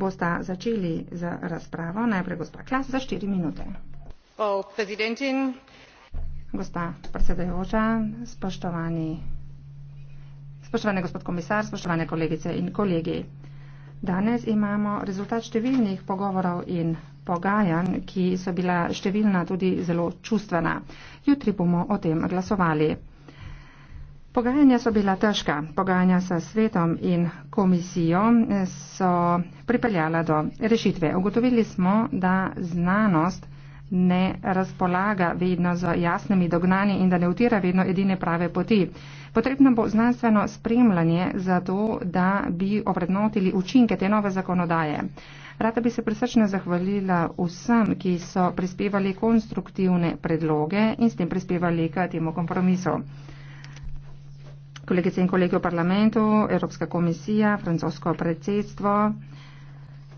bosta začeli z razpravo. Najprej gospa Klas za štiri minute. Gospa predsedajoča, spoštovani, spoštovani gospod komisar, spoštovane kolegice in kolegi. Danes imamo rezultat številnih pogovorov in pogajanj, ki so bila številna tudi zelo čustvena. Jutri bomo o tem glasovali. Pogajanja so bila težka. Pogajanja s svetom in komisijo so pripeljala do rešitve. Ugotovili smo, da znanost ne razpolaga vedno z jasnimi dognani in da ne utira vedno edine prave poti. Potrebno bo znanstveno spremljanje za to, da bi obrednotili učinke te nove zakonodaje. Rada bi se presrčno zahvalila vsem, ki so prispevali konstruktivne predloge in s tem prispevali k temu kompromisu kolegice in kolege v parlamentu, Evropska komisija, francosko predsedstvo.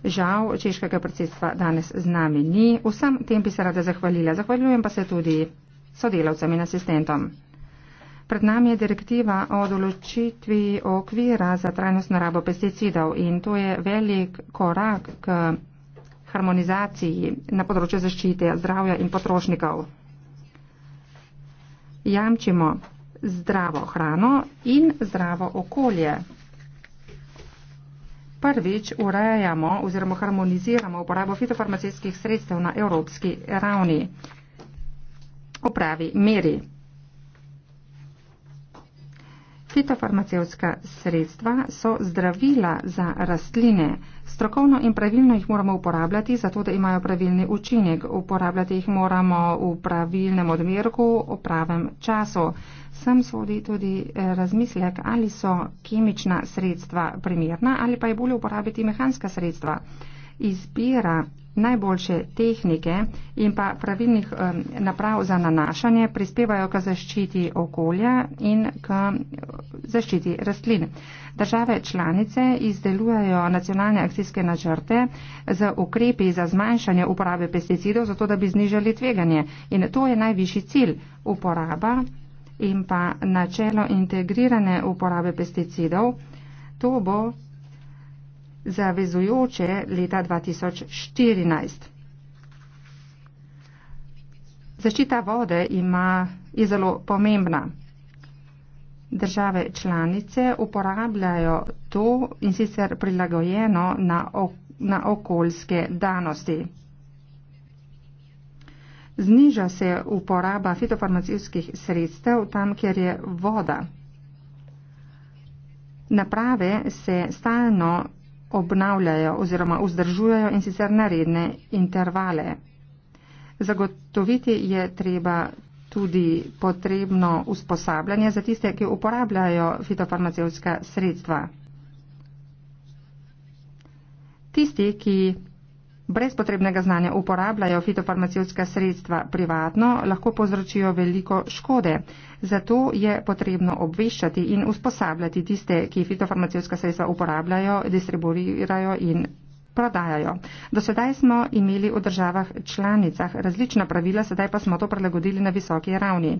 Žal, češkega predsedstva danes z nami ni. Vsem tem bi se rada zahvalila. Zahvaljujem pa se tudi sodelavcem in asistentom. Pred nami je direktiva o določitvi okvira za trajnostno rabo pesticidov in to je velik korak k harmonizaciji na področju zaščite zdravja in potrošnikov. Jamčimo zdravo hrano in zdravo okolje. Prvič urejamo oziroma harmoniziramo uporabo fitofarmacijskih sredstev na evropski ravni. Opravi meri. Fitofarmacevska sredstva so zdravila za rastline. Strokovno in pravilno jih moramo uporabljati, zato da imajo pravilni učinek. Uporabljati jih moramo v pravilnem odmerku, v pravem času. Sem sodi tudi eh, razmislek, ali so kemična sredstva primerna ali pa je bolje uporabiti mehanska sredstva. Izbira najboljše tehnike in pa pravilnih naprav za nanašanje prispevajo k zaščiti okolja in k eh, zaščiti rastlin. Države članice izdelujejo nacionalne akcijske načrte z ukrepi za zmanjšanje uporabe pesticidov, zato da bi znižali tveganje. In to je najvišji cilj uporaba in pa načelo integrirane uporabe pesticidov. To bo zavezujoče leta 2014. Zaščita vode ima, je zelo pomembna. Države članice uporabljajo to in sicer prilagojeno na, ok, na okoljske danosti. Zniža se uporaba fitofarmacijskih sredstev tam, kjer je voda. Naprave se stalno obnavljajo oziroma vzdržujejo in sicer naredne intervale. Zagotoviti je treba tudi potrebno usposabljanje za tiste, ki uporabljajo fitofarmacevska sredstva. Tisti, ki brez potrebnega znanja uporabljajo fitofarmacijska sredstva privatno, lahko povzročijo veliko škode. Zato je potrebno obveščati in usposabljati tiste, ki fitofarmacijska sredstva uporabljajo, distribuirajo in. Prodajajo. Do sedaj smo imeli v državah članicah različna pravila, sedaj pa smo to prilagodili na visoki ravni.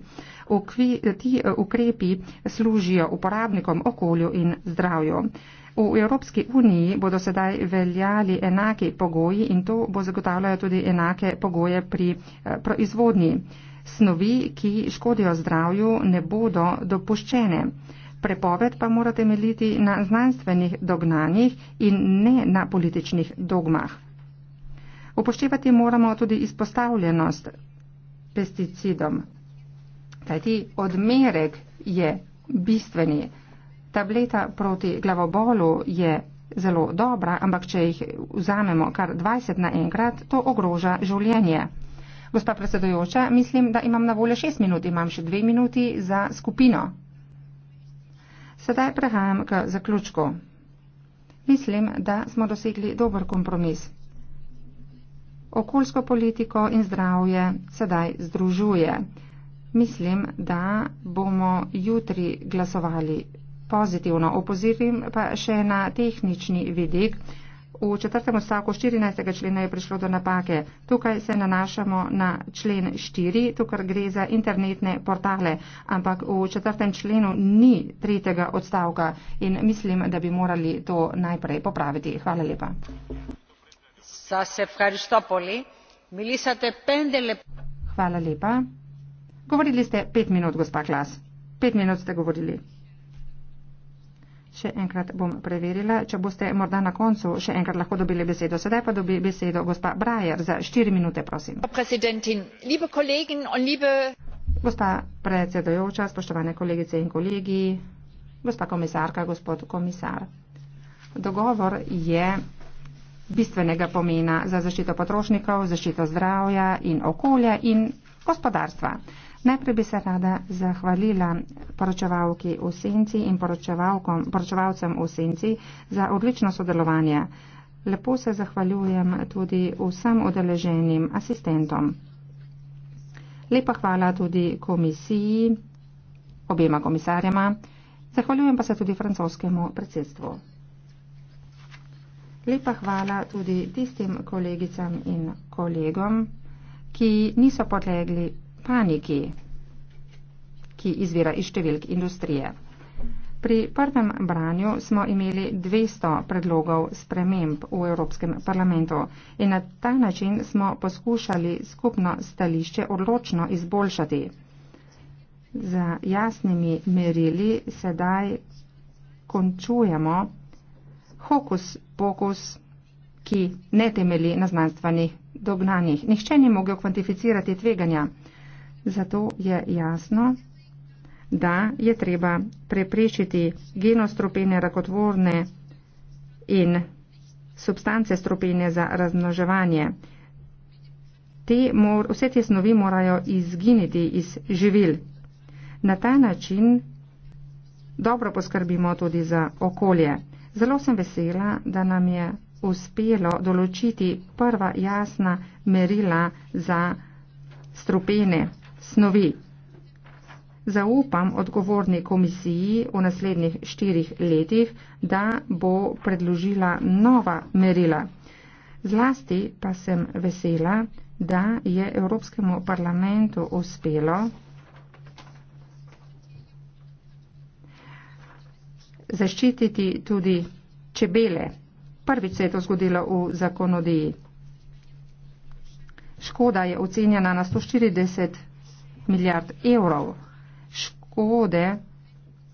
Ukvi, ti ukrepi služijo uporabnikom, okolju in zdravju. V Evropski uniji bodo sedaj veljali enaki pogoji in to bo zagotavljalo tudi enake pogoje pri eh, proizvodnji. Snovi, ki škodijo zdravju, ne bodo dopuščene. Prepoved pa mora temeljiti na znanstvenih dognanjih in ne na političnih dogmah. Upoštevati moramo tudi izpostavljenost pesticidom. Kajti odmerek je bistveni. Tableta proti glavobolu je zelo dobra, ampak če jih vzamemo kar 20 naenkrat, to ogroža življenje. Gospa predsedojoča, mislim, da imam na voljo 6 minut, imam še 2 minuti za skupino. Sedaj prehajam k zaključku. Mislim, da smo dosegli dober kompromis. Okoljsko politiko in zdravje sedaj združuje. Mislim, da bomo jutri glasovali pozitivno. Opozorim pa še na tehnični vidik. V četrtem odstavku 14. člena je prišlo do napake. Tukaj se nanašamo na člen 4, tukaj gre za internetne portale, ampak v četrtem členu ni tretjega odstavka in mislim, da bi morali to najprej popraviti. Hvala lepa. Hvala lepa. Govorili ste pet minut, gospa Klas. Pet minut ste govorili še enkrat bom preverila, če boste morda na koncu še enkrat lahko dobili besedo. Sedaj pa dobi besedo gospa Brajer za štiri minute, prosim. Gospa predsedojoča, spoštovane kolegice in kolegi, gospa komisarka, gospod komisar. Dogovor je bistvenega pomena za zaščito potrošnikov, zaščito zdravja in okolja in gospodarstva. Najprej bi se rada zahvalila poročevalki v senci in poročevalcem v senci za odlično sodelovanje. Lepo se zahvaljujem tudi vsem odeleženim asistentom. Lepa hvala tudi komisiji, obema komisarjema. Zahvaljujem pa se tudi francoskemu predsedstvu. Lepa hvala tudi tistim kolegicam in kolegom, ki niso podlegli paniki, ki izvira iz številk industrije. Pri prvem branju smo imeli 200 predlogov sprememb v Evropskem parlamentu in na ta način smo poskušali skupno stališče odločno izboljšati. Z jasnimi merili sedaj končujemo hokus pokus, ki ne temeli na znanstvenih dognanjih. Nihče ni mogel kvantificirati tveganja. Zato je jasno, da je treba preprečiti genostropene rakotvorne in substance stropene za raznoževanje. Te mor, vse te snovi morajo izginiti iz živil. Na ta način dobro poskrbimo tudi za okolje. Zelo sem vesela, da nam je uspelo določiti prva jasna merila za strupene snovi. Zaupam odgovorni komisiji v naslednjih štirih letih, da bo predložila nova merila. Zlasti pa sem vesela, da je Evropskemu parlamentu uspelo zaščititi tudi čebele. Prvič se je to zgodilo v zakonodiji. Škoda je ocenjena na 140 milijard evrov škode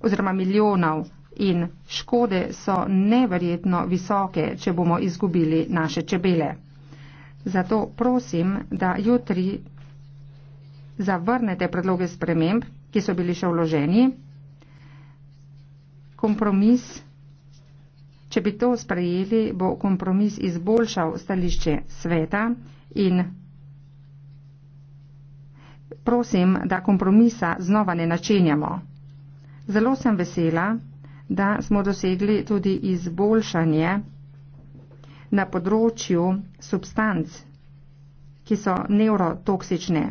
oziroma milijonov in škode so neverjetno visoke, če bomo izgubili naše čebele. Zato prosim, da jutri zavrnete predloge sprememb, ki so bili še vloženi. Kompromis, če bi to sprejeli, bo kompromis izboljšal stališče sveta in prosim, da kompromisa znova ne načenjamo. Zelo sem vesela, da smo dosegli tudi izboljšanje na področju substanc, ki so neurotoksične.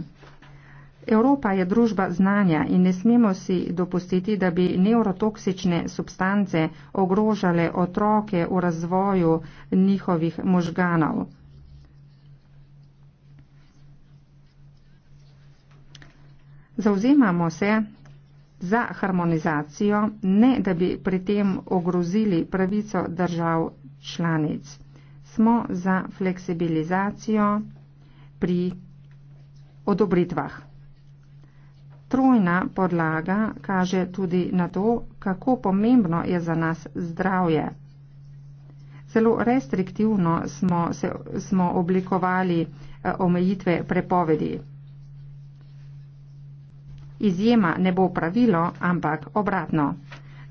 Evropa je družba znanja in ne smemo si dopustiti, da bi neurotoksične substance ogrožale otroke v razvoju njihovih možganov. Zauzemamo se za harmonizacijo, ne da bi pri tem ogrozili pravico držav članic. Smo za fleksibilizacijo pri odobritvah. Trojna podlaga kaže tudi na to, kako pomembno je za nas zdravje. Zelo restriktivno smo, se, smo oblikovali eh, omejitve prepovedi izjema ne bo pravilo, ampak obratno.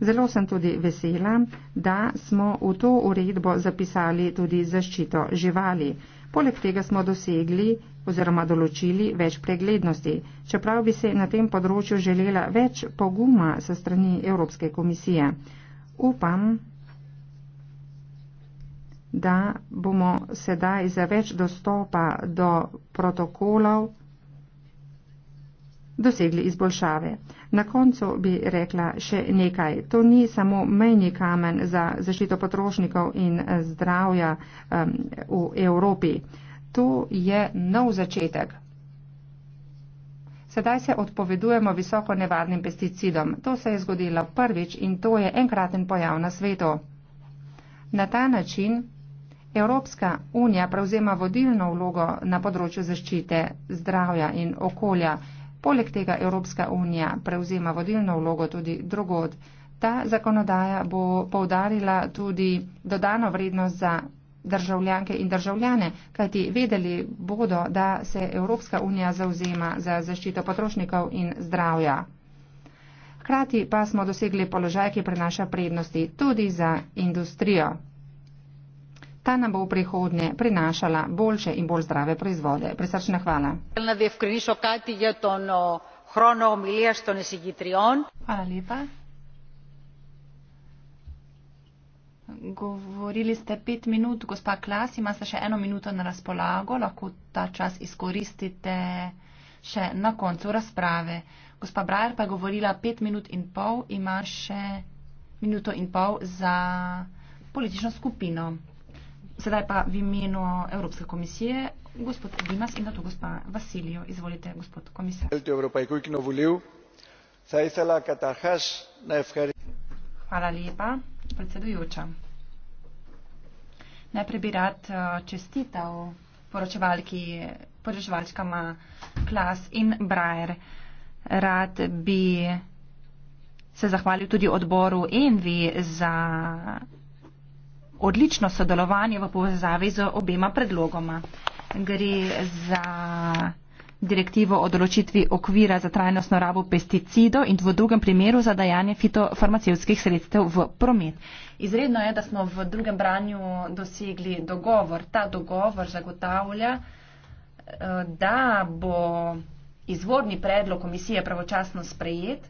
Zelo sem tudi vesela, da smo v to uredbo zapisali tudi zaščito živali. Poleg tega smo dosegli oziroma določili več preglednosti, čeprav bi se na tem področju želela več poguma sa strani Evropske komisije. Upam, da bomo sedaj za več dostopa do protokolov dosegli izboljšave. Na koncu bi rekla še nekaj. To ni samo mejni kamen za zaščito potrošnikov in eh, zdravja um, v Evropi. To je nov začetek. Sedaj se odpovedujemo visoko nevarnim pesticidom. To se je zgodilo prvič in to je enkraten pojav na svetu. Na ta način Evropska unija prevzema vodilno vlogo na področju zaščite zdravja in okolja. Poleg tega Evropska unija prevzema vodilno vlogo tudi drugod. Ta zakonodaja bo povdarila tudi dodano vrednost za državljanke in državljane, kajti vedeli bodo, da se Evropska unija zauzema za zaščito potrošnikov in zdravja. Hkrati pa smo dosegli položaj, ki prenaša prednosti tudi za industrijo. Ta nam bo v prihodnje prinašala boljše in bolj zdrave proizvode. Prisrčna hvala. No, hvala lepa. Govorili ste pet minut, gospa Klas, imate še eno minuto na razpolago, lahko ta čas izkoristite še na koncu razprave. Gospa Brajer pa je govorila pet minut in pol, ima še minuto in pol za politično skupino. Sedaj pa v imenu Evropske komisije, gospod Dimas in nato gospa Vasilijo. Izvolite, gospod komisar. Hvala lepa, predsedujoča. Najprej bi rad eh, čestital poročevalki, poročevalčkama Klas in Brajer. Rad bi se zahvalil tudi odboru Envi za odlično sodelovanje v povezavi z obema predlogoma. Gre za direktivo o določitvi okvira za trajnostno rabo pesticidov in v drugem primeru za dajanje fitofarmacijskih sredstev v promet. Izredno je, da smo v drugem branju dosegli dogovor. Ta dogovor zagotavlja, eh, da bo izvorni predlog komisije pravočasno sprejet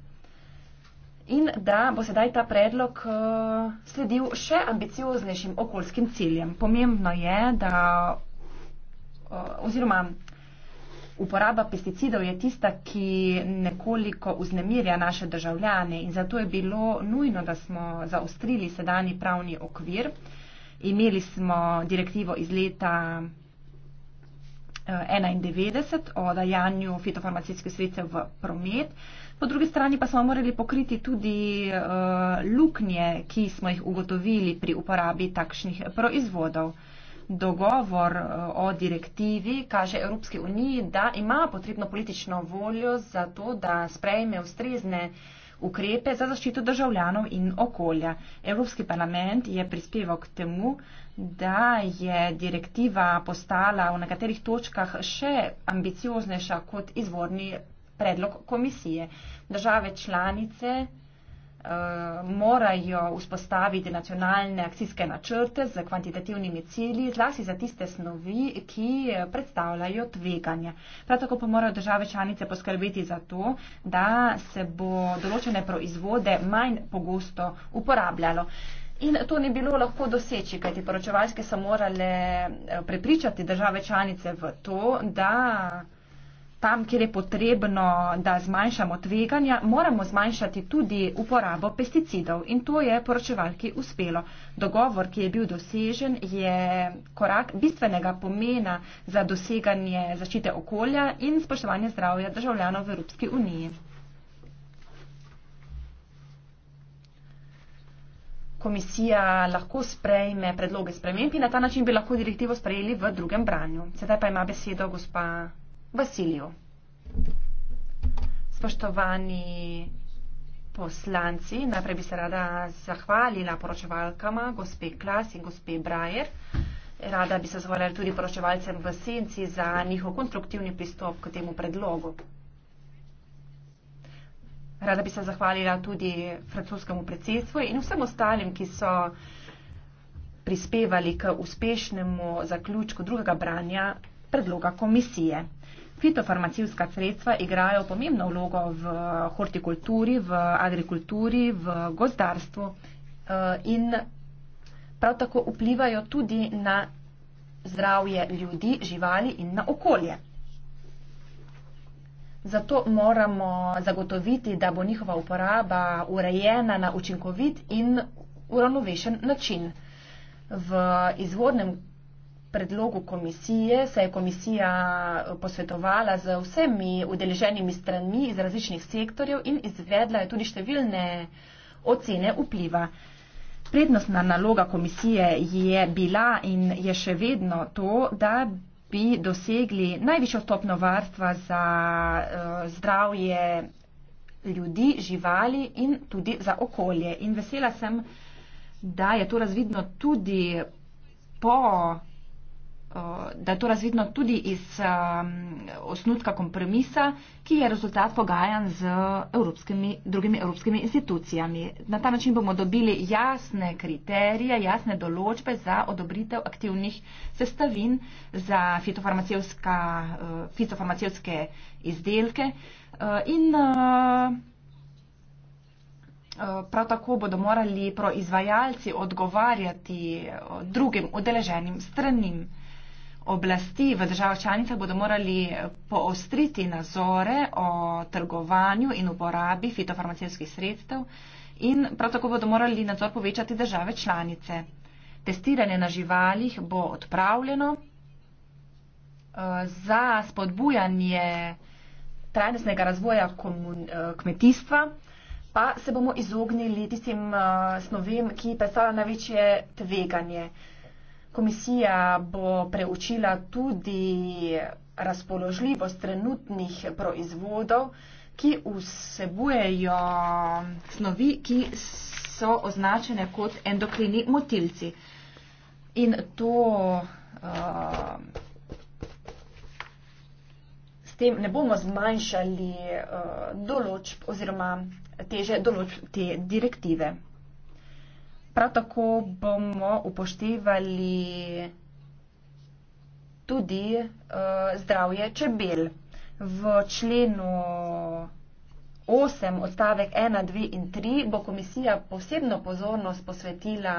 in da bo sedaj ta predlog eh, sledil še ambicioznejšim okoljskim ciljem. Pomembno je, da eh, oziroma uporaba pesticidov je tista, ki nekoliko uznemirja naše državljane in zato je bilo nujno, da smo zaostrili sedani pravni okvir. Imeli smo direktivo iz leta 1991 eh, o dajanju fitofarmacijskih sredstev v promet. Po drugi strani pa smo morali pokriti tudi uh, luknje, ki smo jih ugotovili pri uporabi takšnih proizvodov. Dogovor uh, o direktivi kaže Evropske unije, da ima potrebno politično voljo za to, da sprejme ustrezne ukrepe za zaščito državljanov in okolja. Evropski parlament je prispeval k temu, da je direktiva postala v nekaterih točkah še ambicioznejša kot izvorni predlog komisije. Države članice uh, morajo vzpostaviti nacionalne akcijske načrte z kvantitativnimi cilji, zlasti za tiste snovi, ki eh, predstavljajo tveganje. Prav tako pa morajo države članice poskrbeti za to, da se bo določene proizvode manj pogosto uporabljalo. In to ni bilo lahko doseči, kajti poročevalske so morale eh, prepričati države članice v to, da tam, kjer je potrebno, da zmanjšamo tveganja, moramo zmanjšati tudi uporabo pesticidov. In to je poročevalki uspelo. Dogovor, ki je bil dosežen, je korak bistvenega pomena za doseganje zaščite okolja in spoštovanje zdravja državljanov v Evropski uniji. Komisija lahko sprejme predloge sprememb in na ta način bi lahko direktivo sprejeli v drugem branju. Sedaj pa ima besedo gospa Vasiliju. Spoštovani poslanci, najprej bi se rada zahvalila poročevalkama, gospe Klas in gospe Brajer. Rada bi se zahvalila tudi poročevalcem v senci za njihov konstruktivni pristop k temu predlogu. Rada bi se zahvalila tudi francoskemu predsedstvu in vsem ostalim, ki so prispevali k uspešnemu zaključku drugega branja predloga komisije. Fitofarmacijska sredstva igrajo pomembno vlogo v hortikulturi, v agrikulturi, v gozdarstvu eh, in prav tako vplivajo tudi na zdravje ljudi, živali in na okolje. Zato moramo zagotoviti, da bo njihova uporaba urejena na učinkovit in uravnovešen način. V izvornem predlogu komisije, se je komisija eh, posvetovala z vsemi udeleženimi stranmi iz različnih sektorjev in izvedla je tudi številne ocene vpliva. Prednostna naloga komisije je bila in je še vedno to, da bi dosegli najvišjo stopno varstva za uh, zdravje ljudi, živali in tudi za okolje. In vesela sem, da je to razvidno tudi po Eh, da je to razvidno tudi iz ehm, osnutka kompromisa, ki je rezultat pogajanj z evropskimi, drugimi evropskimi institucijami. Na ta način bomo dobili jasne kriterije, jasne določbe za odobritev aktivnih sestavin za fitofarmacevske eh, izdelke eh, in Prav tako bodo morali proizvajalci odgovarjati drugim udeleženim stranim. Oblasti v državah članicah bodo morali poostriti nazore o trgovanju in uporabi fitofarmacijskih sredstev in prav tako bodo morali nadzor povečati države članice. Testiranje na živalih bo odpravljeno. Eh, za spodbujanje trajnostnega razvoja eh, kmetijstva pa se bomo izognili tistim eh, snovem, ki predstavlja največje tveganje. Komisija bo preučila tudi razpoložljivost trenutnih proizvodov, ki vsebujejo snovi, ki so označene kot endokrini motilci. In to uh, s tem ne bomo zmanjšali uh, določb oziroma teže določb te direktive. Prav tako bomo upoštevali tudi uh, zdravje čebel. V členu 8 odstavek 1, 2 in 3 bo komisija posebno pozornost posvetila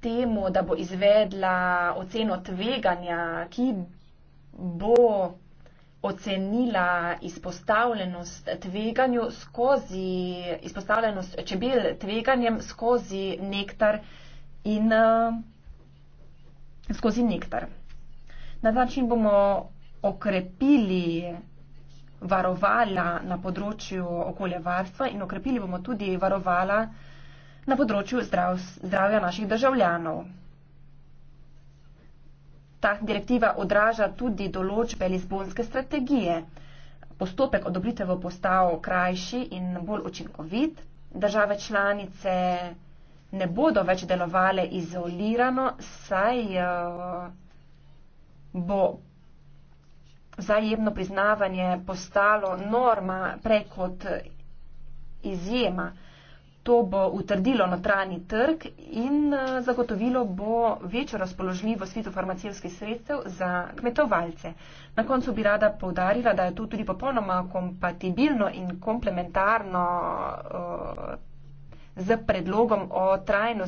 temu, da bo izvedla oceno tveganja, ki bo ocenila izpostavljenost tveganju skozi, izpostavljenost čebel tveganjem skozi nektar in uh, skozi nektar. Na način bomo okrepili varovala na področju okoljevarstva in okrepili bomo tudi varovala na področju zdrav, zdravja naših državljanov. Ta direktiva odraža tudi določbe Lizbonske strategije. Postopek odobritve bo postal krajši in bolj učinkovit. Države članice ne bodo več delovale izolirano, saj eh, bo vzajemno priznavanje postalo norma prej kot izjema. To bo utrdilo notranji trg in eh, zagotovilo bo večjo razpoložljivost fitofarmacijskih sredstev za kmetovalce. Na koncu bi rada povdarila, da je to tudi popolnoma kompatibilno in komplementarno z eh, predlogom o, eh,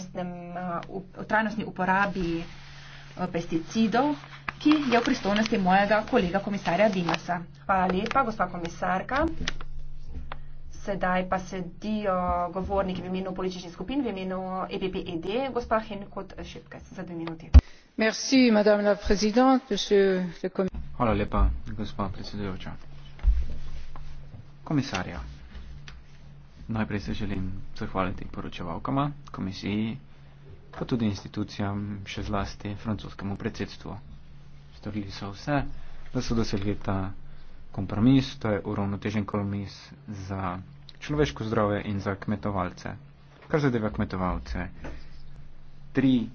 o trajnostni uporabi pesticidov, ki je v pristojnosti mojega kolega komisarja Dimasa. Hvala lepa, gospa komisarka. Sedaj pa sedijo govorniki v imenu političnih skupin, v imenu EPPED, gospa Henkot Šipke, za dve minuti. Merci, Hvala lepa, gospa predsedujoča. Komisarja, najprej se želim zahvaliti poročevalkama, komisiji, pa tudi institucijam, še zlasti francoskemu predsedstvu. Storili so vse, da so dosegli ta kompromis, to je uravnotežen kompromis za človeško zdravje in za kmetovalce. Kar zadeva kmetovalce, tri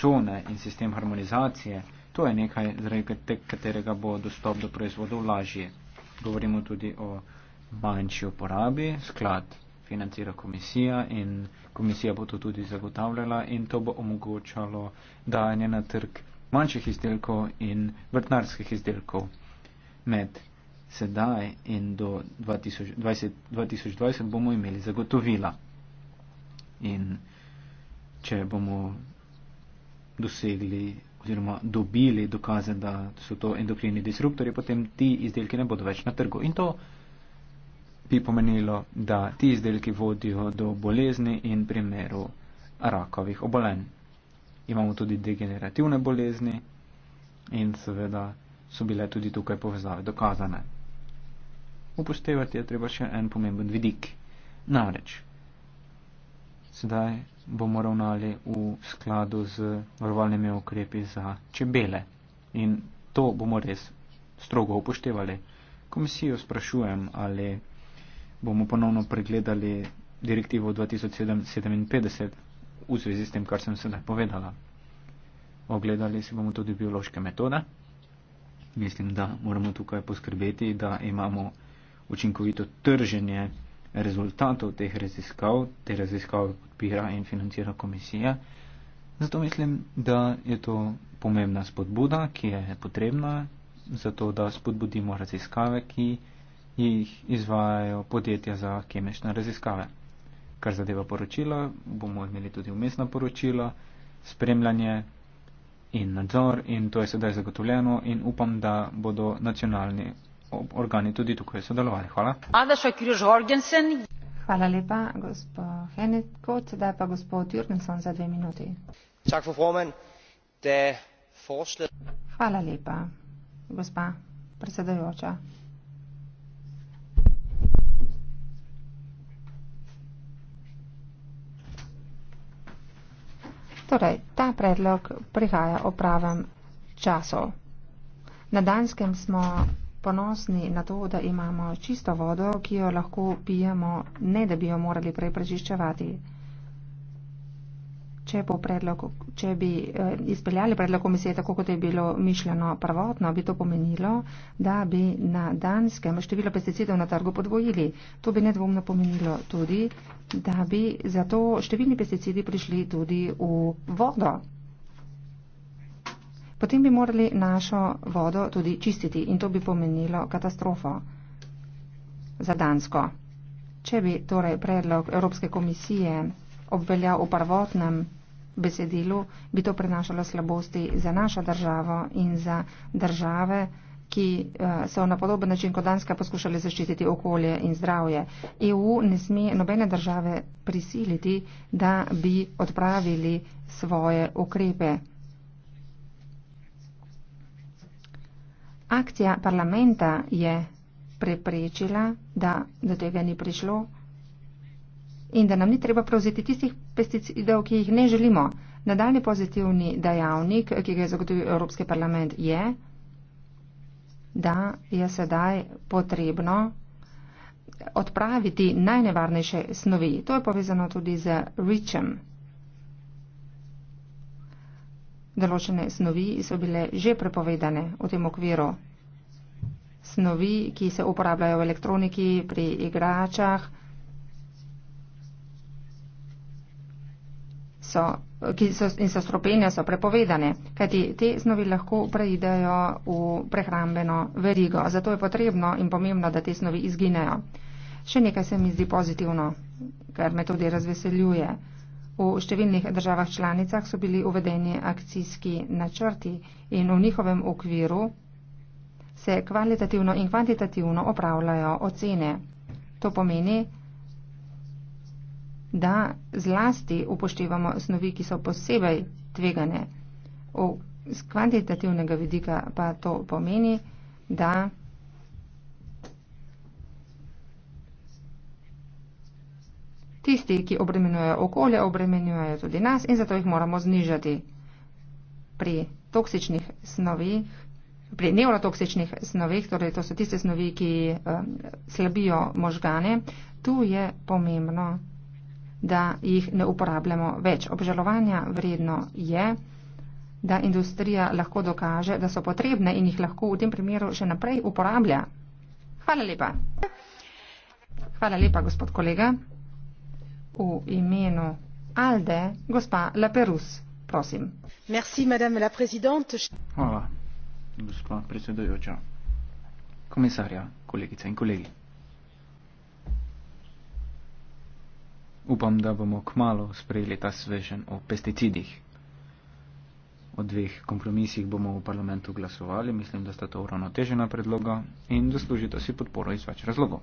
cone in sistem harmonizacije, to je nekaj, zaradi katerega bo dostop do proizvodov lažji. Govorimo tudi o manjši uporabi, sklad financira komisija in komisija bo to tudi zagotavljala in to bo omogočalo dajanje na trg manjših izdelkov in vrtnarskih izdelkov med sedaj in do 2020, 2020 bomo imeli zagotovila. In če bomo dosegli oziroma dobili dokaze, da so to endokrini disruptori, potem ti izdelki ne bodo več na trgu. In to bi pomenilo, da ti izdelki vodijo do bolezni in primeru rakovih obolenj. Imamo tudi degenerativne bolezni in seveda so bile tudi tukaj povezave dokazane upoštevati je treba še en pomemben vidik. Namreč, sedaj bomo ravnali v skladu z varovalnimi ukrepi za čebele in to bomo res strogo upoštevali. Komisijo sprašujem, ali bomo ponovno pregledali direktivo 2757 v zvezi s tem, kar sem sedaj povedala. Ogledali si bomo tudi biološke metode. Mislim, da moramo tukaj poskrbeti, da imamo učinkovito trženje rezultatov teh raziskav, te raziskave podpira in financira komisija. Zato mislim, da je to pomembna spodbuda, ki je potrebna, zato da spodbudimo raziskave, ki jih izvajajo podjetja za kemične raziskave. Kar zadeva poročila, bomo imeli tudi umestna poročila, spremljanje in nadzor in to je sedaj zagotovljeno in upam, da bodo nacionalni organi tudi tukaj sodelovali. Hvala. Hvala lepa, gospod Henetkot, zdaj pa gospod Jurgenson za dve minuti. Hvala lepa, gospa predsedajoča. Torej, ta predlog prihaja o pravem času. Na Danskem smo ponosni na to, da imamo čisto vodo, ki jo lahko pijemo, ne da bi jo morali prej prečiščevati. Če, predlog, če bi eh, izpeljali predlog komisije tako, kot je bilo mišljeno prvotno, bi to pomenilo, da bi na danskem število pesticidov na trgu podvojili. To bi nedvomno pomenilo tudi, da bi zato številni pesticidi prišli tudi v vodo potem bi morali našo vodo tudi čistiti in to bi pomenilo katastrofo za Dansko. Če bi torej predlog Evropske komisije obveljal v prvotnem besedilu, bi to prenašalo slabosti za našo državo in za države, ki eh, so na podoben način kot Danska poskušali zaščititi okolje in zdravje. EU ne sme nobene države prisiliti, da bi odpravili svoje ukrepe. Akcija parlamenta je preprečila, da do tega ni prišlo in da nam ni treba prevzeti tistih pesticidov, ki jih ne želimo. Nadaljni pozitivni dejavnik, ki ga je zagotovil Evropski parlament, je, da je sedaj potrebno odpraviti najnevarnejše snovi. To je povezano tudi z REACHEM. Določene snovi so bile že prepovedane v tem okviru. Snovi, ki se uporabljajo v elektroniki, pri igračah, so, so, in so stropenja, so prepovedane, kajti te snovi lahko preidejo v prehrambeno verigo. Zato je potrebno in pomembno, da te snovi izginejo. Še nekaj se mi zdi pozitivno, kar me tudi razveseljuje. V številnih državah članicah so bili uvedeni akcijski načrti in v njihovem okviru se kvalitativno in kvantitativno opravljajo ocene. To pomeni, da zlasti upoštevamo snovi, ki so posebej tvegane. Z kvantitativnega vidika pa to pomeni, da. Tisti, ki obremenjujejo okolje, obremenjujejo tudi nas in zato jih moramo znižati. Pri toksičnih snovih, pri neurotoksičnih snovih, torej to so tiste snovi, ki um, slabijo možgane, tu je pomembno, da jih ne uporabljamo več. Obžalovanja vredno je, da industrija lahko dokaže, da so potrebne in jih lahko v tem primeru še naprej uporablja. Hvala lepa. Hvala lepa, gospod kolega v imenu Alde, gospa Laperus, prosim. Merci, la Hvala, gospa predsedujoča, komisarja, kolegice in kolegi. Upam, da bomo kmalo sprejeli ta svežen o pesticidih. O dveh kompromisih bomo v parlamentu glasovali, mislim, da sta to uravnotežena predloga in zaslužita si podporo iz več razlogov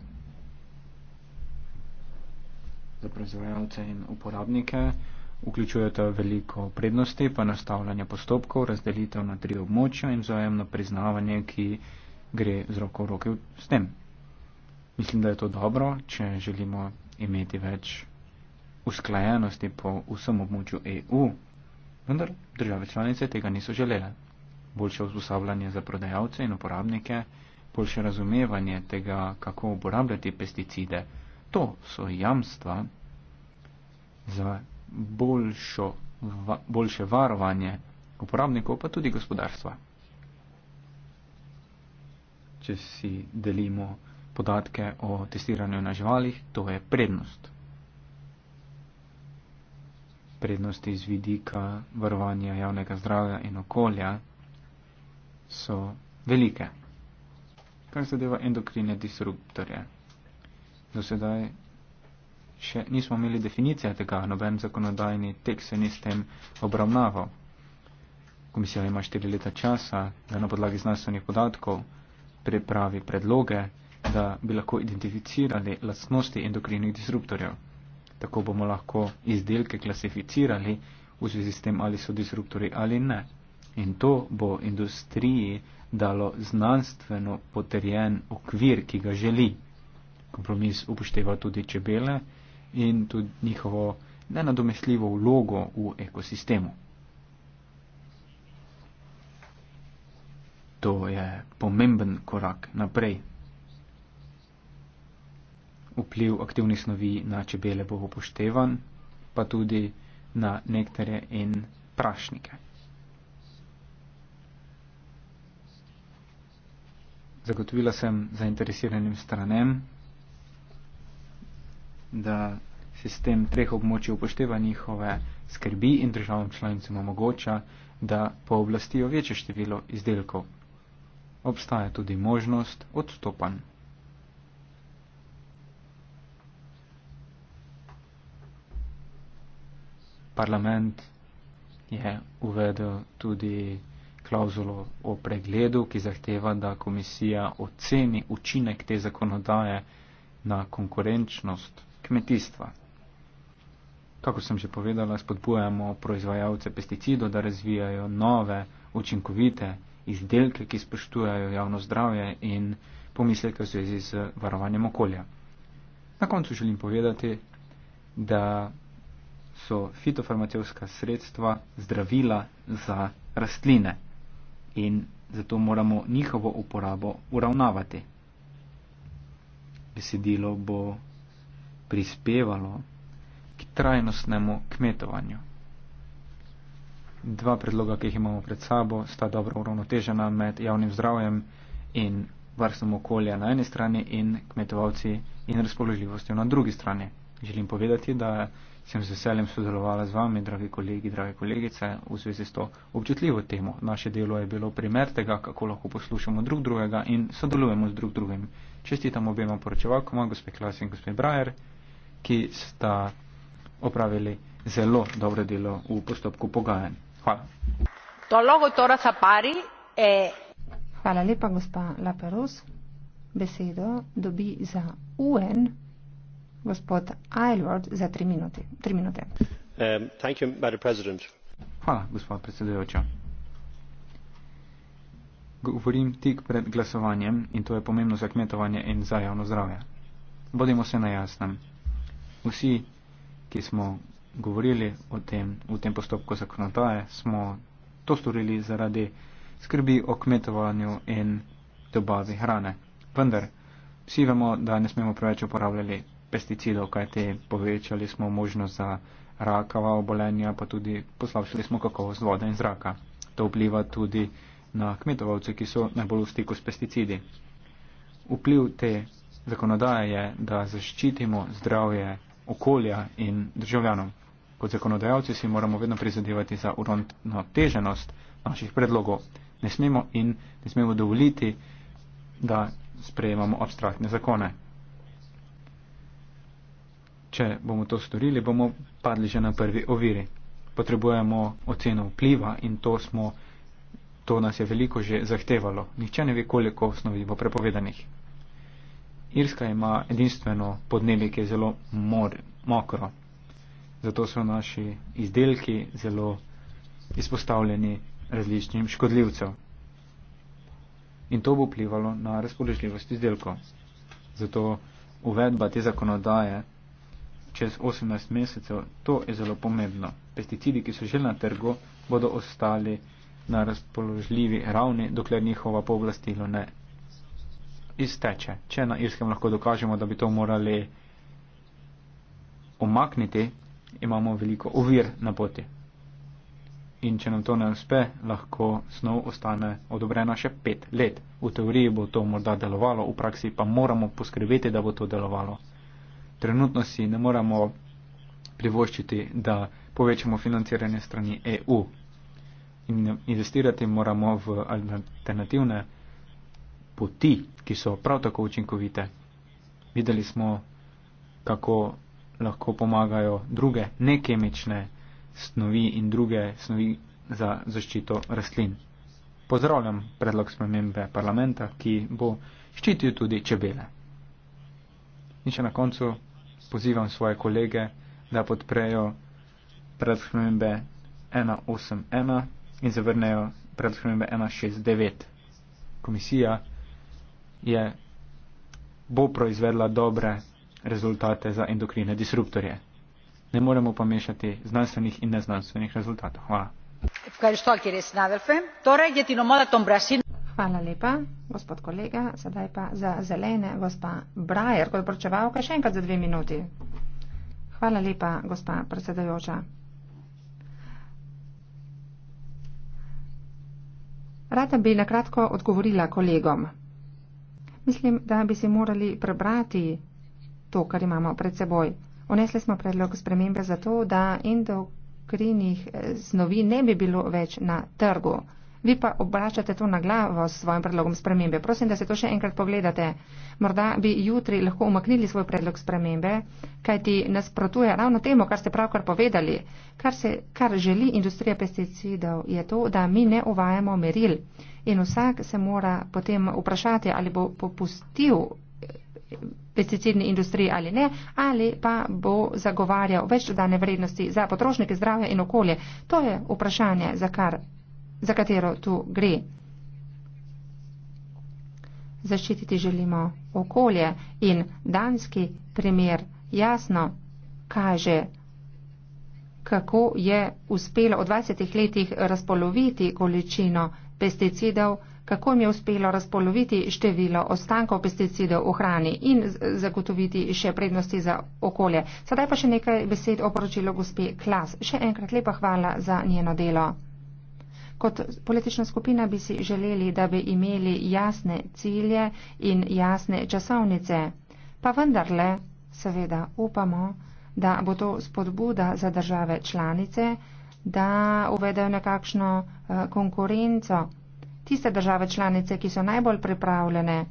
za proizvajalce in uporabnike. Vključujete veliko prednosti, pa nastavljanje postopkov, razdelitev na tri območja in vzajemno priznavanje, ki gre z roko v roke s tem. Mislim, da je to dobro, če želimo imeti več usklajenosti po vsem območju EU, vendar države članice tega niso želele. Boljše usposabljanje za prodajalce in uporabnike, boljše razumevanje tega, kako uporabljati pesticide. To so jamstva za boljšo, va, boljše varovanje uporabnikov, pa tudi gospodarstva. Če si delimo podatke o testiranju na živalih, to je prednost. Prednosti iz vidika varovanja javnega zdravja in okolja so velike. Kar zadeva endokrine disruptorje do sedaj še nismo imeli definicije tega, noben zakonodajni tekst se ni s tem obravnaval. Komisija ima štiri leta časa, da na podlagi znanstvenih podatkov pripravi predloge, da bi lahko identificirali lastnosti endokrinih disruptorjev. Tako bomo lahko izdelke klasificirali v zvezi s tem, ali so disruptori ali ne. In to bo industriji dalo znanstveno potrjen okvir, ki ga želi kompromis upošteva tudi čebele in tudi njihovo nenadomestljivo vlogo v ekosistemu. To je pomemben korak naprej. Vpliv aktivnih snovi na čebele bo upoštevan, pa tudi na nektare in prašnike. Zagotovila sem zainteresiranim stranem, da sistem treh območij upošteva njihove skrbi in državam članicam omogoča, da pooblastijo večje število izdelkov. Obstaja tudi možnost odstopanj. Parlament je uvedel tudi klauzulo o pregledu, ki zahteva, da komisija oceni učinek te zakonodaje na konkurenčnost kmetijstva. Kako sem že povedala, spodbujamo proizvajalce pesticidov, da razvijajo nove, učinkovite izdelke, ki spoštujajo javno zdravje in pomisleke v zvezi z varovanjem okolja. Na koncu želim povedati, da so fitofarmacevska sredstva zdravila za rastline in zato moramo njihovo uporabo uravnavati. Besedilo bo prispevalo k trajnostnemu kmetovanju. Dva predloga, ki jih imamo pred sabo, sta dobro uravnotežena med javnim zdravjem in varstvom okolja na eni strani in kmetovalci in razpoložljivostjo na drugi strani. Želim povedati, da sem z veseljem sodelovala z vami, dragi kolegi, drage kolegice, v zvezi s to občutljivo temo. Naše delo je bilo primer tega, kako lahko poslušamo drug drugega in sodelujemo z drug drugim. Čestitam obema poročevalkoma, gospe Klas in gospe Brajer ki sta opravili zelo dobro delo v postopku pogajanj. Hvala. Hvala lepa, gospa Laperus. Besedo dobi za UN gospod Aylward za tri minute. Tri minute. Um, Hvala, gospod predsedujoča. Govorim tik pred glasovanjem in to je pomembno za kmetovanje in za javno zdravje. Bodimo se na jasnem vsi, ki smo govorili o tem, v tem postopku zakonodaje, smo to storili zaradi skrbi o kmetovanju in dobavi hrane. Vendar vsi vemo, da ne smemo preveč uporabljati pesticidov, kajte povečali smo možnost za rakava obolenja, pa tudi poslavšali smo kakovost vode in zraka. To vpliva tudi na kmetovalce, ki so najbolj v stiku s pesticidi. Vpliv te zakonodaje je, da zaščitimo zdravje okolja in državljanom. Kot zakonodajalci si moramo vedno prizadevati za uravnoteženost naših predlogov. Ne smemo in ne smemo dovoliti, da sprejemamo abstraktne zakone. Če bomo to storili, bomo padli že na prvi oviri. Potrebujemo oceno vpliva in to, smo, to nas je veliko že zahtevalo. Nihče ne ve, koliko snovi bo prepovedanih. Irska ima edinstveno podnebje, ki je zelo mor, mokro. Zato so naši izdelki zelo izpostavljeni različnim škodljivcem. In to bo vplivalo na razpoložljivost izdelkov. Zato uvedba te zakonodaje čez 18 mesecev, to je zelo pomembno. Pesticidi, ki so že na trgu, bodo ostali na razpoložljivi ravni, dokler njihova pooblastilo ne izteče. Če na Irskem lahko dokažemo, da bi to morali omakniti, imamo veliko ovir na poti. In če nam to ne uspe, lahko snov ostane odobrena še pet let. V teoriji bo to morda delovalo, v praksi pa moramo poskrbeti, da bo to delovalo. Trenutno si ne moramo privoščiti, da povečamo financiranje strani EU. In investirati moramo v alternativne poti, ki so prav tako učinkovite. Videli smo, kako lahko pomagajo druge nekemične snovi in druge snovi za zaščito rastlin. Pozdravljam predlog spremembe parlamenta, ki bo ščitil tudi čebele. In še na koncu pozivam svoje kolege, da podprejo predlog spremembe 181 in zavrnejo predlog spremembe 169. Komisija je, bo proizvedla dobre rezultate za endokrine disruptorje. Ne moremo pa mešati znanstvenih in neznanstvenih rezultatov. Hvala. Hvala lepa, gospod kolega. Sedaj pa za zelene, gospa Brajer, kot pročevalka, še enkrat za dve minuti. Hvala lepa, gospa predsedajoča. Rada bi nakratko odgovorila kolegom. Mislim, da bi si morali prebrati to, kar imamo pred seboj. Onesli smo predlog spremembe za to, da endokrinih eh, snovi ne bi bilo več na trgu. Vi pa obračate to na glavo s svojim predlogom spremembe. Prosim, da se to še enkrat pogledate. Morda bi jutri lahko umaknili svoj predlog spremembe, kajti nasprotuje ravno temu, kar ste pravkar povedali. Kar, se, kar želi industrija pesticidov je to, da mi ne uvajamo meril in vsak se mora potem vprašati, ali bo popustil pesticidni industriji ali ne, ali pa bo zagovarjal več dodane vrednosti za potrošnike zdravja in okolje. To je vprašanje, za, kar, za katero tu gre. Zaščititi želimo okolje in danski primer jasno kaže, kako je uspelo v 20 letih razpoloviti količino pesticidov, kako jim je uspelo razpoloviti število ostankov pesticidov v hrani in zagotoviti še prednosti za okolje. Sedaj pa še nekaj besed o poročilu gospe Klas. Še enkrat lepa hvala za njeno delo. Kot politična skupina bi si želeli, da bi imeli jasne cilje in jasne časovnice. Pa vendarle, seveda upamo, da bo to spodbuda za države članice, da uvedejo nekakšno eh, konkurenco. Tiste države članice, ki so najbolj pripravljene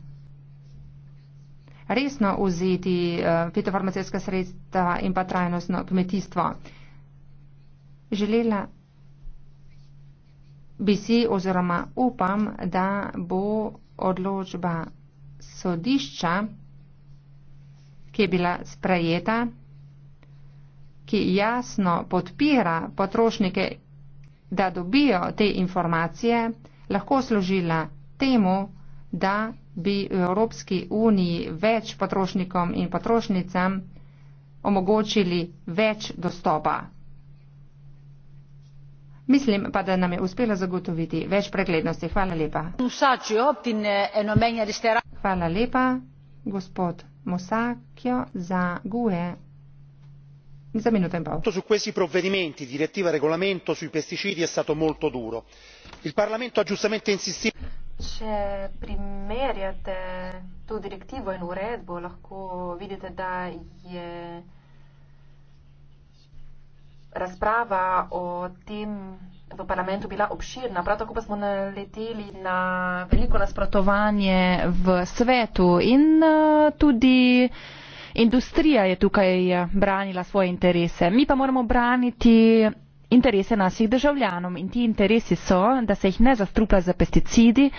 resno vzeti eh, fitofarmacijska sredstva in pa trajnostno kmetijstvo. Želela bi si oziroma upam, da bo odločba sodišča, ki je bila sprejeta, ki jasno podpira potrošnike, da dobijo te informacije, lahko služila temu, da bi v Evropski uniji več potrošnikom in potrošnicam omogočili več dostopa. Mislim pa, da nam je uspelo zagotoviti več preglednosti. Hvala lepa. Hvala lepa, gospod Mosakjo, za GUE l'atteggiamento su questi provvedimenti direttiva e regolamento sui pesticidi è stato molto duro. il parlamento ha giustamente insistito. razprava o tem v parlamentu bila obširna. Prav tako pa smo naleteli na veliko nasprotovanje v svetu in eh, tudi uh, industrija je tukaj eh, branila svoje interese. Mi pa moramo braniti interese naših državljanov in ti interesi so, da se jih ne zastrupa za pesticidi,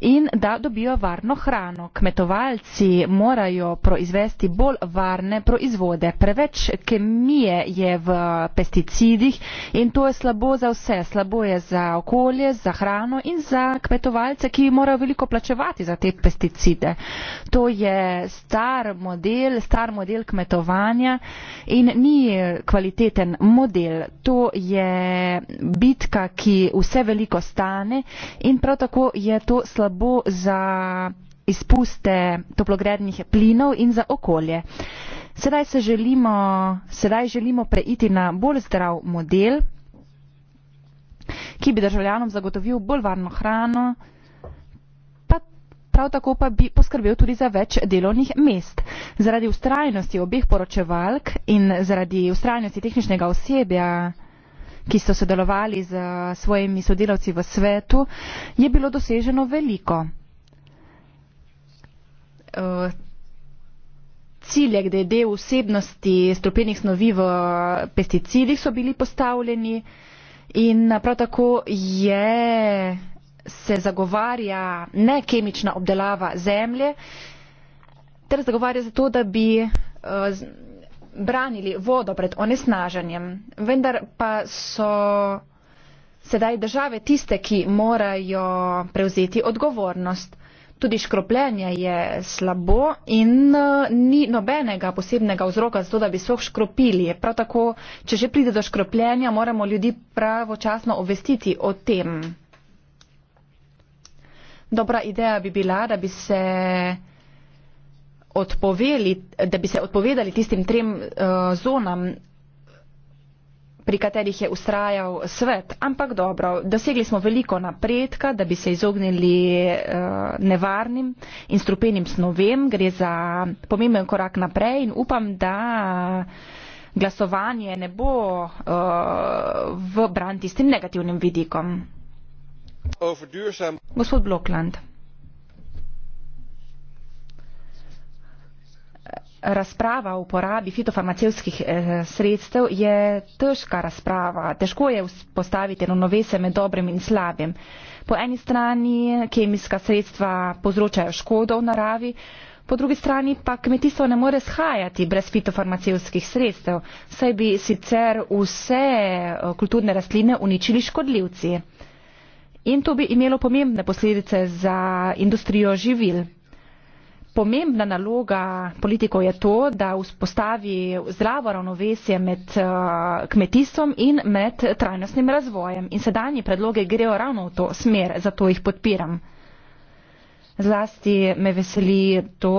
in da dobijo varno hrano. Kmetovalci morajo proizvesti bolj varne proizvode. Preveč kemije je v pesticidih in to je slabo za vse. Slabo je za okolje, za hrano in za kmetovalce, ki morajo veliko plačevati za te pesticide. To je star model, star model kmetovanja in ni kvaliteten model. To je bitka, ki vse veliko stane in prav tako je to slabo slabo za izpuste toplogrednih plinov in za okolje. Sedaj, se želimo, sedaj želimo preiti na bolj zdrav model, ki bi državljanom zagotovil bolj varno hrano, pa prav tako pa bi poskrbel tudi za več delovnih mest. Zaradi ustrajnosti obeh poročevalk in zaradi ustrajnosti tehničnega osebja, ki so sodelovali z eh, svojimi sodelavci v svetu, je bilo doseženo veliko. Eh, Cilje glede vsebnosti stropenih snovi v eh, pesticidih so bili postavljeni in prav tako je se zagovarja ne kemična obdelava zemlje, ter zagovarja zato, da bi branili vodo pred onesnažanjem, vendar pa so sedaj države tiste, ki morajo prevzeti odgovornost. Tudi škropljenje je slabo in e, ni nobenega posebnega vzroka za to, da bi soh škropili. Prav tako, če že pride do škropljenja, moramo ljudi pravočasno obvestiti o tem. Dobra ideja bi bila, da bi se odpoveli, da bi se odpovedali tistim trem uh, zonam, pri katerih je ustrajal svet. Ampak dobro, dosegli smo veliko napredka, da bi se izognili uh, nevarnim in strupenim snovem. Gre za pomemben korak naprej in upam, da glasovanje ne bo uh, v bran tistim negativnim vidikom. Gospod Blokland. razprava o uporabi fitofarmacevskih eh, sredstev je težka razprava. Težko je postaviti ravnovesje med dobrim in slabim. Po eni strani kemijska sredstva povzročajo škodo v naravi, po drugi strani pa kmetijstvo ne more shajati brez fitofarmacevskih sredstev, saj bi sicer vse eh, kulturne rastline uničili škodljivci. In to bi imelo pomembne posledice za industrijo živil pomembna naloga politikov je to, da vzpostavi zdravo ravnovesje med eh, kmetijstvom in med trajnostnim razvojem. In sedanji predloge grejo ravno v to smer, zato jih podpiram. Zlasti me veseli to,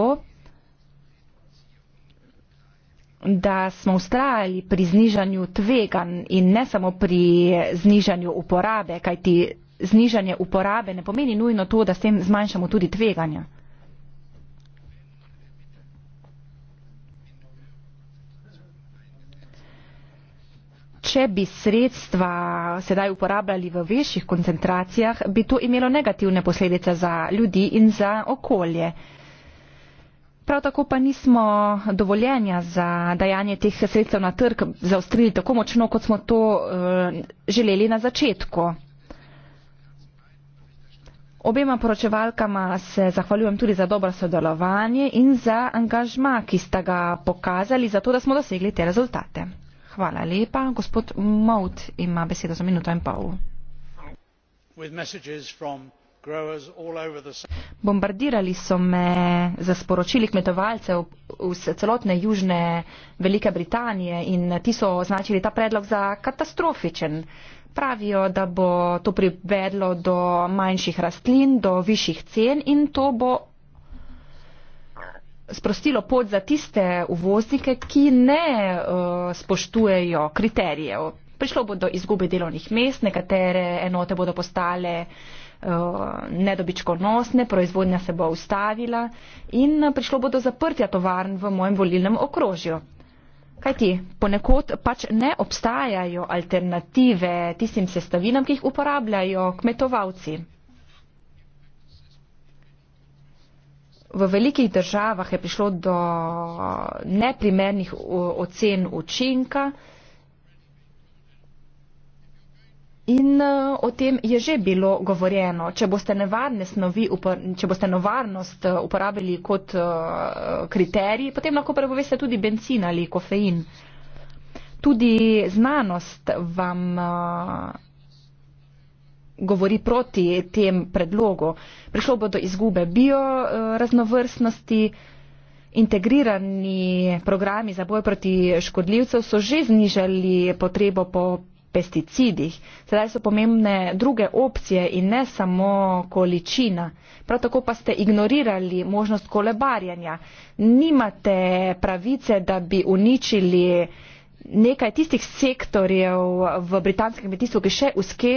da smo ustrajali pri znižanju tvegan in ne samo pri znižanju uporabe, kajti znižanje uporabe ne pomeni nujno to, da s tem zmanjšamo tudi tveganja. če bi sredstva sedaj uporabljali v večjih koncentracijah, bi to imelo negativne posledice za ljudi in za okolje. Prav tako pa nismo dovoljenja za dajanje teh sredstev na trg zaostrili tako močno, kot smo to eh, želeli na začetku. Obema poročevalkama se zahvaljujem tudi za dobro sodelovanje in za angažma, ki sta ga pokazali, zato da smo dosegli te rezultate. Hvala lepa. Gospod Mout ima besedo za minuto in pol. Bombardirali so me za sporočili kmetovalcev iz celotne južne Velike Britanije in ti so označili ta predlog za katastrofičen. Pravijo, da bo to privedlo do manjših rastlin, do višjih cen in to bo sprostilo pot za tiste uvoznike, ki ne uh, spoštujejo kriterijev. Prišlo bo do izgube delovnih mest, nekatere enote bodo postale eh, nedobičkonosne, proizvodnja se bo ustavila in eh, prišlo bo do zaprtja tovarn v mojem volilnem okrožju. Kaj ti, ponekod pač ne obstajajo alternative tistim sestavinam, ki jih uporabljajo kmetovalci. V velikih državah je prišlo do neprimernih ocen učinka in e, o tem je že bilo govorjeno. Če boste, snovi, če boste nevarnost e, uporabili kot e, kriterij, potem lahko preboveste tudi bencin ali kofein. Tudi znanost vam govori proti tem predlogu. Prišlo bo do izgube bioraznovrstnosti. Eh, Integrirani programi za boj proti škodljivcev so že znižali potrebo po pesticidih. Sedaj so pomembne druge opcije in ne samo količina. Prav tako pa ste ignorirali možnost kolebarjanja. Nimate pravice, da bi uničili nekaj tistih sektorjev v britanskem kmetijstvu, ki še uske,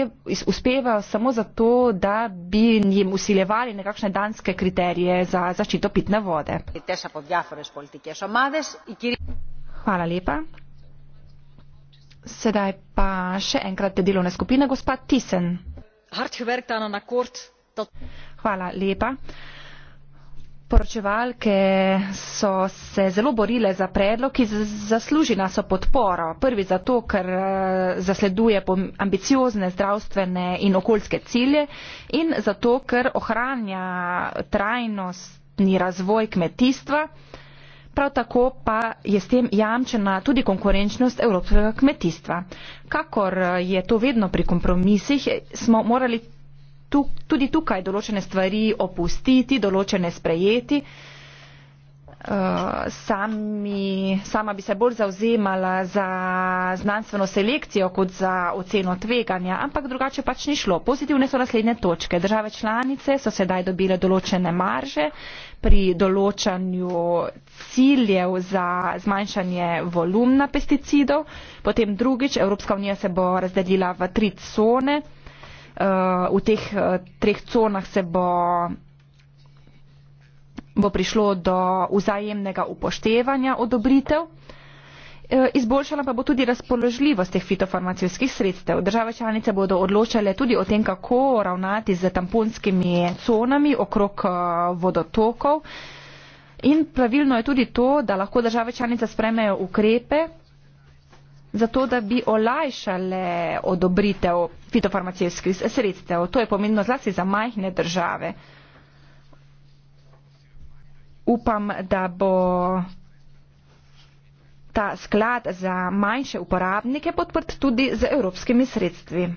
uspevajo samo zato, da bi jim usiljevali nekakšne danske kriterije za zaščito pitne vode. Hvala lepa. Sedaj pa še enkrat delovna skupina, gospod Tisen. Hvala lepa. Uh, poročevalke so se zelo borile za predlog, ki zasluži naso podporo. Prvi zato, ker eh, zasleduje ambiciozne zdravstvene in okoljske cilje in zato, ker ohranja trajnostni razvoj kmetijstva. Prav tako pa je s tem jamčena tudi konkurenčnost evropskega kmetijstva. Kakor eh, je to vedno pri kompromisih, smo morali tu, tudi tukaj določene stvari opustiti, določene sprejeti. Uh, sami, sama bi se bolj zauzemala za znanstveno selekcijo kot za oceno tveganja, ampak drugače pač ni šlo. Pozitivne so naslednje točke. Države članice so sedaj dobile določene marže pri določanju ciljev za zmanjšanje volumna pesticidov. Potem drugič, Evropska unija se bo razdelila v tri cone. Eh, v teh eh, treh conah se bo, bo prišlo do vzajemnega upoštevanja odobritev. Eh, izboljšala pa bo tudi razpoložljivost teh fitofarmacijskih sredstev. Države članice bodo odločale tudi o tem, kako ravnati z tamponskimi conami okrog vodotokov. In pravilno je tudi to, da lahko države članice spremejo ukrepe, zato da bi olajšale odobritev fitofarmacijskih sredstev. To je pomembno zlasti za majhne države. Upam, da bo ta sklad za manjše uporabnike podprt tudi z evropskimi sredstvi.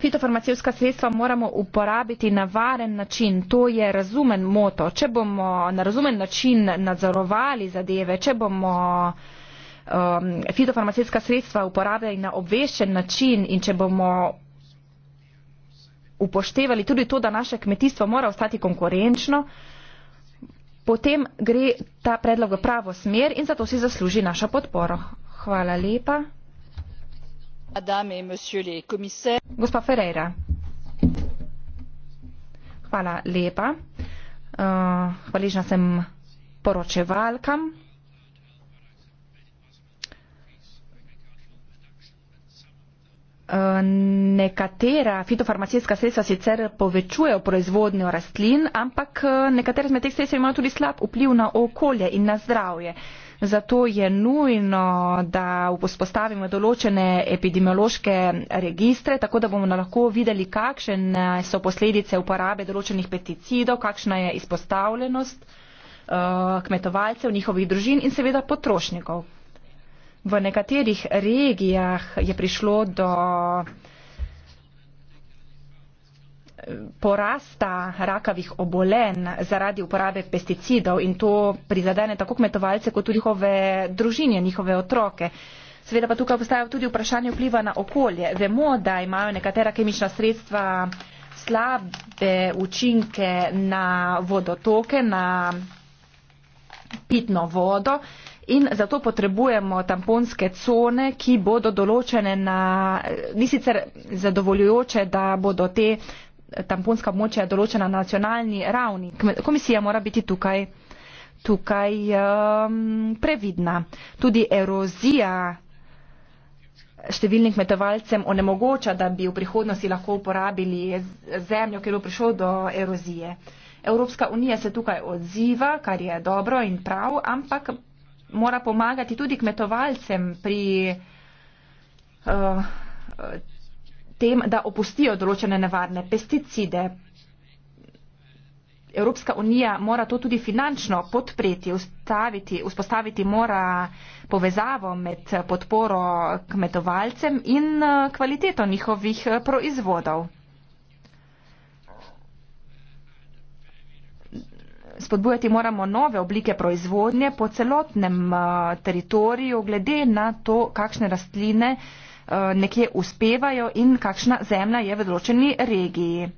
Fitofarmacijska sredstva moramo uporabiti na varen način, to je razumen moto. Če bomo na razumen način nadzorovali zadeve, če bomo uh, um, fitofarmacijska sredstva uporabljali na obveščen način in če bomo upoštevali tudi to, da naše kmetijstvo mora ostati konkurenčno, potem gre ta predlog v pravo smer in zato si zasluži našo podporo. Hvala lepa. Gospa Ferreira. Hvala lepa. Uh, hvaležna sem poročevalkam. Eh, nekatera fitofarmacijska sredstva sicer povečujejo proizvodnjo rastlin, ampak eh, nekatere zmed teh sredstev imajo tudi slab vpliv na okolje in na zdravje. Zato je nujno, da vzpostavimo določene epidemiološke registre, tako da bomo lahko videli, kakšne so posledice uporabe določenih pesticidov, kakšna je izpostavljenost eh, kmetovalcev, njihovih družin in seveda potrošnikov. V nekaterih regijah je prišlo do eh, porasta rakavih obolen zaradi uporabe pesticidov in to prizadene tako kmetovalce kot tudi njihove družine, njihove otroke. Seveda pa tukaj postaja tudi vprašanje vpliva na okolje. Vemo, da imajo nekatera kemična sredstva slabe učinke na vodotoke, na pitno vodo in zato potrebujemo tamponske cone, ki bodo določene na, ni sicer zadovoljujoče, da bodo te eh, tamponska območja določena na nacionalni ravni. Komisija mora biti tukaj, tukaj um, previdna. Tudi erozija številnim kmetovalcem onemogoča, da bi v prihodnosti lahko uporabili zemljo, ker bo prišlo do erozije. Evropska unija se tukaj odziva, kar je dobro in prav, ampak mora pomagati tudi kmetovalcem pri uh, tem, da opustijo določene nevarne pesticide. Evropska unija mora to tudi finančno podpreti, ustaviti, vzpostaviti mora povezavo med podporo kmetovalcem in eh, kvaliteto njihovih eh, proizvodov. spodbujati moramo nove oblike proizvodnje po celotnem eh, teritoriju, glede na to, kakšne rastline eh, nekje uspevajo in kakšna zemlja je v določeni regiji.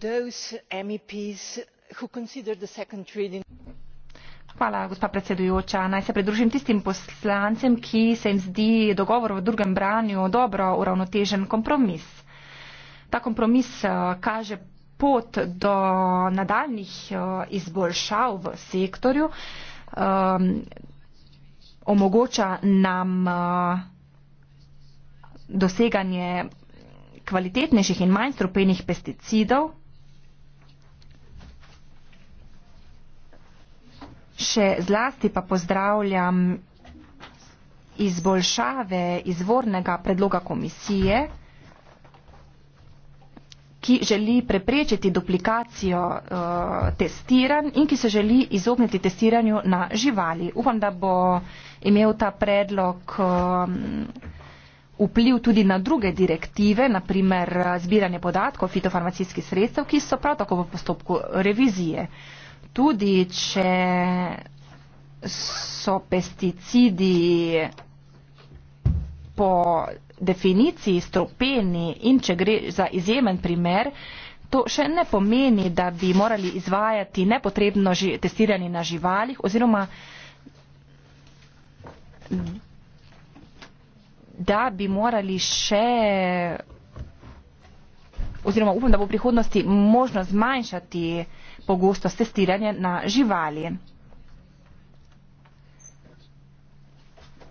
Those MEPs who consider the second reading. Hvala, gospa predsedujoča. Naj se pridružim tistim poslancem, ki se jim zdi dogovor v drugem branju dobro uravnotežen kompromis. Ta kompromis eh, kaže pot do nadaljnih eh, izboljšav v sektorju, um, omogoča nam uh, doseganje kvalitetnejših in manj strupenih pesticidov še zlasti pa pozdravljam izboljšave izvornega predloga komisije, ki želi preprečiti duplikacijo uh, testiranj in ki se želi izogniti testiranju na živali. Upam, da bo imel ta predlog um, vpliv tudi na druge direktive, naprimer zbiranje podatkov fitofarmacijskih sredstev, ki so prav tako v postopku revizije. Uh, tudi če so pesticidi po definiciji stropeni in če gre za izjemen primer, to še ne pomeni, da bi morali izvajati nepotrebno ži testiranje na živalih oziroma da bi morali še oziroma upam, da bo v prihodnosti možno zmanjšati pogostost testiranja na živali.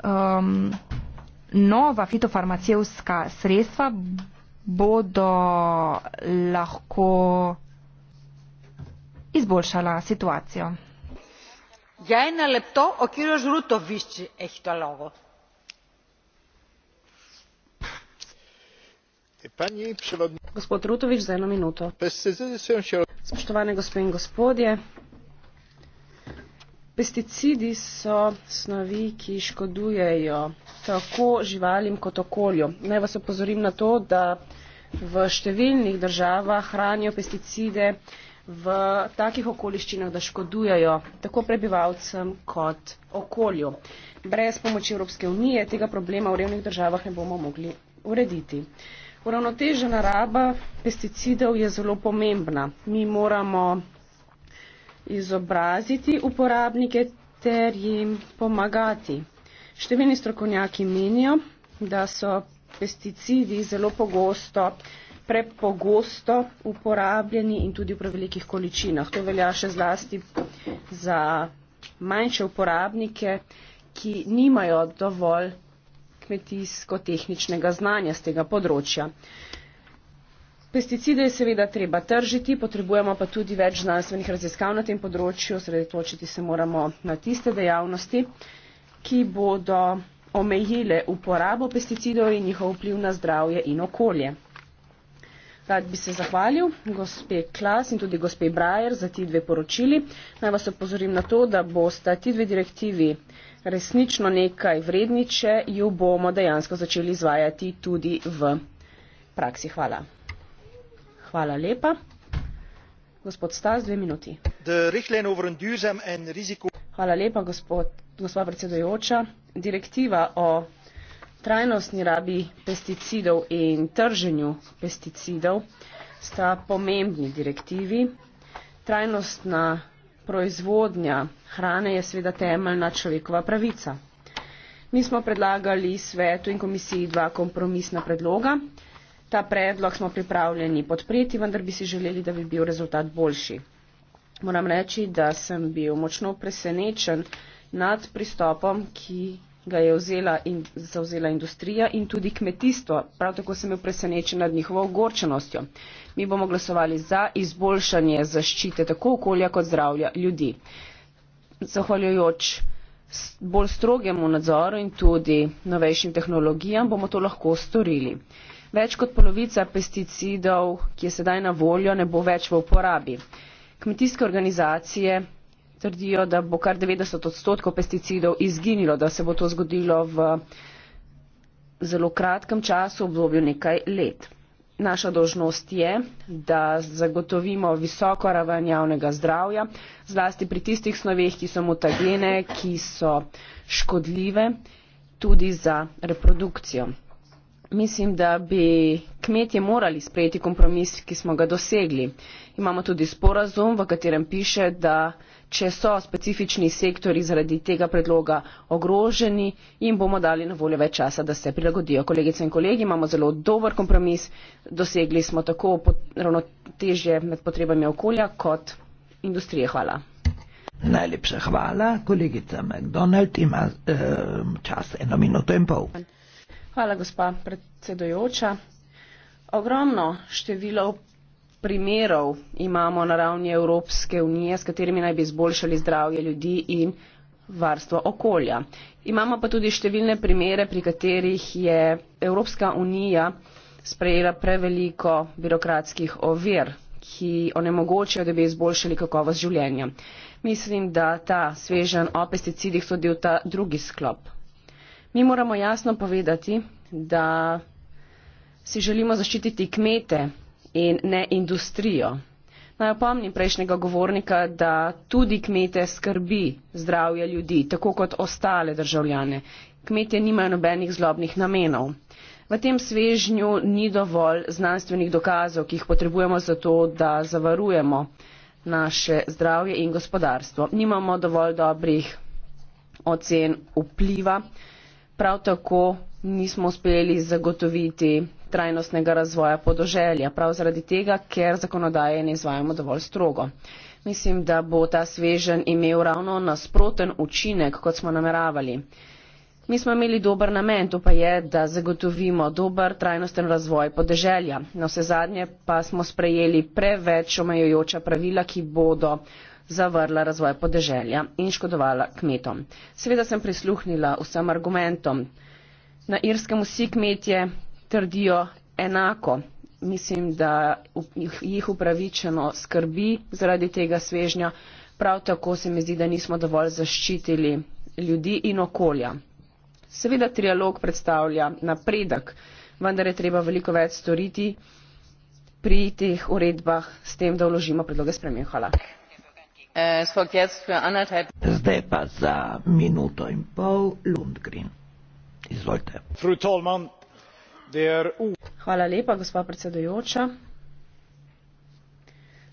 Um, nova fitofarmacijska sredstva bodo lahko izboljšala situacijo. Jaz na lepto okirožruto višči ehtologo. Gospod Rutovič, za eno minuto. Spoštovane gospe in gospodje, pesticidi so snovi, ki škodujejo tako živalim kot okolju. Naj vas opozorim na to, da v številnih državah hranijo pesticide v takih okoliščinah, da škodujejo tako prebivalcem kot okolju. Brez pomoči Evropske unije tega problema v revnih državah ne bomo mogli urediti. Uravnotežena raba pesticidov je zelo pomembna. Mi moramo izobraziti uporabnike ter jim pomagati. Številni strokovnjaki menijo, da so pesticidi zelo pogosto, prepogosto uporabljeni in tudi v prevelikih količinah. To velja še zlasti za manjše uporabnike, ki nimajo dovolj kmetijsko-tehničnega znanja z tega področja. Pesticide je seveda treba tržiti, potrebujemo pa tudi več znanstvenih raziskav na tem področju, sredotočiti se moramo na tiste dejavnosti, ki bodo omejile uporabo pesticidov in njihov vpliv na zdravje in okolje. Rad bi se zahvalil gospe Klas in tudi gospe Brajer za ti dve poročili. Naj vas opozorim na to, da bosta ti dve direktivi resnično nekaj vredni, če jo bomo dejansko začeli izvajati tudi v praksi. Hvala. Hvala lepa. Gospod Stas, dve minuti. Hvala lepa, gospod, gospod predsedojoča. Direktiva o trajnostni rabi pesticidov in trženju pesticidov sta pomembni direktivi. Trajnostna proizvodnja hrane je seveda temeljna človekova pravica. Mi smo predlagali svetu in komisiji dva kompromisna predloga. Ta predlog smo pripravljeni podpreti, vendar bi si želeli, da bi bil rezultat boljši. Moram reči, da sem bil močno presenečen nad pristopom, ki ga je vzela in zauzela industrija in tudi kmetijstvo. Prav tako sem bil presenečen nad njihovo ogorčenostjo. Mi bomo glasovali za izboljšanje zaščite tako okolja kot zdravja ljudi. Zahvaljujoč bolj strogemu nadzoru in tudi novejšim tehnologijam bomo to lahko storili. Več kot polovica pesticidov, ki je sedaj na voljo, ne bo več v uporabi. Kmetijske organizacije trdijo, da bo kar 90 odstotkov pesticidov izginilo, da se bo to zgodilo v zelo kratkem času, v obdobju nekaj let. Naša dožnost je, da zagotovimo visoko raven javnega zdravja, zlasti pri tistih snoveh, ki so mutagene, ki so škodljive tudi za reprodukcijo mislim, da bi kmetje morali sprejeti kompromis, ki smo ga dosegli. Imamo tudi sporazum, v katerem piše, da če so specifični sektori zaradi tega predloga ogroženi, jim bomo dali na voljo več časa, da se prilagodijo. Kolegice in kolegi, imamo zelo dober kompromis, dosegli smo tako ravno težje med potrebami okolja kot industrije. Hvala. Najlepša hvala. Kolegica McDonald ima eh, čas eno minuto in pol. Hvala, gospa predsedojoča. Ogromno število primerov imamo na ravni Evropske unije, s katerimi naj bi izboljšali zdravje ljudi in varstvo okolja. Imamo pa tudi številne primere, pri katerih je Evropska unija sprejela preveliko birokratskih ovir, ki onemogočajo, da bi izboljšali kakovost življenja. Mislim, da ta svežen o pesticidih sodi v ta drugi sklop mi moramo jasno povedati da si želimo zaščititi kmete in ne industrijo naj opomnim prejšnjega govornika da tudi kmete skrbi zdravje ljudi tako kot ostale državljane kmetje nimajo nobenih zlobnih namenov V tem svežnju ni dovolj znanstvenih dokazov, ki jih potrebujemo za to, da zavarujemo naše zdravje in gospodarstvo. Nimamo dovolj dobrih ocen vpliva prav tako nismo uspeli zagotoviti trajnostnega razvoja podoželja, prav zaradi tega, ker zakonodaje ne izvajamo dovolj strogo. Mislim, da bo ta svežen imel ravno nasproten učinek, kot smo nameravali. Mi smo imeli dober namen, to pa je, da zagotovimo dober trajnosten razvoj podeželja. Na vse zadnje pa smo sprejeli preveč omejujoča pravila, ki bodo zavrla razvoj podeželja in škodovala kmetom. Seveda sem prisluhnila vsem argumentom. Na Irskem vsi kmetje trdijo enako. Mislim, da jih upravičeno skrbi zaradi tega svežnja. Prav tako se mi zdi, da nismo dovolj zaščitili ljudi in okolja. Seveda trialog predstavlja napredek, vendar je treba veliko več storiti pri teh uredbah s tem, da vložimo predloge spremenj. Hvala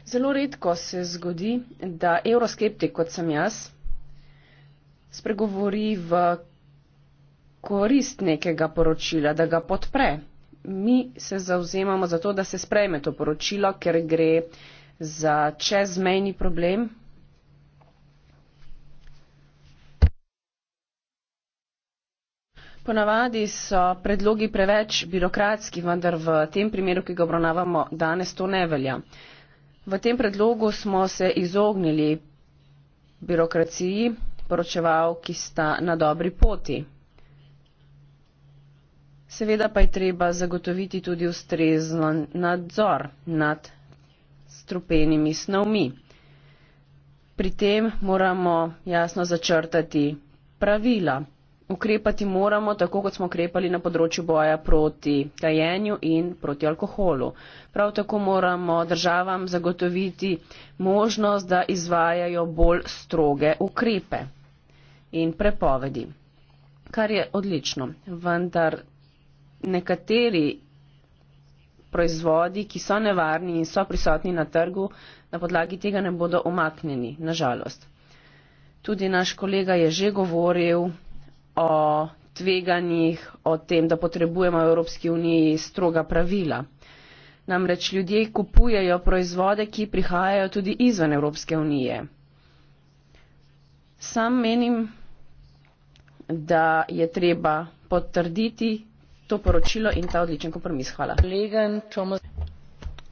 zelo redko se zgodi da evroskeptik kot sem jaz spregovori v korist nekega poročila da ga podpre mi se zavzemamo za to da se sprejme to poročilo ker gre za čezmejni problem Ponavadi so predlogi preveč birokratski, vendar v tem primeru, ki ga obravnavamo danes, to ne velja. V tem predlogu smo se izognili birokraciji, poročeval, ki sta na dobri poti. Seveda pa je treba zagotoviti tudi ustrezno nadzor nad strupenimi snovmi. Pri tem moramo jasno začrtati pravila ukrepati moramo tako, kot smo ukrepali na področju boja proti kajenju in proti alkoholu. Prav tako moramo državam zagotoviti možnost, da izvajajo bolj stroge ukrepe in prepovedi, kar je odlično. Vendar nekateri proizvodi, ki so nevarni in so prisotni na trgu, na podlagi tega ne bodo omaknjeni, nažalost. Tudi naš kolega je že govoril, o tveganjih, o tem, da potrebujemo v Evropski uniji stroga pravila. Namreč ljudje kupujejo proizvode, ki prihajajo tudi izven Evropske unije. Sam menim, da je treba potrditi to poročilo in ta odličen kompromis. Hvala.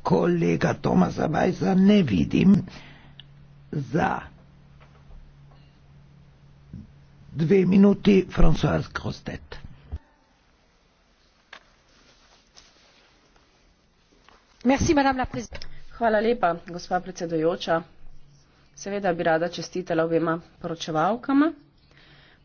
Kolega Tomasa Bajsa ne vidim za dve minuti François Grostet. Merci, Hvala lepa, gospa predsedujoča. Seveda bi rada čestitela obema poročevalkama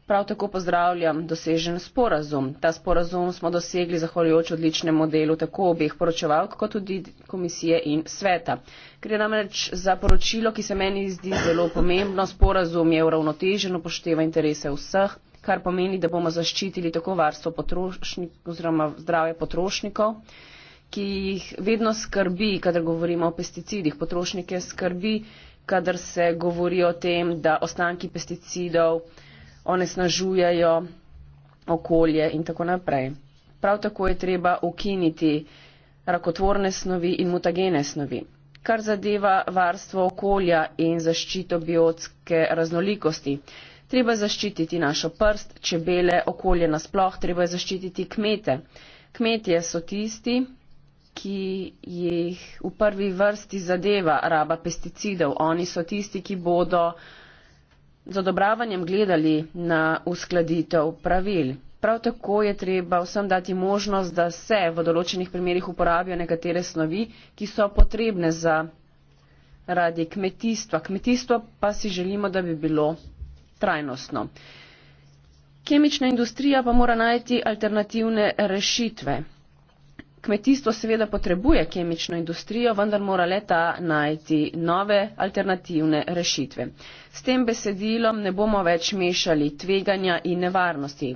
prav tako pozdravljam dosežen sporazum. Ta sporazum smo dosegli zahvaljujoč odličnemu delu tako obeh poročevalk, kot tudi komisije in sveta. Gre namreč za poročilo, ki se meni zdi zelo pomembno. Sporazum je uravnotežen, upošteva interese vseh, kar pomeni, da bomo zaščitili tako varstvo potrošnikov oziroma zdravje potrošnikov ki jih vedno skrbi, kadar govorimo o pesticidih. Potrošnike skrbi, kadar se govori o tem, da ostanki pesticidov onesnažujejo okolje in tako naprej. Prav tako je treba ukiniti rakotvorne snovi in mutagene snovi. Kar zadeva varstvo okolja in zaščito biotske raznolikosti, treba zaščititi našo prst, čebele, okolje nasploh, treba je zaščititi kmete. Kmetje so tisti, ki jih v prvi vrsti zadeva raba pesticidov. Oni so tisti, ki bodo uh, z odobravanjem gledali na uskladitev pravil. Prav tako je treba vsem dati možnost, da se v določenih primerjih uporabijo nekatere snovi, ki so potrebne za radi kmetijstva. Kmetijstvo pa si želimo, da bi bilo trajnostno. Kemična industrija pa mora najti alternativne rešitve. Kmetijstvo seveda potrebuje kemično industrijo, vendar mora leta najti nove alternativne rešitve. S tem besedilom ne bomo več mešali tveganja in nevarnosti.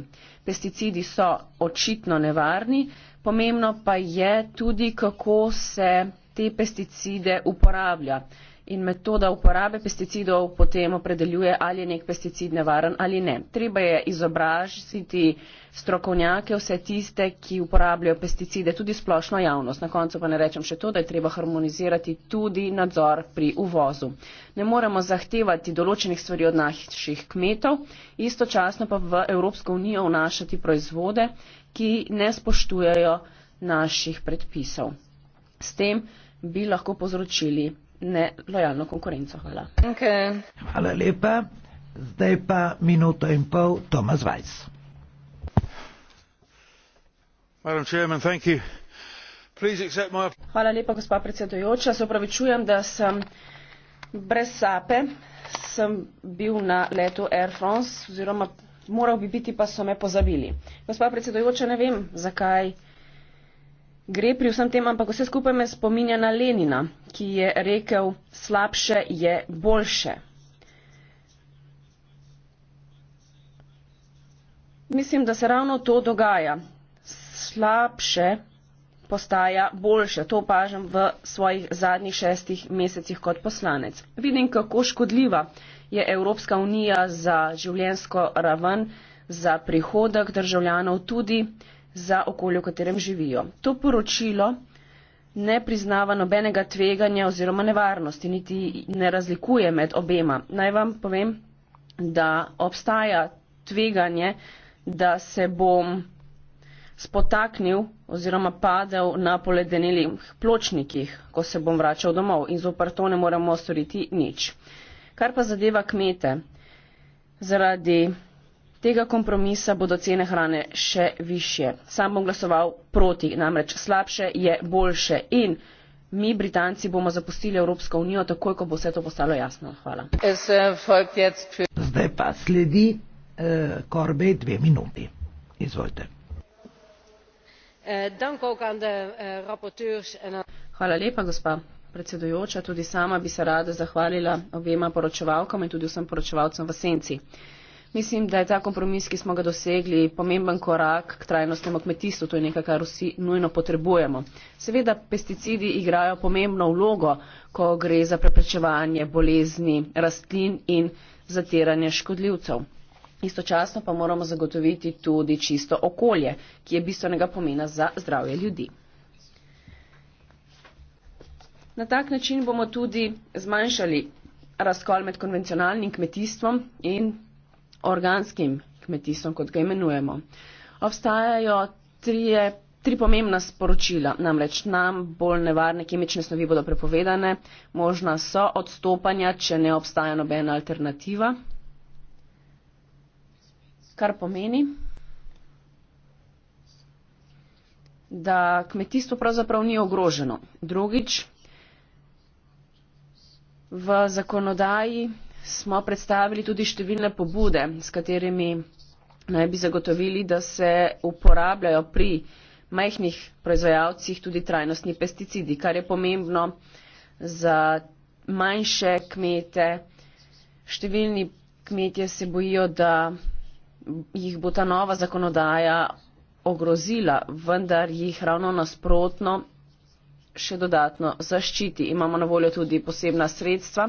Pesticidi so očitno nevarni, pomembno pa je tudi, kako se te pesticide uporablja in metoda uporabe pesticidov potem opredeljuje, ali je nek pesticid nevaren ali ne. Treba je izobražiti strokovnjake, vse tiste, ki uporabljajo pesticide, tudi splošno javnost. Na koncu pa ne rečem še to, da je treba harmonizirati tudi nadzor pri uvozu. Ne moremo zahtevati določenih stvari od naših kmetov, istočasno pa v Evropsko unijo vnašati proizvode, ki ne spoštujejo naših predpisov. S tem bi lahko povzročili nelojalno konkurenco. Hvala. Okay. Hvala lepa. Zdaj pa minuto in pol Tomas Vajs. Hvala lepa, gospa predsedujoča. Se opravičujem, da sem brez sape. Sem bil na letu Air France, oziroma moral bi biti, pa so me pozabili. Gospa predsedujoča, ne vem, zakaj gre pri vsem tem, ampak vse skupaj me spominja na Lenina, ki je rekel, slabše je boljše. Mislim, da se ravno to dogaja. Slabše postaja boljše. To opažam v svojih zadnjih šestih mesecih kot poslanec. Vidim, kako škodljiva je Evropska unija za življensko raven, za prihodek državljanov tudi za okolje, v katerem živijo. To poročilo ne priznava nobenega tveganja oziroma nevarnosti, niti ne razlikuje med obema. Naj vam povem, da obstaja tveganje, da se bom spotaknil oziroma padel na poledenelih pločnikih, ko se bom vračal domov in zopr to ne moremo storiti nič. Kar pa zadeva kmete, zaradi tega kompromisa bodo cene hrane še više. Sam bom glasoval proti, namreč slabše je boljše in mi, Britanci, bomo zapustili Evropsko unijo, takoj ko bo vse to postalo jasno. Hvala. Äh, Zdaj pa sledi eh, korbe dve minuti. Izvolite. Äh, Hvala lepa, gospa predsedujoča. Tudi sama bi se rada zahvalila obema poročevalkama in tudi vsem poročevalcem v senci mislim da je ta kompromis ki smo ga dosegli pomemben korak k trajnostnemu kmetijstvu to je nekaj kar vsi nujno potrebujemo seveda pesticidi igrajo pomembno vlogo ko gre za preprečevanje bolezni rastlin in zatiranje škodljivcev istočasno pa moramo zagotoviti tudi čisto okolje ki je bistvenega pomena za zdravje ljudi na tak način bomo tudi zmanjšali razkol med konvencionalnim kmetijstvom in organskim kmetijstvom, kot ga imenujemo. Obstajajo trije, tri pomembna sporočila, namreč nam bolj nevarne kemične snovi bodo prepovedane, možna so odstopanja, če ne obstaja nobena alternativa, kar pomeni, da kmetijstvo pravzaprav ni ogroženo. Drugič, v zakonodaji smo predstavili tudi številne pobude, s katerimi naj bi zagotovili, da se uporabljajo pri majhnih proizvajalcih tudi trajnostni pesticidi, kar je pomembno za manjše kmete. Številni kmetje se bojijo, da jih bo ta nova zakonodaja ogrozila, vendar jih ravno nasprotno še dodatno zaščiti. Imamo na voljo tudi posebna sredstva,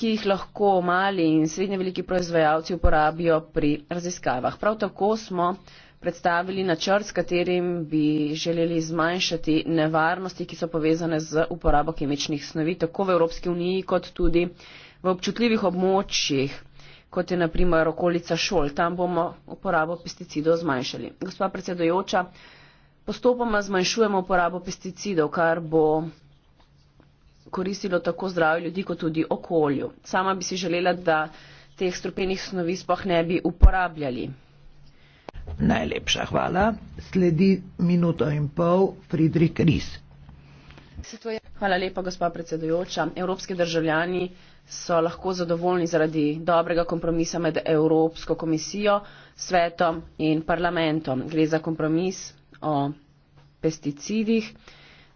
ki jih lahko mali in srednje veliki proizvajalci uporabijo pri raziskavah. Prav tako smo predstavili načrt, s katerim bi želeli zmanjšati nevarnosti, ki so povezane z uporabo kemičnih snovi, tako v Evropski uniji, kot tudi v občutljivih območjih, kot je naprimer okolica šol. Tam bomo uporabo pesticidov zmanjšali. Gospa predsedojoča, postopoma zmanjšujemo uporabo pesticidov, kar bo koristilo tako zdravju ljudi, kot tudi okolju. Sama bi si želela, da teh strupenih snovi spoh ne bi uporabljali. Najlepša hvala. Sledi minuto in pol Friedrich Ries. Hvala lepa, gospa predsedujoča. Evropski državljani so lahko zadovoljni zaradi dobrega kompromisa med Evropsko komisijo, svetom in parlamentom. Gre za kompromis o pesticidih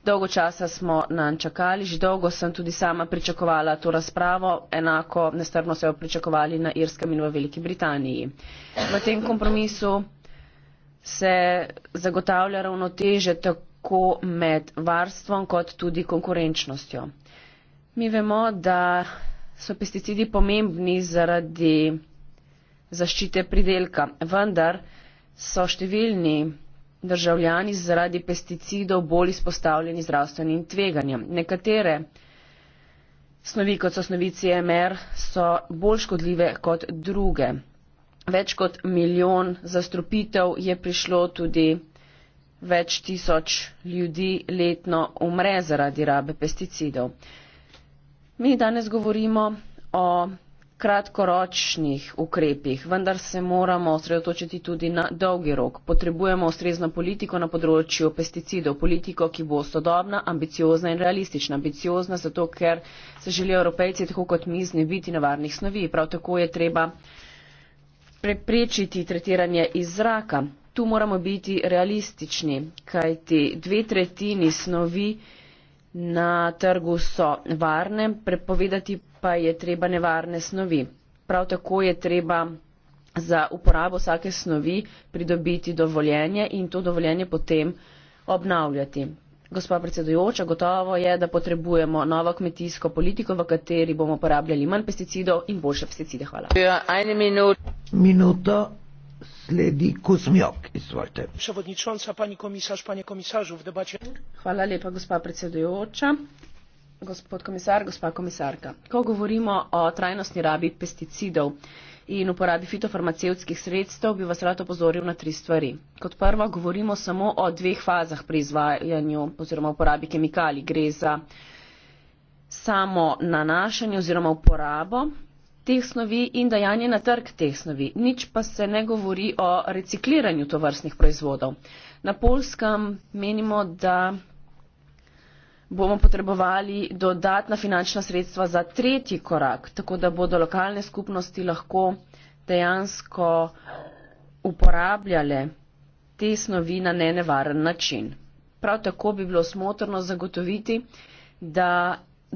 dolgo časa smo nanj čakali, že dolgo sem tudi sama pričakovala to razpravo, enako nestrpno so jo pričakovali na Irskem in v Veliki Britaniji. V tem kompromisu se zagotavlja ravnoteže tako med varstvom kot tudi konkurenčnostjo. Mi vemo, da so pesticidi pomembni zaradi zaščite pridelka, vendar so številni državljani zaradi pesticidov bolj izpostavljeni zdravstvenim tveganjem. Nekatere snovi, kot so snovi CMR, so bolj škodljive kot druge. Več kot milijon zastrupitev je prišlo tudi več tisoč ljudi letno umre zaradi rabe pesticidov. Mi danes govorimo o kratkoročnih ukrepih, vendar se moramo osredotočiti tudi na dolgi rok. Potrebujemo ustrezno politiko na področju pesticidov, politiko, ki bo sodobna, ambiciozna in realistična. Ambiciozna zato, ker se želijo evropejci tako kot mi znebiti nevarnih snovi. Prav tako je treba preprečiti tretiranje iz zraka. Tu moramo biti realistični, kajti dve tretjini snovi na trgu so varne, prepovedati pa je treba nevarne snovi. Prav tako je treba za uporabo vsake snovi pridobiti dovoljenje in to dovoljenje potem obnavljati. Gospa predsedujoča, gotovo je, da potrebujemo novo kmetijsko politiko, v kateri bomo uporabljali manj pesticidov in boljše pesticide. Hvala. Minuto sledi Kuzmiok. Izvolite. Predsednica, pani komisarž, pani komisaržu v debati. Hvala lepa, gospa predsedujoča. Gospod komisar, gospa komisarka. Ko govorimo o trajnostni rabi pesticidov in uporabi fitofarmacevskih sredstev, bi vas rad opozoril na tri stvari. Kot prvo, govorimo samo o dveh fazah pri izvajanju oziroma uporabi kemikalij. Gre za samo nanašanje oziroma uporabo teh snovi in dajanje na trg teh snovi. Nič pa se ne govori o recikliranju tovrstnih proizvodov. Na polskem menimo, da bomo potrebovali dodatna finančna sredstva za tretji korak, tako da bodo lokalne skupnosti lahko dejansko uporabljale te snovi na nenevaren način. Prav tako bi bilo smotrno zagotoviti, da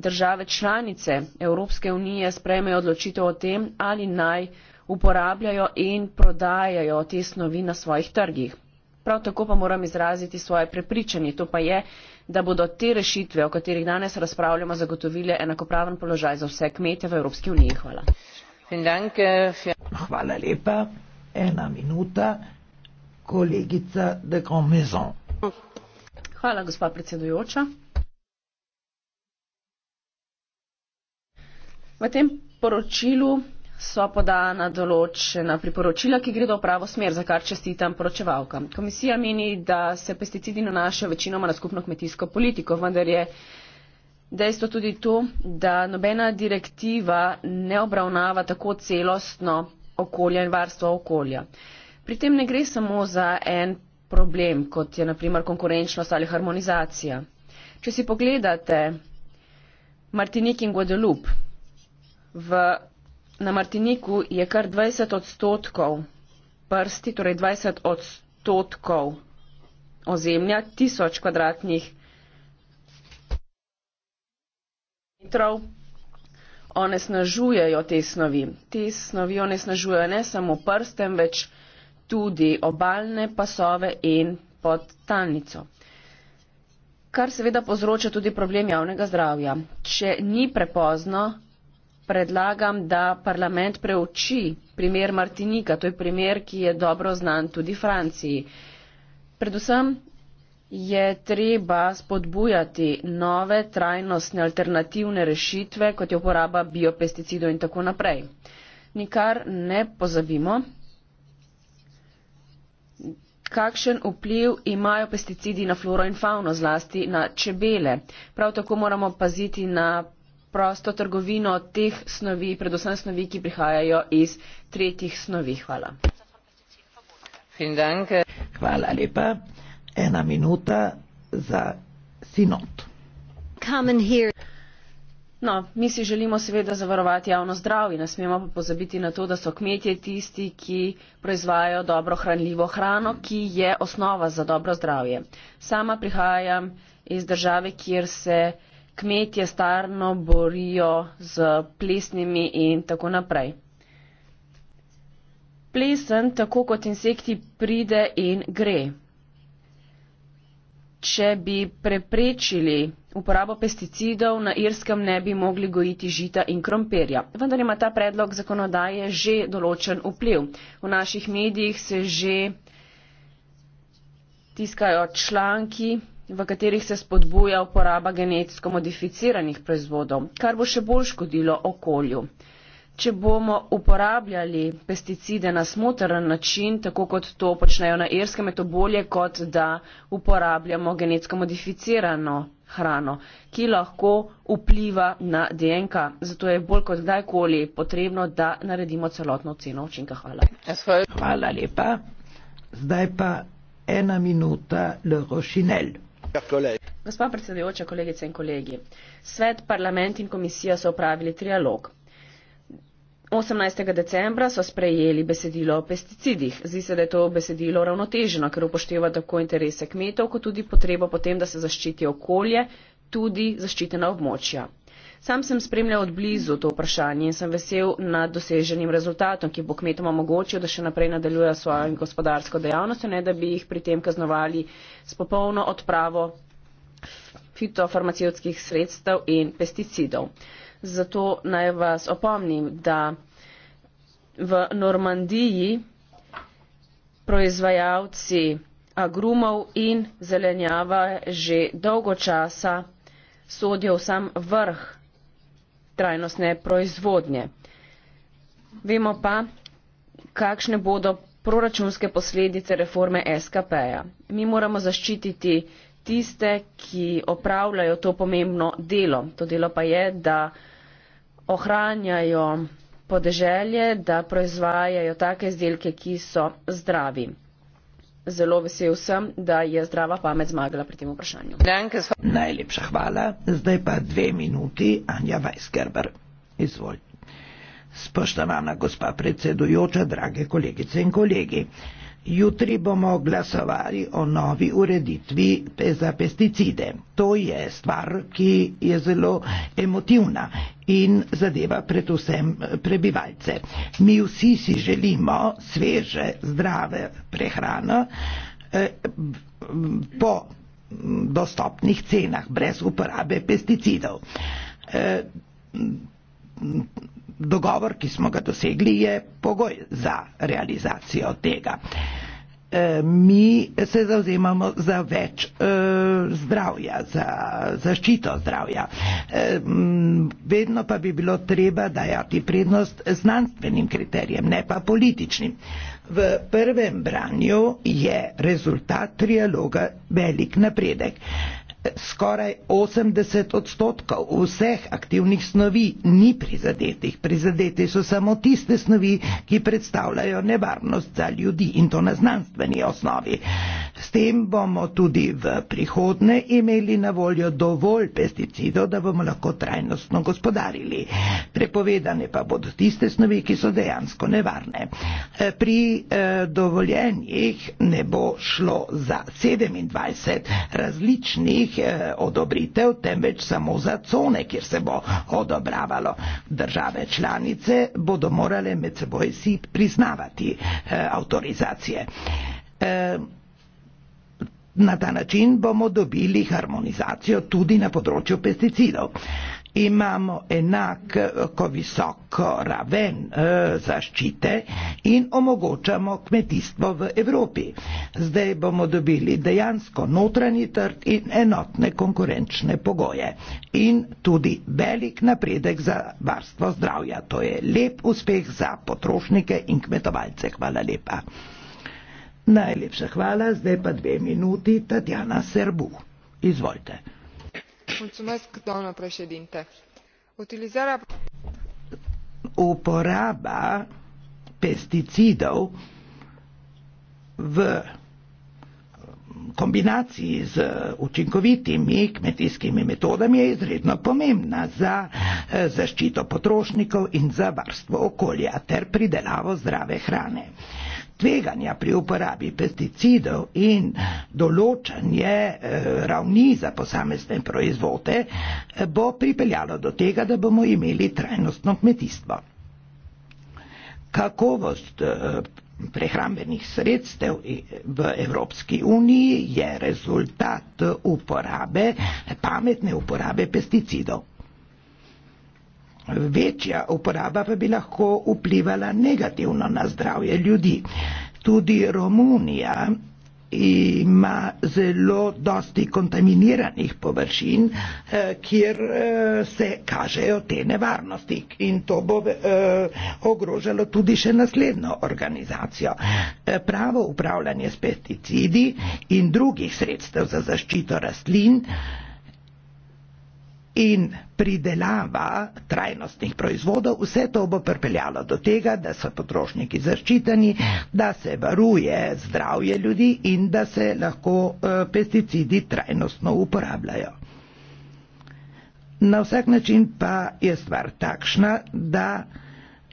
države članice Evropske unije sprejmejo odločitev o tem, ali naj uporabljajo in prodajajo te snovi na svojih trgih. Prav tako pa moram izraziti svoje prepričanje, to pa je, da bodo te rešitve, o katerih danes razpravljamo, zagotovile enakopraven položaj za vse kmete v Evropski uniji. Hvala. Eh, Hvala lepa. Ena minuta. Kolegica de Gromezon. Hvala, gospa predsedujoča. V tem poročilu so podana določena priporočila, ki gredo v pravo smer, za kar čestitam poročevalka. Komisija meni, da se pesticidi nanašajo večinoma na skupno kmetijsko politiko, vendar je dejstvo tudi to, da nobena direktiva ne obravnava tako celostno okolja in varstva okolja. Pri tem ne gre samo za en problem, kot je naprimer konkurenčnost ali harmonizacija. Če si pogledate Martinik in Guadeloupe, v, na Martiniku je kar 20 odstotkov prsti, torej 20 odstotkov ozemlja, tisoč kvadratnih metrov onesnažujejo te snovi. Te snovi onesnažujejo ne samo prstem, več tudi obaljne pasove in podtalnico. Kar seveda povzroča tudi problem javnega zdravja. Če ni prepozno, predlagam, da parlament preuči primer Martinika. To je primer, ki je dobro znan tudi Franciji. Predvsem je treba spodbujati nove trajnostne alternativne rešitve, kot je uporaba biopesticidov in tako naprej. Nikar ne pozabimo, kakšen vpliv imajo pesticidi na floro in fauno, zlasti na čebele. Prav tako moramo paziti na prosto trgovino teh snovi, predvsem snovi, ki prihajajo iz tretjih snovi. Hvala. Hvala lepa. Ena minuta za sinot. No, mi si želimo seveda zavarovati javno zdravje, ne smemo pa pozabiti na to, da so kmetje tisti, ki proizvajajo dobro hranljivo hrano, ki je osnova za dobro zdravje. Sama prihajam iz države, kjer se kmetje starno borijo z plesnimi in tako naprej. Plesen, tako kot insekti, pride in gre. Če bi preprečili uporabo pesticidov, na Irskem ne bi mogli gojiti žita in krompirja. Vendar ima ta predlog zakonodaje že določen vpliv. V naših medijih se že tiskajo članki v katerih se spodbuja uporaba genetsko modificiranih proizvodov, kar bo še bolj škodilo okolju. Če bomo uporabljali pesticide na smotren način, tako kot to počnejo na irskem, je to bolje, kot da uporabljamo genetsko modificirano hrano, ki lahko vpliva na DNK. Zato je bolj kot kdajkoli potrebno, da naredimo celotno oceno učinka. Hvala. Hvala lepa. Zdaj pa ena minuta, Le Rochinelle. Gospod predsedujoča, kolegice in kolegi. Svet, parlament in komisija so upravili trialog. 18. decembra so sprejeli besedilo o pesticidih. Zdi se, da je to besedilo ravnoteženo, ker upošteva tako interese kmetov, kot tudi potrebo potem, da se zaščiti okolje, tudi zaščitena območja. Sam sem spremljal od blizu to vprašanje in sem vesel nad doseženim rezultatom, ki bo kmetom omogočil, da še naprej nadaljujejo svojo gospodarsko dejavnost, ne da bi jih pri tem kaznovali s popolno odpravo fitofarmacijskih sredstev in pesticidov. Zato naj vas opomnim, da v Normandiji proizvajalci agrumov in zelenjava že dolgo časa sodijo v sam vrh trajnostne proizvodnje. Vemo pa, kakšne bodo proračunske posledice reforme SKP-ja. Mi moramo zaščititi tiste, ki opravljajo to pomembno delo. To delo pa je, da ohranjajo podeželje, da proizvajajo take izdelke, ki so zdravi zelo vesel sem, da je zdrava pamet zmagala pri tem vprašanju. Najlepša hvala. Zdaj pa dve minuti, Anja Weisgerber. Izvolj. Spoštovana gospa predsedujoča, drage kolegice in kolegi. Jutri bomo glasovali o novi ureditvi za pesticide. To je stvar, ki je zelo emotivna in zadeva predvsem prebivalce. Mi vsi si želimo sveže, zdrave prehrano eh, po dostopnih cenah, brez uporabe pesticidov. Eh, dogovor, ki smo ga dosegli, je pogoj za realizacijo tega. E, mi se zauzemamo za več e, zdravja, za zaščito zdravja. E, vedno pa bi bilo treba dajati prednost znanstvenim kriterijem, ne pa političnim. V prvem branju je rezultat trialoga velik napredek. E, skoraj 80 odstotkov vseh aktivnih snovi ni prizadetih. Prizadeti so samo tiste snovi, ki predstavljajo nevarnost za ljudi in to na znanstveni osnovi. S tem bomo tudi v prihodne imeli na voljo dovolj pesticidov, da bomo lahko trajnostno gospodarili. Prepovedane pa bodo tiste snovi, ki so dejansko nevarne. E, pri e, dovoljenjih ne bo šlo za 27 različnih nobenih eh, odobritev, temveč samo za cone, kjer se bo odobravalo. Države članice bodo morale med seboj si priznavati eh, avtorizacije. Eh, na ta način bomo dobili harmonizacijo tudi na področju pesticidov imamo enako eh, visoko raven eh, zaščite in omogočamo kmetijstvo v Evropi. Zdaj bomo dobili dejansko notranji trg in enotne konkurenčne pogoje in tudi velik napredek za varstvo zdravja. To je lep uspeh za potrošnike in kmetovalce. Hvala lepa. Najlepša hvala, zdaj pa dve minuti, Tatjana Serbu. Izvolite. Uporaba pesticidov v kombinaciji z učinkovitimi kmetijskimi metodami je izredno pomembna za eh, zaščito potrošnikov in za varstvo okolja ter pridelavo zdrave hrane tveganja pri uporabi pesticidov in določanje eh, ravni za posamezne proizvode eh, bo pripeljalo do tega, da bomo imeli trajnostno kmetijstvo. Kakovost eh, prehrambenih sredstev v Evropski uniji je rezultat uporabe, pametne uporabe pesticidov. Večja uporaba pa bi lahko vplivala negativno na zdravje ljudi. Tudi Romunija ima zelo dosti kontaminiranih površin, eh, kjer eh, se kažejo te nevarnosti in to bo eh, ogrožalo tudi še naslednjo organizacijo. Pravo upravljanje s pesticidi in drugih sredstev za zaščito rastlin in pridelava trajnostnih proizvodov, vse to bo pripeljalo do tega, da so potrošniki zaščiteni, da se varuje zdravje ljudi in da se lahko eh, pesticidi trajnostno uporabljajo. Na vsak način pa je stvar takšna, da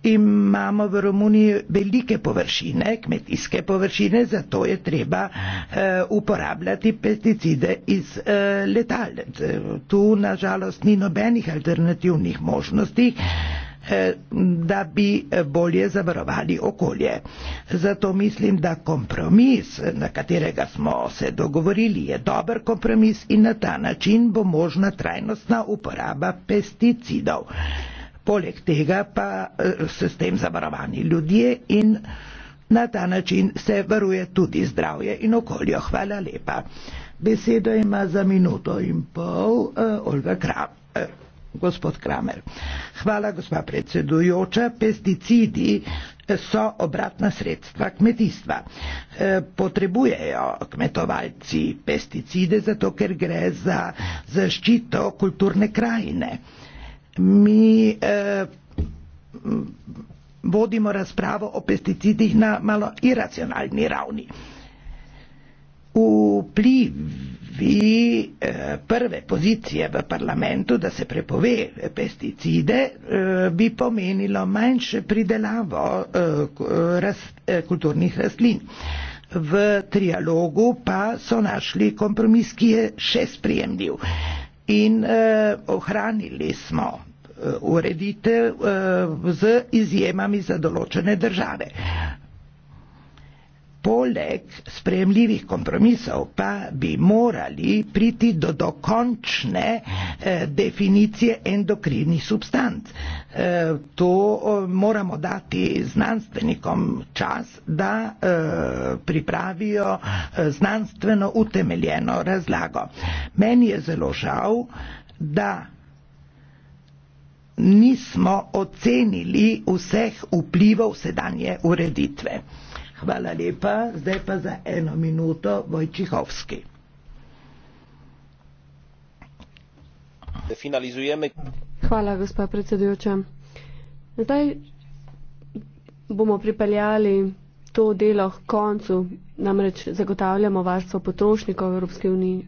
imamo v Romuniji velike površine, kmetijske površine, zato je treba eh, uporabljati pesticide iz eh, letal. Tu nažalost ni nobenih alternativnih možnosti eh, da bi bolje zavarovali okolje. Zato mislim, da kompromis, na katerega smo se dogovorili, je dober kompromis in na ta način bo možna trajnostna uporaba pesticidov. Poleg tega pa eh, so s tem zavarovani ljudje in na ta način se varuje tudi zdravje in okolje. Hvala lepa. Besedo ima za minuto in pol uh, Olga Kram, uh, gospod Kramer. Hvala, gospa predsedujoča. Pesticidi so obratna sredstva kmetijstva. E, potrebujejo kmetovalci pesticide zato, ker gre za zaščito kulturne krajine mi eh, vodimo razpravo o pesticidih na malo iracionalni ravni. Vplivi eh, prve pozicije v parlamentu, da se prepove pesticide, eh, bi pomenilo manjše pridelavo eh, kulturnih rastlin. V trialogu pa so našli kompromis, ki je še sprijemljiv in ohranili smo Eh, ureditev eh, z izjemami za določene države. Poleg spremljivih kompromisov pa bi morali priti do dokončne eh, definicije endokrinih substanc. To moramo dati znanstvenikom čas, da pripravijo znanstveno utemeljeno razlago. Meni je zelo žal, da nismo ocenili vseh vplivov sedanje ureditve. Hvala lepa, zdaj pa za eno minuto Vojčihovski. Hvala, gospa predsedujoča. Zdaj bomo pripeljali to delo k koncu, namreč zagotavljamo varstvo potrošnikov v Evropske unije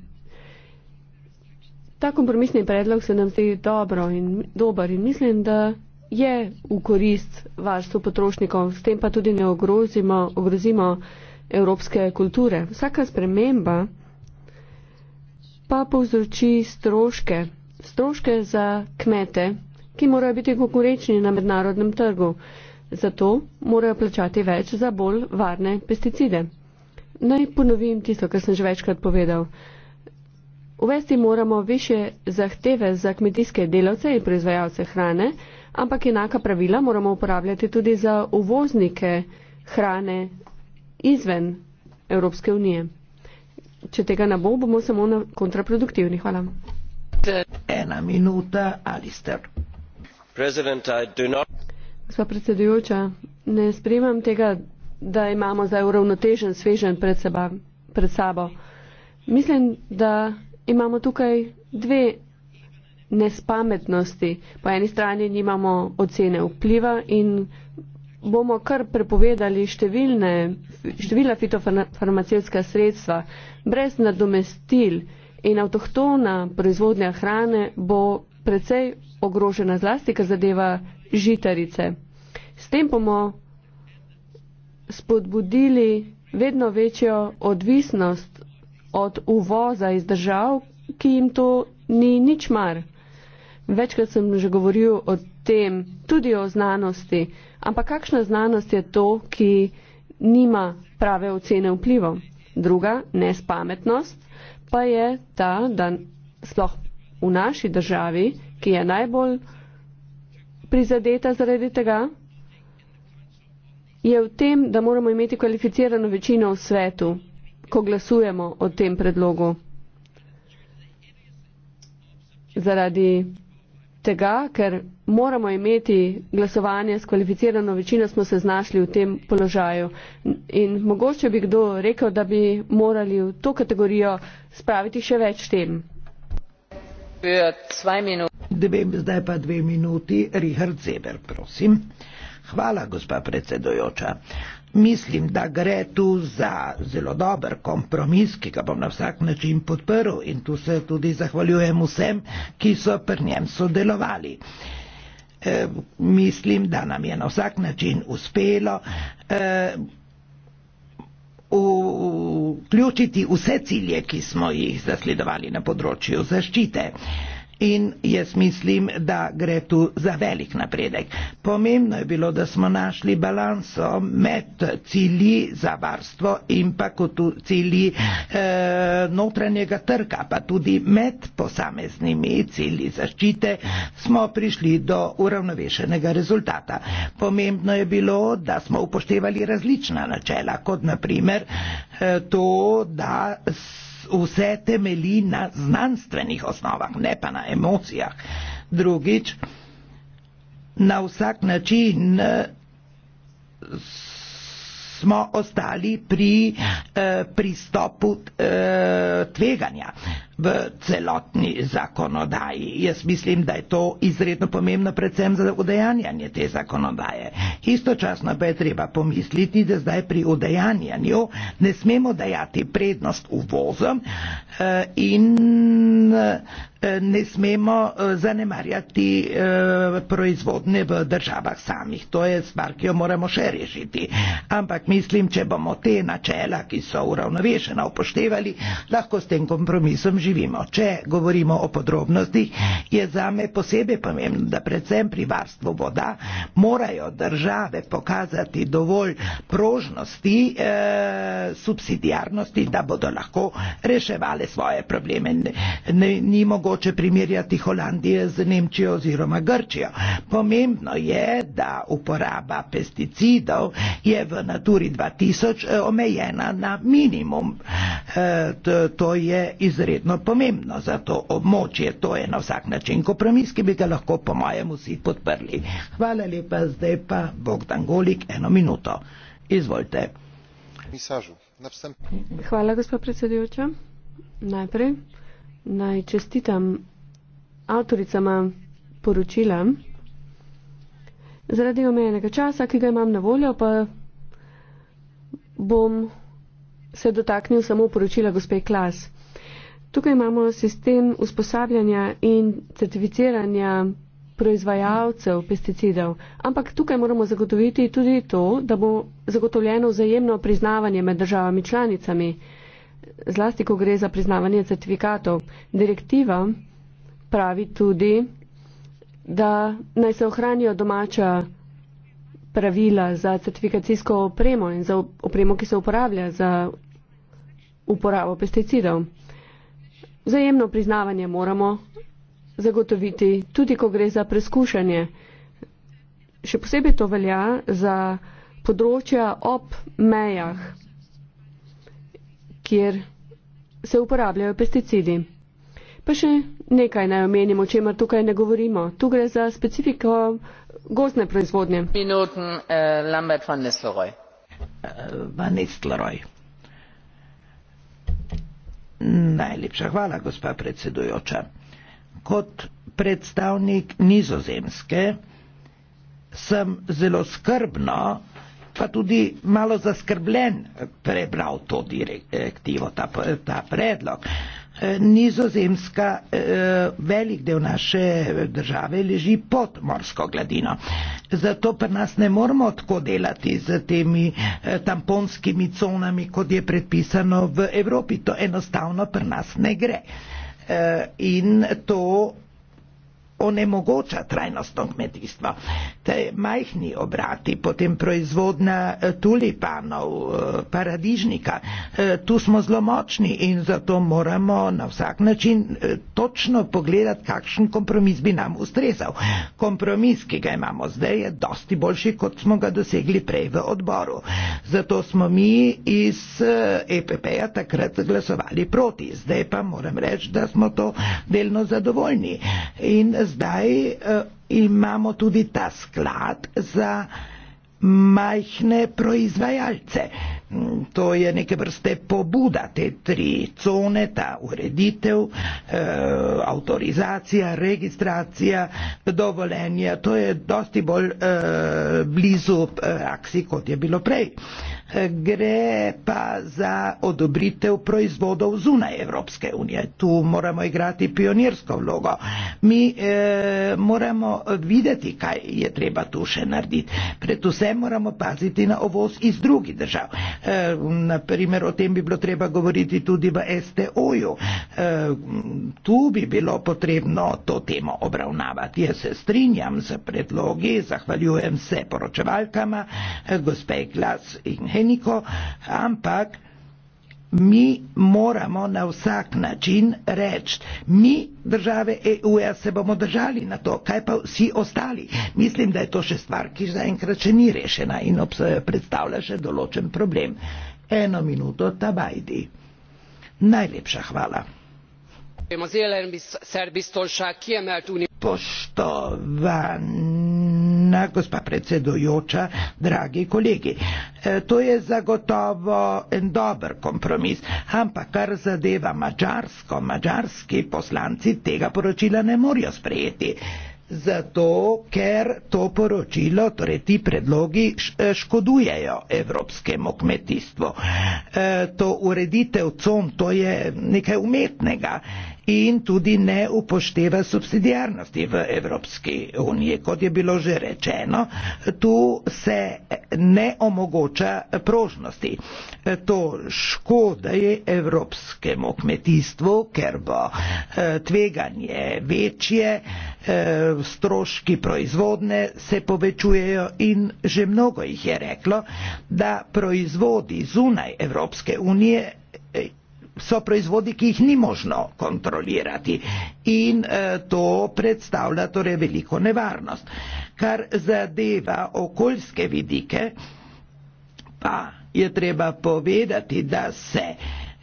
Ta kompromisni predlog se nam zdi dobro in dober in mislim, da je v korist varstvu potrošnikov, s tem pa tudi ne ogrozimo, ogrozimo evropske kulture. Vsaka sprememba pa povzroči stroške, stroške za kmete, ki morajo biti konkurenčni na mednarodnem trgu. Zato morajo plačati več za bolj varne pesticide. Naj ponovim tisto, kar sem že večkrat povedal. Uvesti moramo više zahteve za kmetijske delavce in proizvajalce hrane, ampak enaka pravila moramo uporabljati tudi za uvoznike hrane izven Evropske unije. Če tega ne bo, bomo samo kontraproduktivni. Hvala. Ena minuta, Alistair. Gospa predsedujoča, ne sprejemam tega, da imamo zdaj uravnotežen svežen pred, pred sabo. Mislim, da imamo tukaj dve nespametnosti. Po eni strani nimamo ocene vpliva in bomo kar prepovedali številne, števila fitofarmacijska sredstva brez nadomestil in avtohtona proizvodnja hrane bo precej ogrožena zlasti, kar zadeva žitarice. S tem bomo spodbudili vedno večjo odvisnost od uvoza iz držav, ki jim to ni nič mar. Večkrat sem že govoril o tem, tudi o znanosti, ampak kakšna znanost je to, ki nima prave ocene vplivov. Druga nespametnost pa je ta, da sploh v naši državi, ki je najbolj prizadeta zaradi tega, je v tem, da moramo imeti kvalificirano večino v svetu, ko glasujemo o tem predlogu. Zaradi tega, ker moramo imeti glasovanje s kvalificirano večino, smo se znašli v tem položaju. In mogoče bi kdo rekel, da bi morali v to kategorijo spraviti še več tem. Dve, zdaj pa dve minuti. Richard Zeber, prosim. Hvala, gospa predsedojoča. Mislim, da gre tu za zelo dober kompromis, ki ga bom na vsak način podprl in tu se tudi zahvaljujem vsem, ki so pri njem sodelovali. E, mislim, da nam je na vsak način uspelo e, vključiti vse cilje, ki smo jih zasledovali na področju zaščite. E, in jaz mislim, da gre tu za velik napredek. Pomembno je bilo, da smo našli balanso med cilji za varstvo in pa kot cilji eh, notranjega trga, pa tudi med posameznimi cilji zaščite, smo prišli do uravnovešenega rezultata. Pomembno je bilo, da smo upoštevali različna načela, kot naprimer eh, to, da se vse temelji na znanstvenih osnovah, ne pa na emocijah. Drugič, na vsak način eh, smo ostali pri eh, pristopu eh, tveganja. Eh, v celotni zakonodaji. Jaz mislim, da je to izredno pomembno predvsem za udejanjanje te zakonodaje. Istočasno pa je treba pomisliti, da zdaj pri udejanjanju ne smemo dajati prednost uvozom eh, in eh, ne smemo eh, zanemarjati proizvodne v državah samih. To je stvar, ki jo moramo še rešiti. Ampak mislim, če bomo te načela, ki so uravnovešena, upoštevali, lahko s tem kompromisom živimo živimo. Če govorimo o podrobnostih, je zame posebej pomembno, da predvsem pri varstvu voda morajo države pokazati dovolj prožnosti, e, eh, subsidijarnosti, da bodo lahko reševali svoje probleme. Ne, ne, ni mogoče primerjati Holandije z Nemčijo oziroma Grčijo. Pomembno je, da uporaba pesticidov je v Naturi 2000 eh, omejena na minimum. E, to, to je izredno pomembno za to območje. To je na vsak način kompromis, ki bi ga lahko, po mojem, vsi podprli. Hvala lepa, zdaj pa Bogdan Golik, eno minuto. Izvolite. Hvala, gospod predsedujoča. Najprej naj čestitam avtoricama poročila. Zaradi omejenega časa, ki ga imam na voljo, pa bom se dotaknil samo poročila gospe Klas. Tukaj imamo sistem usposabljanja in certificiranja proizvajalcev pesticidov, ampak tukaj moramo zagotoviti tudi to, da bo zagotovljeno vzajemno priznavanje med državami članicami, zlasti ko gre za priznavanje certifikatov. Direktiva pravi tudi, da naj se ohranijo domača pravila za certifikacijsko opremo in za opremo, ki se uporablja za uporabo pesticidov. Vzajemno priznavanje moramo zagotoviti tudi, ko gre za preskušanje. Še posebej to velja za področja ob mejah, kjer se uporabljajo pesticidi. Pa še nekaj naj omenimo, o čemer tukaj ne govorimo. Tu gre za specifiko gozne proizvodnje. Minuten, eh, Lambert van Nistelrooy. Uh, van Nistelrooy. Najlepša hvala, gospa predsedujoča. Kot predstavnik nizozemske sem zelo skrbno, pa tudi malo zaskrbljen prebral to eh, direktivo, ta, ta predlog. Nizozemska, eh, velik del naše države leži pod morsko gladino. Zato pa nas ne moramo tako delati z temi eh, tamponskimi conami, kot je predpisano v Evropi. To enostavno pri nas ne gre. Eh, in to onemogoča trajnostno kmetijstvo. Te majhni obrati, potem proizvodna eh, tulipanov, eh, paradižnika, eh, tu smo zelo močni in zato moramo na vsak način točno pogledati, kakšen kompromis bi nam ustrezal. Kompromis, ki ga imamo zdaj, je dosti boljši, kot smo ga dosegli prej v odboru. Zato smo mi iz EPP-ja e takrat glasovali proti. Zdaj pa moram reči, da smo to delno zadovoljni. In zdaj uh, imamo tudi ta sklad za majhne proizvajalce. Uh, To je neke vrste pobuda te tri cone, ta ureditev, e, avtorizacija, registracija, dovoljenje. To je dosti bolj e, blizu eh, praksi, kot je bilo prej. Gre pa za odobritev proizvodov zunaj Evropske unije. Tu moramo igrati pionirsko vlogo. Mi e, moramo videti, kaj je treba tu še narediti. Predvsem moramo paziti na ovoz iz drugih držav. Eh, naprimer o tem bi bilo treba govoriti tudi v STO-ju. Eh, tu bi bilo potrebno to temo obravnavati. Jaz se strinjam z predlogi, zahvaljujem se poročevalkama, eh, gospe Glas in Heniko, ampak mi moramo na vsak način reči, mi države EU-ja se bomo držali na to, kaj pa vsi ostali. Mislim, da je to še stvar, ki zaenkrat še ni rešena in predstavlja še določen problem. Eno minuto tabajdi. Najlepša hvala. Poštovani spoštovana gospa predsedujoča, dragi kolegi. E, to je zagotovo en dober kompromis, ampak kar zadeva mačarsko, mačarski poslanci tega poročila ne morejo sprejeti. Zato, ker to poročilo, torej ti predlogi e, škodujejo evropskemu kmetijstvu. E, to ureditev con, to je nekaj umetnega in tudi ne upošteva subsidijarnosti v Evropski uniji. Kot je bilo že rečeno, tu se ne omogoča prožnosti. To škoda je evropskemu kmetijstvu, ker bo e, tveganje večje, e, stroški proizvodne se povečujejo in že mnogo jih je reklo, da proizvodi zunaj Evropske unije so proizvodi, ki jih ni možno kontrolirati in eh, to predstavlja torej veliko nevarnost. Kar zadeva okoljske vidike, pa je treba povedati, da se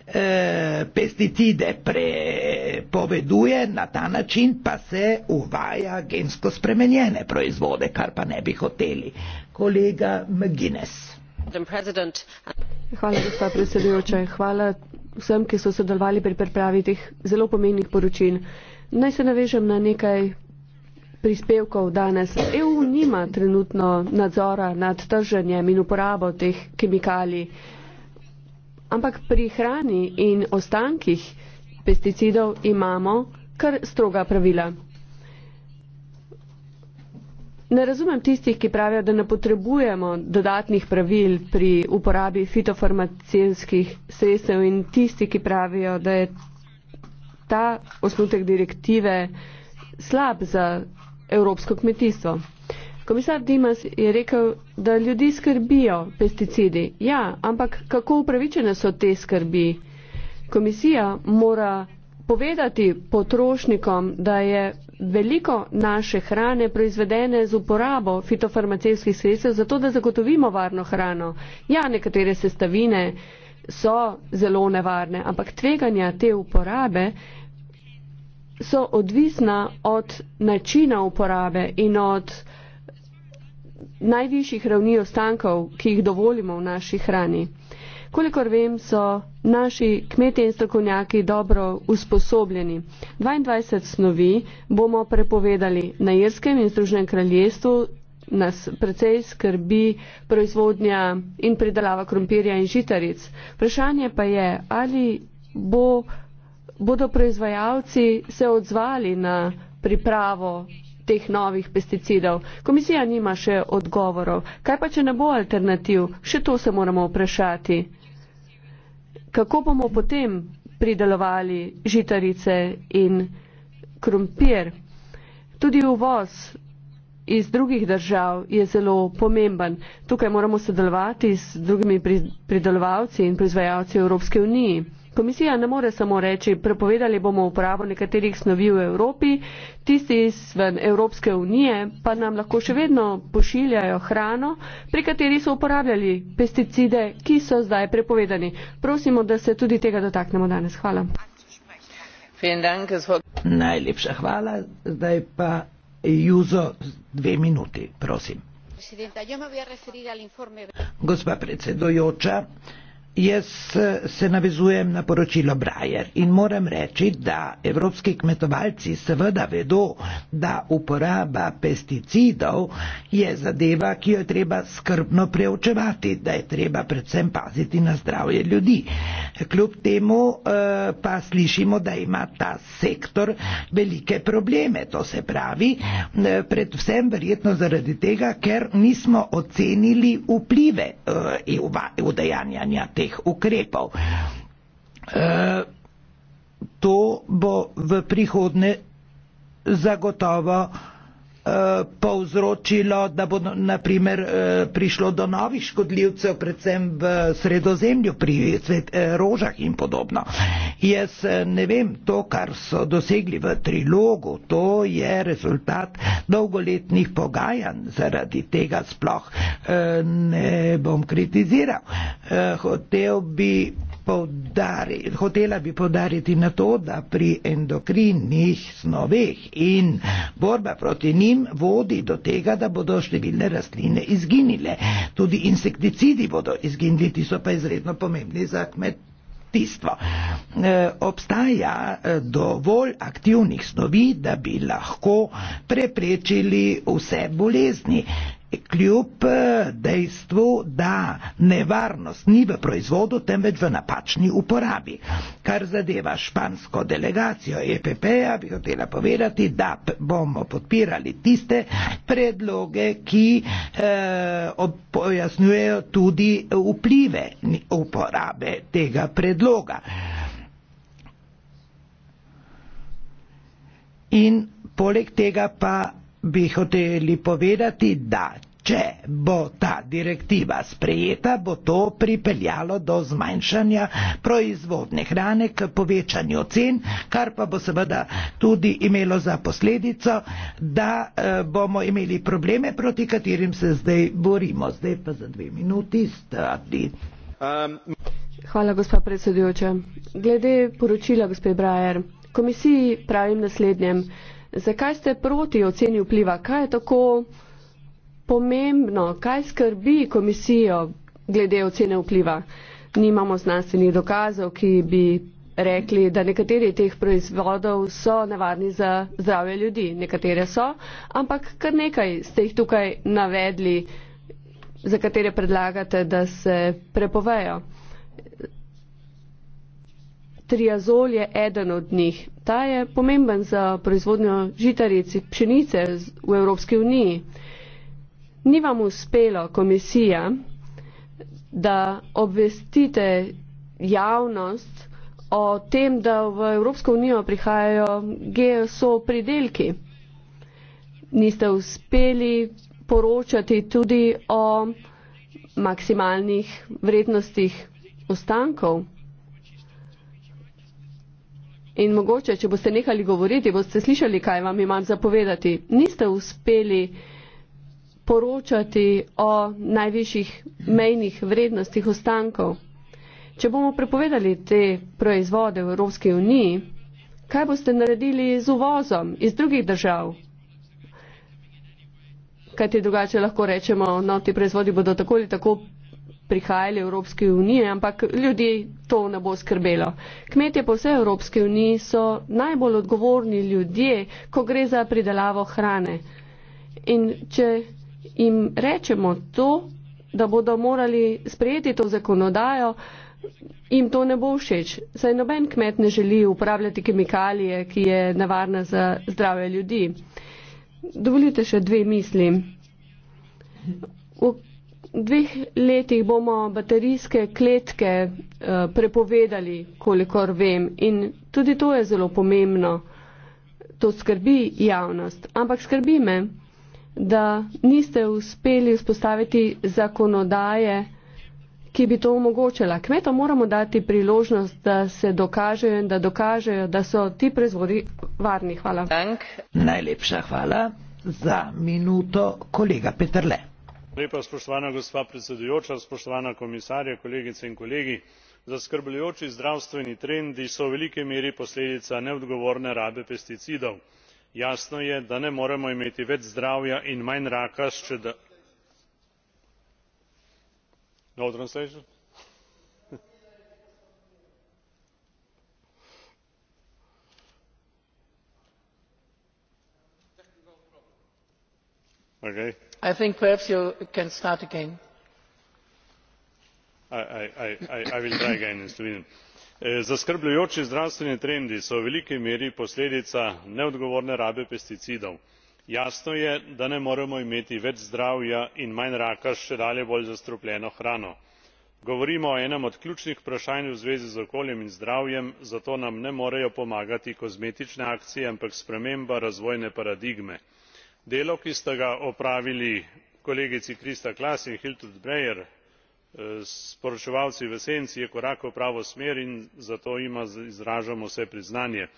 eh, pesticide prepoveduje na ta način, pa se uvaja gensko spremenjene proizvode, kar pa ne bi hoteli. Kolega McGuinness. Hvala, gospod predsedujoča, in hvala vsem, ki so sodelovali pri pripravi teh zelo pomembnih poročil. Naj se navežem na nekaj prispevkov danes. EU nima trenutno nadzora nad trženjem in uporabo teh kemikalij, ampak pri hrani in ostankih pesticidov imamo kar stroga pravila. Ne razumem tistih, ki pravijo, da ne potrebujemo dodatnih pravil pri uporabi fitofarmacijskih sredstev in tisti, ki pravijo, da je ta osnutek direktive slab za evropsko kmetijstvo. Komisar Dimas je rekel, da ljudi skrbijo pesticidi. Ja, ampak kako upravičene so te skrbi? Komisija mora povedati potrošnikom, da je veliko naše hrane proizvedene z uporabo fitofarmacevskih sredstev, zato da zagotovimo varno hrano. Ja, nekatere sestavine so zelo nevarne, ampak tveganja te uporabe so odvisna od načina uporabe in od najvišjih ravni ostankov, ki jih dovolimo v naši hrani. Kolikor vem, so naši kmetje in strokovnjaki dobro usposobljeni. 22 snovi bomo prepovedali na Irskem in Združenem kraljestvu. Nas precej skrbi proizvodnja in pridelava krompirja in žitaric. Vprašanje pa je, ali bo, bodo proizvajalci se odzvali na pripravo teh novih pesticidov. Komisija nima še odgovorov. Kaj pa, če ne bo alternativ? Še to se moramo vprašati kako bomo potem pridelovali žitarice in krompir. Tudi uvoz iz drugih držav je zelo pomemben. Tukaj moramo sodelovati z drugimi pridelovalci in proizvajalci Evropske unije. Komisija ne more samo reči, prepovedali bomo uporabo nekaterih snovi v Evropi, tisti izven Evropske unije pa nam lahko še vedno pošiljajo hrano, pri kateri so uporabljali pesticide, ki so zdaj prepovedani. Prosimo, da se tudi tega dotaknemo danes. Hvala. Najlepša hvala. Zdaj pa Juzo dve minuti, prosim. Gospa predsedujoča, Jaz eh, se navezujem na poročilo Brajer in moram reči, da evropski kmetovalci seveda vedo, da uporaba pesticidov je zadeva, ki jo je treba skrbno preučevati, da je treba predvsem paziti na zdravje ljudi. Kljub temu eh, pa slišimo, da ima ta sektor velike probleme, to se pravi, eh, predvsem verjetno zaradi tega, ker nismo ocenili vplive udejanjanja tega teh ukrepov. E, to bo v prihodne zagotovo. Eh, povzročilo, da bo naprimer eh, prišlo do novih škodljivcev, predvsem v sredozemlju pri cvet, eh, rožah in podobno. Jaz ne vem, to, kar so dosegli v trilogu, to je rezultat dolgoletnih pogajanj, zaradi tega sploh ne bom kritiziral. Hotel bi poudariti, hotela bi poudariti na to, da pri endokrinnih snoveh in borba proti njim vodi do tega, da bodo številne rastline izginile. Tudi insekticidi bodo izginili, ti so pa izredno pomembni za kmet. Tistvo. E, obstaja e, dovolj aktivnih snovi, da bi lahko preprečili vse bolezni kljub eh, dejstvu, da nevarnost ni v proizvodu, temveč v napačni uporabi. Kar zadeva špansko delegacijo EPP-ja, bi hotela povedati, da bomo podpirali tiste predloge, ki eh, pojasnjujejo tudi vplive uporabe tega predloga. In poleg tega pa bi hoteli povedati, da Če bo ta direktiva sprejeta, bo to pripeljalo do zmanjšanja proizvodne hrane, k povečanju cen, kar pa bo seveda tudi imelo za posledico, da eh, bomo imeli probleme, proti katerim se zdaj borimo. Zdaj pa za dve minuti stradi. Um, Hvala, gospa predsedujoča. Glede poročila, gospe Brajer, komisiji pravim naslednjem. Zakaj ste proti oceni vpliva? Kaj je tako pomembno, kaj skrbi komisijo glede ocene vpliva. Nimamo znanstvenih dokazov, ki bi rekli, da nekateri teh proizvodov so nevarni za zdravje ljudi. Nekatere so, ampak kar nekaj ste jih tukaj navedli, za katere predlagate, da se prepovejo. Triazol je eden od njih. Ta je pomemben za proizvodnjo žitarici pšenice v Evropski uniji ni vam uspelo, komisija, da obvestite javnost o tem, da v Evropsko unijo prihajajo GSO pridelki. Niste uspeli poročati tudi o maksimalnih vrednostih ostankov. In mogoče, če boste nehali govoriti, boste slišali, kaj vam imam zapovedati. Niste uspeli poročati o najvišjih mejnih vrednostih ostankov. Če bomo prepovedali te proizvode v Evropski uniji, kaj boste naredili z uvozom iz drugih držav? Kaj ti drugače lahko rečemo, no, ti proizvodi bodo tako ali tako prihajali Evropske unije, ampak ljudi to ne bo skrbelo. Kmetje po vsej Evropske uniji so najbolj odgovorni ljudje, ko gre za pridelavo hrane. In če jim rečemo to, da bodo morali sprejeti to zakonodajo, jim to ne bo všeč. Saj noben kmet ne želi uporabljati kemikalije, ki je nevarna za zdrave ljudi. Dovolite še dve misli. V dveh letih bomo baterijske kletke eh, prepovedali, kolikor vem, in tudi to je zelo pomembno. To skrbi javnost, ampak skrbi me, da niste uspeli vzpostaviti zakonodaje, ki bi to omogočila. Kmeta moramo dati priložnost, da se dokažejo in da dokažejo, da so ti prezvori varni. Hvala. Dank. Najlepša hvala za minuto kolega Petrle. Lepa spoštovana gospa predsedujoča, spoštovana komisarja, kolegice in kolegi. Zaskrbljujoči zdravstveni trendi so v veliki meri posledica neodgovorne rabe pesticidov jasno je da ne moremo imeti več zdravja in manj raka E, zaskrbljujoči zdravstveni trendi so v veliki meri posledica neodgovorne rabe pesticidov. jasno je da ne moremo imeti več zdravja in manj raka s čedalje bolj zastrupljeno hrano. govorimo o enem od ključnih vprašanj v zvezi z okoljem in zdravjem zato nam ne morejo pomagati kozmetične akcije ampak sprememba razvojne paradigme. delo ki sta ga opravili kolegici christa klaß in hiltrud breyer sporočevalci v senci je korak v pravo smer in zato jima izražam vse priznanje.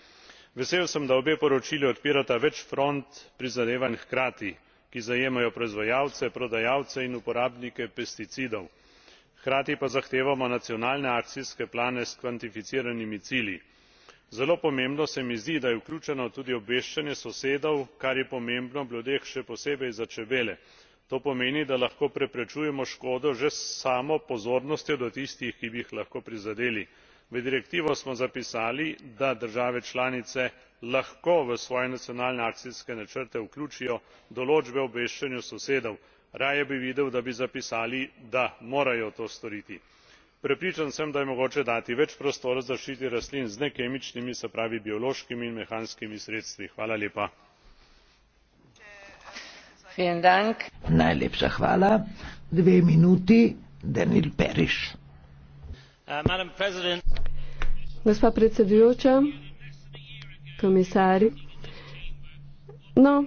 vesel sem da obe poročili odpirata več front prizadevanj hkrati ki zajemajo proizvajalce prodajalce in uporabnike pesticidov hkrati pa zahtevamo nacionalne akcijske plane s kvantificiranimi cilji. zelo pomembno se mi zdi da je vključeno tudi obveščanje sosedov kar je pomembno ob ljudeh še posebej za čebele to pomeni da lahko preprečujemo škodo že s samo pozornostjo do tistih ki bi jih lahko prizadeli. v direktivo smo zapisali da države članice lahko v svoje nacionalne akcijske načrte vključijo določbe o obveščanju sosedov raje bi videl da bi zapisali da morajo to storiti. prepričan sem da je mogoče dati več prostora zaščiti rastlin z nekemičnimi se pravi biološkimi in mehanskimi sredstvi. Najlepša hvala. Dve minuti, Daniel Periš. Uh, Gospa predsedujoča, komisar. No,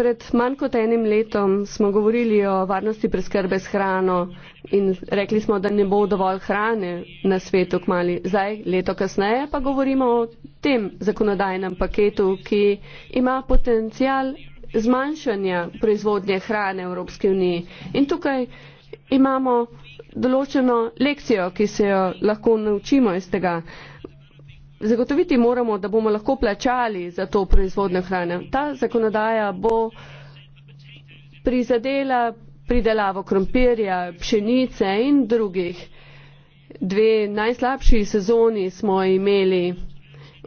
pred manj kot enim letom smo govorili o varnosti preskrbe s hrano in rekli smo, da ne bo dovolj hrane na svetu kmali. Zdaj, leto kasneje, pa govorimo o tem zakonodajnem paketu, ki ima potencial zmanjšanja proizvodnje hrane v Evropski uniji. In tukaj imamo določeno lekcijo, ki se jo lahko naučimo iz tega. Zagotoviti moramo, da bomo lahko plačali za to proizvodnjo hrane. Ta zakonodaja bo prizadela pridelavo krompirja, pšenice in drugih. Dve najslabši sezoni smo imeli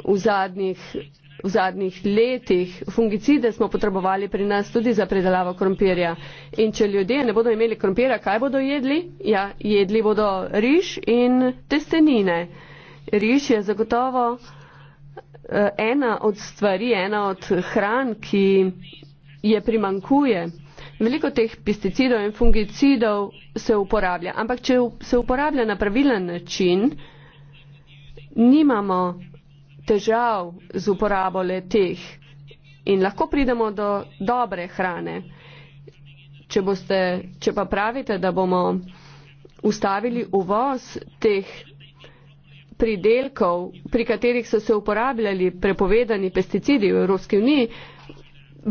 v zadnjih v zadnjih letih. Fungicide smo potrebovali pri nas tudi za predelavo krompirja. In če ljudje ne bodo imeli krompirja, kaj bodo jedli? Ja, jedli bodo riž in testenine. Riž je zagotovo eh, ena od stvari, ena od hran, ki je primankuje. Veliko teh pesticidov in fungicidov se uporablja, ampak če se uporablja na pravilen način, nimamo težav z uporabo le teh. In lahko pridemo do dobre hrane. Če, boste, če pa pravite, da bomo ustavili uvoz teh pridelkov, pri katerih so se uporabljali prepovedani pesticidi v Evropski uniji,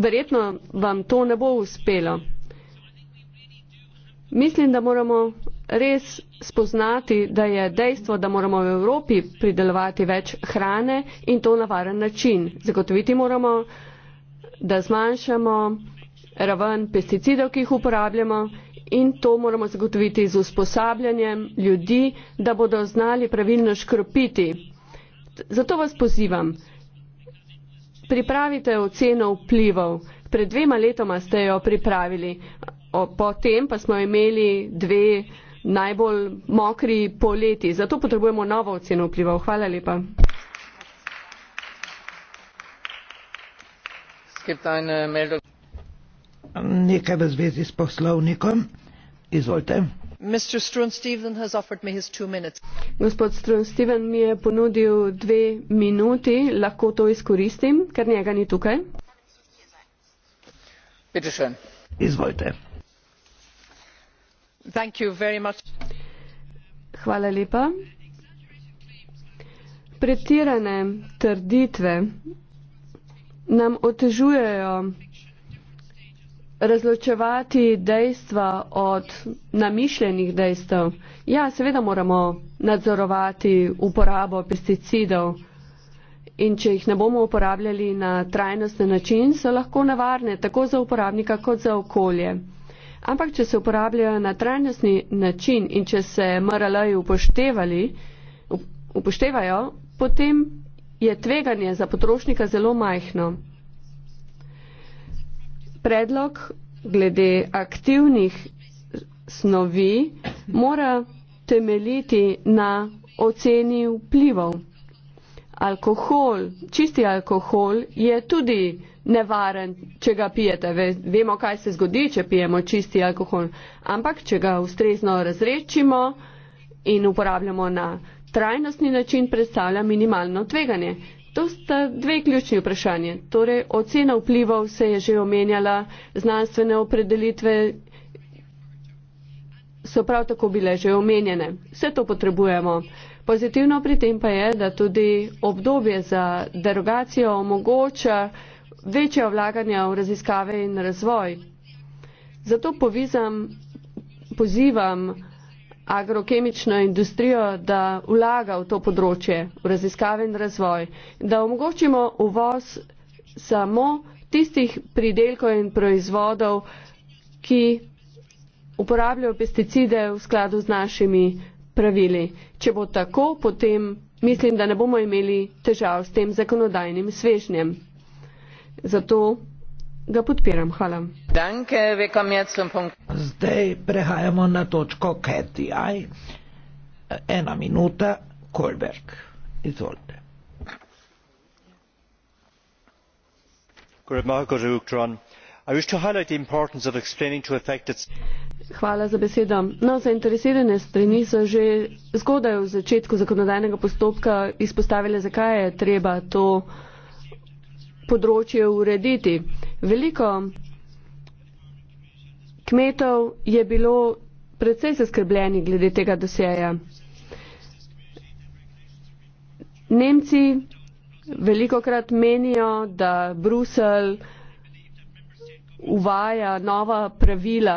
verjetno vam to ne bo uspelo. Mislim, da moramo res spoznati, da je dejstvo, da moramo v Evropi pridelovati več hrane in to na varen način. Zagotoviti moramo, da zmanjšamo raven pesticidov, ki jih uporabljamo in to moramo zagotoviti z usposabljanjem ljudi, da bodo znali pravilno škropiti. Zato vas pozivam, pripravite oceno vplivov. Pred dvema letoma ste jo pripravili potem pa smo imeli dve najbolj mokri poleti. Zato potrebujemo novo oceno vplivov. Hvala lepa. Nekaj v zvezi s poslovnikom. Izvolite. Mr. Strun Steven has offered me his two minutes. Gospod Strun Steven mi je ponudil dve minuti, lahko to izkoristim, ker njega ni tukaj. Bitte schön. Izvolite. Pretirane trditve nam otežujejo razločevati dejstva od namišljenih dejstev. Ja, seveda moramo nadzorovati uporabo pesticidov in če jih ne bomo uporabljali na trajnostni način, so lahko nevarne tako za uporabnika kot za okolje. Ampak, če se uporabljajo na trajnostni način in če se MRL-ji upoštevajo, potem je tveganje za potrošnika zelo majhno. Predlog glede aktivnih snovi mora temeljiti na oceni vplivov. Alkohol, čisti alkohol je tudi nevaren, če ga pijete. Vemo, kaj se zgodi, če pijemo čisti alkohol, ampak če ga ustrezno razrečimo in uporabljamo na trajnostni način, predstavlja minimalno tveganje. To sta dve ključni vprašanje. Torej, ocena vplivov se je že omenjala, znanstvene opredelitve so prav tako bile že omenjene. Vse to potrebujemo. Pozitivno pri tem pa je, da tudi obdobje za derogacijo omogoča, večja vlaganja v raziskave in razvoj. Zato povizam, pozivam agrokemično industrijo, da vlaga v to področje, v raziskave in razvoj, da omogočimo uvoz samo tistih pridelkov in proizvodov, ki uporabljajo pesticide v skladu z našimi pravili. Če bo tako, potem mislim, da ne bomo imeli težav s tem zakonodajnim svežnjem zato ga podpiram. Hvala. Zdaj prehajamo na točko KTI. Ena minuta, Kolberg. Izvolite. Hvala za besedo. No, zainteresirane strani so že zgodaj v začetku zakonodajnega postopka izpostavile, zakaj je treba to področje urediti. Veliko kmetov je bilo predvsej zaskrbljeni glede tega dosjeja. Nemci veliko krat menijo, da Brusel uvaja nova pravila,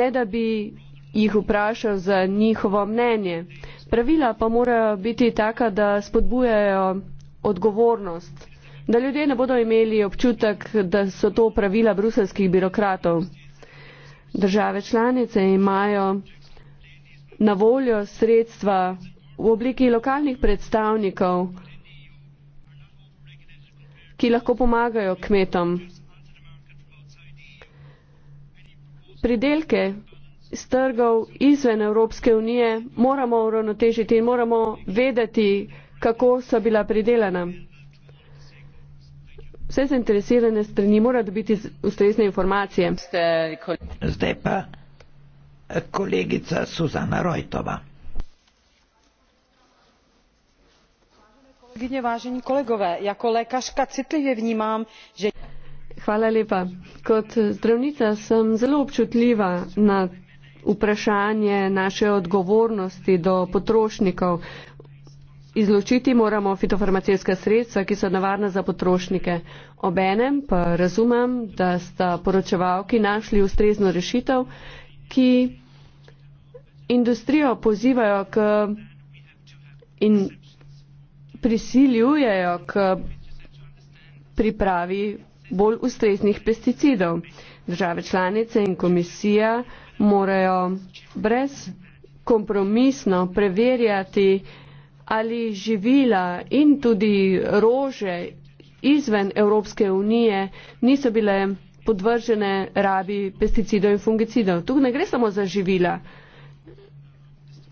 ne da bi jih vprašal za njihovo mnenje. Pravila pa morajo biti taka, da spodbujajo odgovornost, da ljudje ne bodo imeli občutek, da so to pravila bruselskih birokratov. Države članice imajo na voljo sredstva v obliki lokalnih predstavnikov, ki lahko pomagajo kmetom. Pridelke iz trgov izven Evropske unije moramo uravnotežiti in moramo vedeti, kako so bila pridelana. Vse zainteresirane strani mora dobiti ustrezne informacije. Zdaj pa eh, kolegica Suzana Rojtova. Hvala lepa. Kot zdravnica sem zelo občutljiva na vprašanje naše odgovornosti do potrošnikov. Izločiti moramo fitofarmacijska sredstva, ki so navarna za potrošnike. Obenem pa razumem, da sta poročevalki našli ustrezno rešitev, ki industrijo pozivajo k in prisiljujejo k pripravi bolj ustreznih pesticidov. Države članice in komisija morajo brez kompromisno preverjati ali živila in tudi rože izven Evropske unije niso bile podvržene rabi pesticidov in fungicidov. Tu ne gre samo za živila.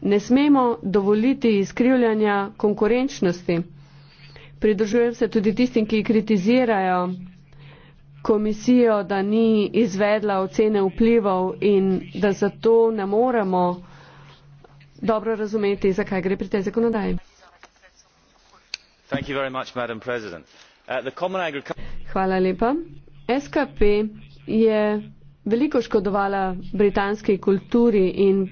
Ne smemo dovoliti izkrivljanja konkurenčnosti. Pridružujem se tudi tistim, ki kritizirajo komisijo, da ni izvedla ocene vplivov in da zato ne moremo dobro razumeti, zakaj gre pri tej zakonodaji skp uh, je veliko škodovala britanski kulturi in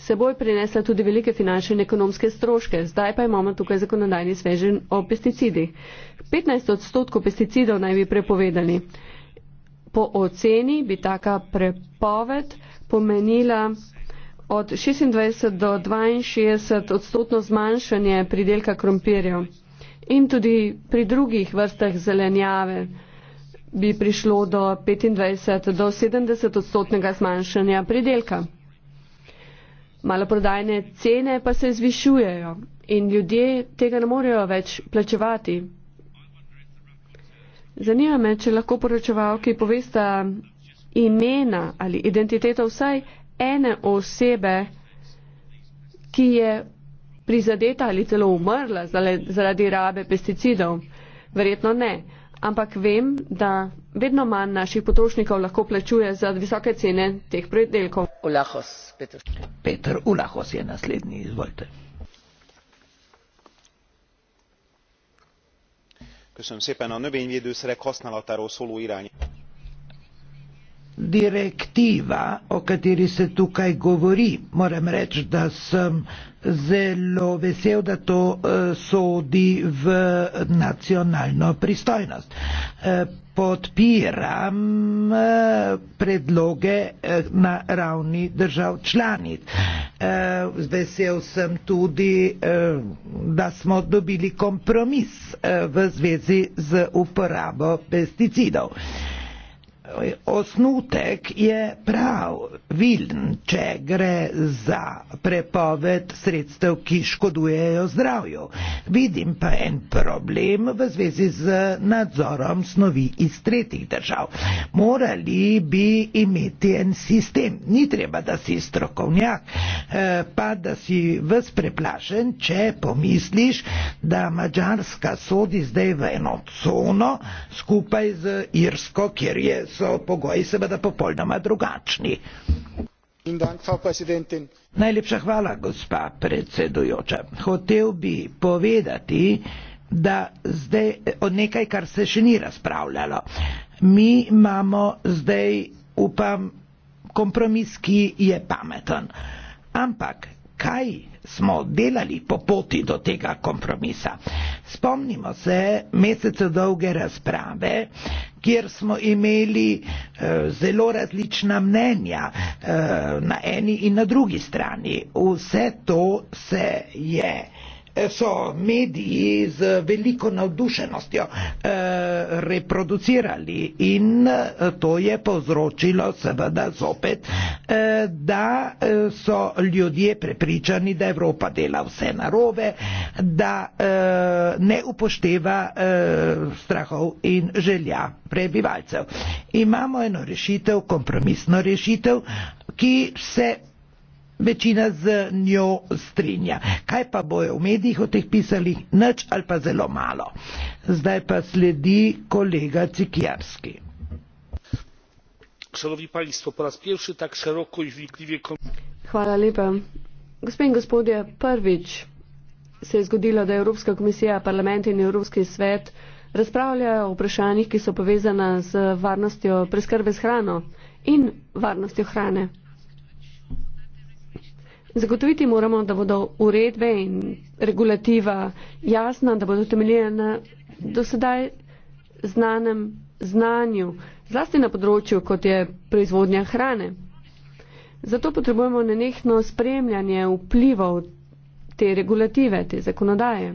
seboj prinesla tudi velike finančne in ekonomske stroške. Zdaj pa imamo tukaj zakonodajni svežen o pesticidih. 15 odstotkov pesticidov naj bi prepovedali. Po oceni bi taka prepoved pomenila od 26 do 62 odstotno zmanjšanje pridelka krompirjev in tudi pri drugih vrstah zelenjave bi prišlo do 25 do 70 odstotnega zmanjšanja pridelka. Maloprodajne cene pa se zvišujejo in ljudje tega ne morejo več plačevati. Zanima me, če lahko poročevalki povesta imena ali identiteto vsaj ene osebe, ki je prizadeta ali celo umrla zaradi rabe pesticidov. Verjetno ne. Ampak vem, da vedno manj naših potrošnikov lahko plačuje za visoke cene teh predelkov. Ulahos, Petr. Petr Ulahos je naslednji, izvolite. Köszönöm szépen a növényvédőszerek használatáról szóló irány direktiva, o kateri se tukaj govori. Moram reči, da sem zelo vesel, da to uh, sodi v nacionalno pristojnost. Uh, podpiram uh, predloge uh, na ravni držav članic. Uh, vesel sem tudi, uh, da smo dobili kompromis uh, v zvezi z uporabo pesticidov. Uh, osnutek je prav viln, če gre za prepoved sredstev, ki škodujejo zdravju. Vidim pa en problem v zvezi z nadzorom snovi iz tretjih držav. Morali bi imeti en sistem. Ni treba, da si strokovnjak, eh, pa da si ves preplašen, če pomisliš, da Mačarska sodi zdaj v eno cono skupaj z Irsko, kjer je so pogoji seveda popolnoma drugačni. Najlepša hvala, gospa predsedujoča. Hotel bi povedati, da zdaj o nekaj, kar se še ni razpravljalo. Mi imamo zdaj, upam, kompromis, ki je pameten. Ampak kaj smo delali po poti do tega kompromisa. Spomnimo se mesece dolge razprave, kjer smo imeli e, zelo različna mnenja e, na eni in na drugi strani. Vse to se je so mediji z veliko navdušenostjo eh, reproducirali in eh, to je povzročilo seveda zopet, eh, da so ljudje prepričani, da Evropa dela vse narove, da ne upošteva strahov in želja prebivalcev. Imamo eno rešitev, kompromisno rešitev, ki se večina z njo strinja. Kaj pa bojo v medijih o teh pisali? Nič ali pa zelo malo. Zdaj pa sledi kolega Cikjarski. Hvala lepa. Gospe in gospodje, prvič se je zgodilo, da je Evropska komisija, parlament in Evropski svet razpravljajo o vprašanjih, ki so povezana z varnostjo preskrbe s hrano in varnostjo hrane. Zagotoviti moramo, da bodo uredbe in regulativa jasna, da bodo temeljene na dosedaj znanem znanju, zlasti na področju, kot je proizvodnja hrane. Zato potrebujemo nenehno spremljanje vplivov te regulative, te zakonodaje.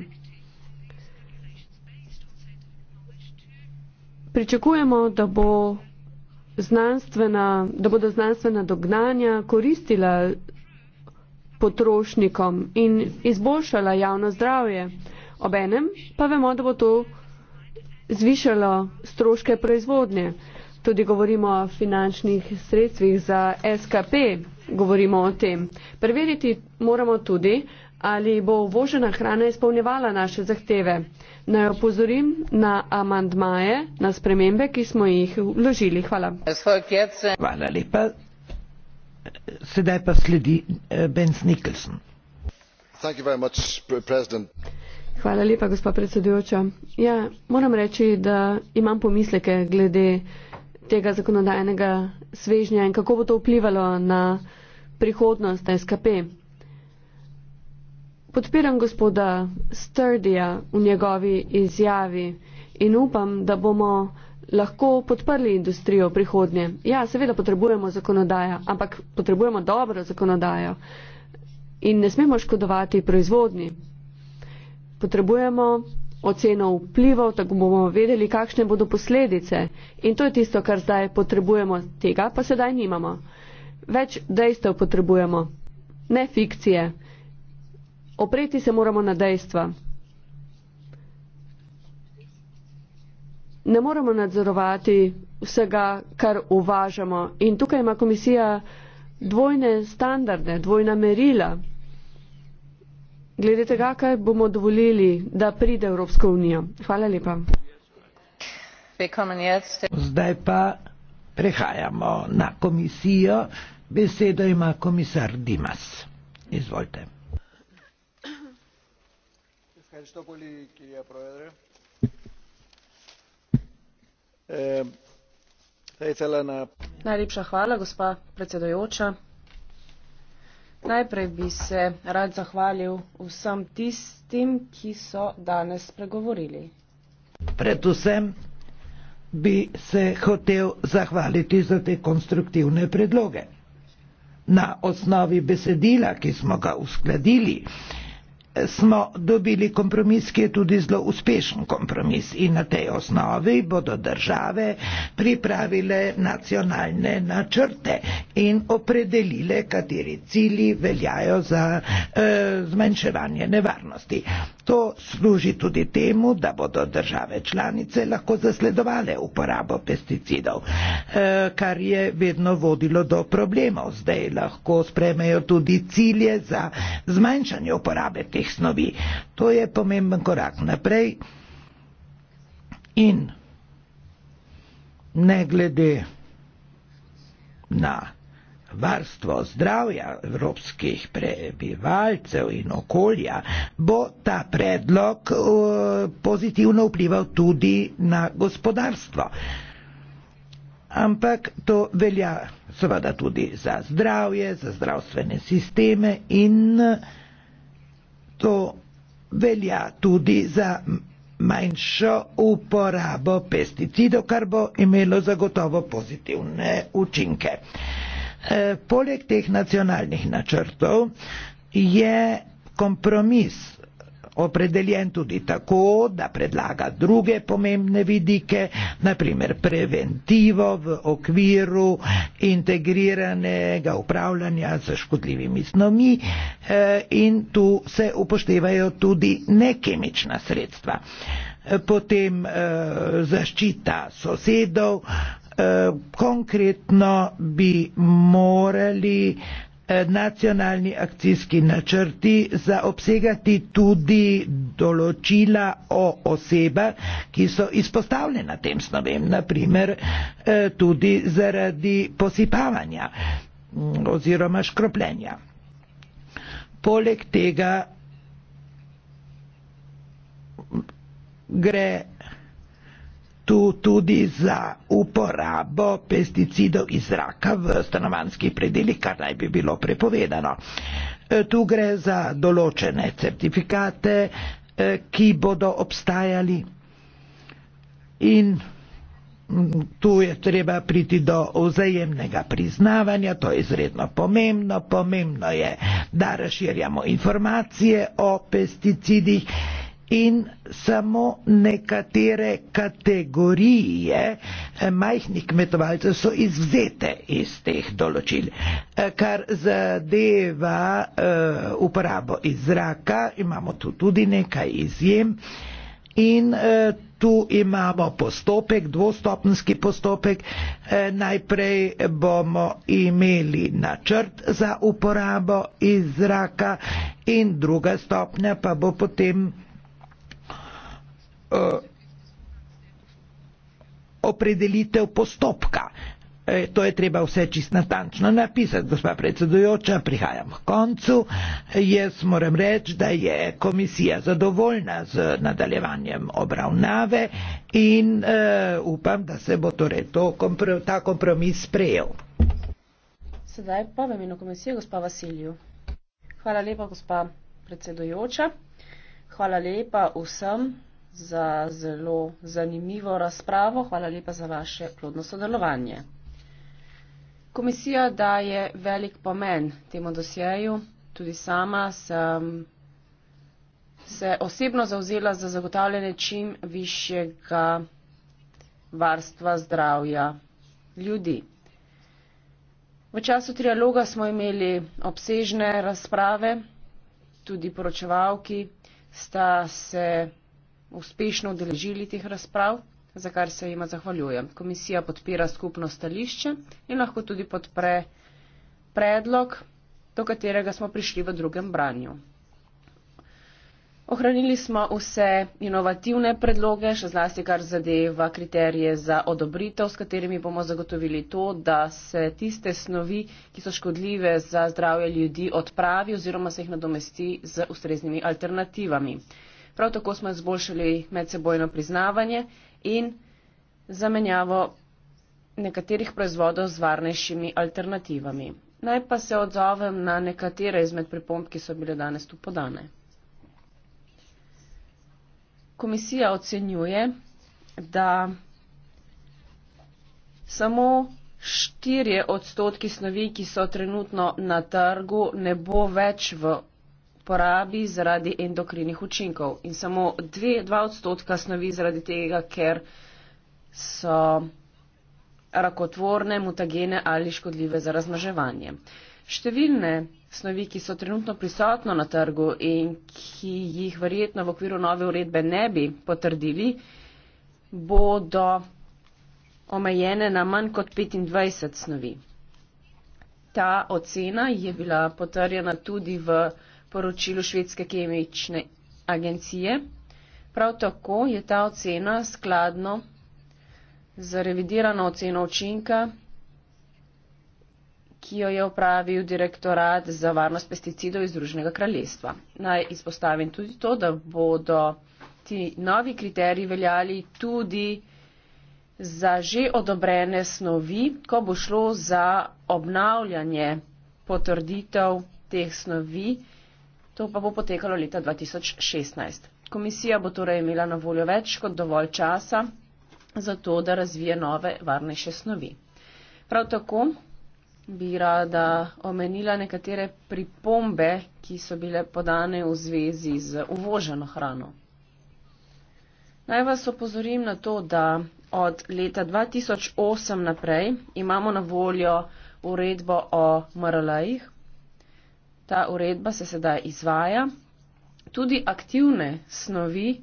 Pričakujemo, da, bo da bodo znanstvena dognanja koristila potrošnikom in izboljšala javno zdravje. Obenem pa vemo, da bo to zvišalo stroške proizvodnje. Tudi govorimo o finančnih sredstvih za SKP, govorimo o tem. Preveriti moramo tudi, ali bo uvožena hrana izpolnjevala naše zahteve. Naj opozorim na amandmaje, na spremembe, ki smo jih vložili. Hvala. Hvala lepa sedaj pa sledi eh, bens nicholson Hvala lepa, gospa predsedujoča. Ja, moram reči, da imam pomisleke glede tega zakonodajnega svežnja in kako bo to vplivalo na prihodnost SKP. Podpiram gospoda Strdija v njegovi izjavi in upam, da bomo lahko podprli industrijo v prihodnje. Ja, seveda potrebujemo zakonodajo, ampak potrebujemo dobro zakonodajo in ne smemo škodovati proizvodni. Potrebujemo oceno vplivov, tako bomo vedeli, kakšne bodo posledice. In to je tisto, kar zdaj potrebujemo, tega pa sedaj nimamo. Več dejstev potrebujemo, ne fikcije. Opreti se moramo na dejstva. ne moremo nadzorovati vsega, kar uvažamo. In tukaj ima komisija dvojne standarde, dvojna merila glede tega, kaj bomo dovolili, da pride Evropsko unijo. Hvala lepa. Zdaj pa prehajamo na komisijo. Besedo ima komisar Dimas. Izvolite. Gracias, Najlepša hvala, gospa predsedojoča. Najprej bi se rad zahvalil vsem tistim, ki so danes pregovorili. Predvsem bi se hotel zahvaliti za te konstruktivne predloge. Na osnovi besedila, ki smo ga uskladili, smo dobili kompromis, ki je tudi zelo uspešen kompromis in na tej osnovi bodo države pripravile nacionalne načrte in opredelile, kateri cilji veljajo za eh, zmanjševanje nevarnosti. To služi tudi temu, da bodo države članice lahko zasledovale uporabo pesticidov, eh, kar je vedno vodilo do problemov. Zdaj lahko spremejo tudi cilje za zmanjšanje uporabe teh teh snovi. To je pomemben korak naprej. In ne glede na varstvo zdravja evropskih prebivalcev in okolja, bo ta predlog eh, pozitivno vplival tudi na gospodarstvo. Ampak to velja seveda tudi za zdravje, za zdravstvene sisteme in to velja tudi za manjšo uporabo pesticidov, kar bo imelo zagotovo pozitivne učinke. E, poleg teh nacionalnih načrtov je kompromis opredeljen tudi tako, da predlaga druge pomembne vidike, naprimer preventivo v okviru integriranega upravljanja z škodljivimi snovmi eh, in tu se upoštevajo tudi nekemična sredstva. Eh, potem eh, zaščita sosedov, konkretno bi morali Eh, nacionalni akcijski načrti zaobsegati tudi določila o osebah, ki so izpostavljena tem snovem, naprimer eh, tudi zaradi posipavanja mm, oziroma škropljenja. Poleg tega gre tu tudi za uporabo pesticidov iz zraka v stanovanjski predeli, kar naj bi bilo prepovedano. E, tu gre za določene certifikate, e, ki bodo obstajali in tu je treba priti do vzajemnega priznavanja, to je izredno pomembno, pomembno je, da razširjamo informacije o pesticidih in samo nekatere kategorije eh, majhnih kmetovalcev so izvzete iz teh določil. Eh, kar zadeva eh, uporabo iz zraka, imamo tu tudi nekaj izjem in tu imamo postopek, dvostopenski postopek. Najprej bomo imeli načrt za uporabo iz zraka in druga stopnja pa bo potem Eh, opredelitev postopka. E, to je treba vse čist natančno napisati, gospa predsedujoča, prihajam k koncu. Jaz moram reči, da je komisija zadovoljna z nadaljevanjem obravnave in e, upam, da se bo torej to, ta kompromis sprejel. Sedaj pa v imenu komisije, gospa Vasilju. Hvala lepa, gospa predsedujoča. Hvala lepa vsem za zelo zanimivo razpravo. Hvala lepa za vaše plodno sodelovanje. Komisija daje velik pomen temu dosjeju. Tudi sama sem se osebno zauzela za zagotavljanje čim višjega varstva zdravja ljudi. V času trialoga smo imeli obsežne razprave, tudi poročevalki sta se uspešno udeležili teh razprav, za kar se jima zahvaljujem. Komisija podpira skupno stališče in lahko tudi podpre predlog, do katerega smo prišli v drugem branju. Ohranili smo vse inovativne predloge, še zlasti kar zadeva kriterije za odobritev, s katerimi bomo zagotovili to, da se tiste snovi, ki so škodljive za zdravje ljudi, odpravi oziroma se jih nadomesti z ustreznimi alternativami. Prav tako smo izboljšali medsebojno priznavanje in zamenjavo nekaterih proizvodov z varnejšimi alternativami. Naj pa se odzovem na nekatere izmed pripomb, ki so bile danes tu podane. Komisija ocenjuje, da samo štirje odstotki snovi, ki so trenutno na trgu, ne bo več v porabi zaradi endokrinih učinkov in samo 2-2 odstotka snovi zaradi tega, ker so rakotvorne, mutagene ali škodljive za razmaževanje. Številne snovi, ki so trenutno prisotno na trgu in ki jih verjetno v okviru nove uredbe ne bi potrdili, bodo omejene na manj kot 25 snovi. Ta ocena je bila potrjena tudi v poročilu švedske kemične agencije. Prav tako je ta ocena skladno z revidirano oceno učinka, ki jo je opravil direktorat za varnost pesticidov iz Združenega kraljestva. Naj izpostavim tudi to, da bodo ti novi kriteriji veljali tudi za že odobrene snovi, ko bo šlo za obnavljanje potrditev teh snovi, To pa bo potekalo leta 2016. Komisija bo torej imela na voljo več kot dovolj časa za to, da razvije nove varnejše snovi. Prav tako bi rada omenila nekatere pripombe, ki so bile podane v zvezi z uvoženo hrano. Naj vas opozorim na to, da od leta 2008 naprej imamo na voljo uredbo o MRL-jih, ta uredba se sedaj izvaja. Tudi aktivne snovi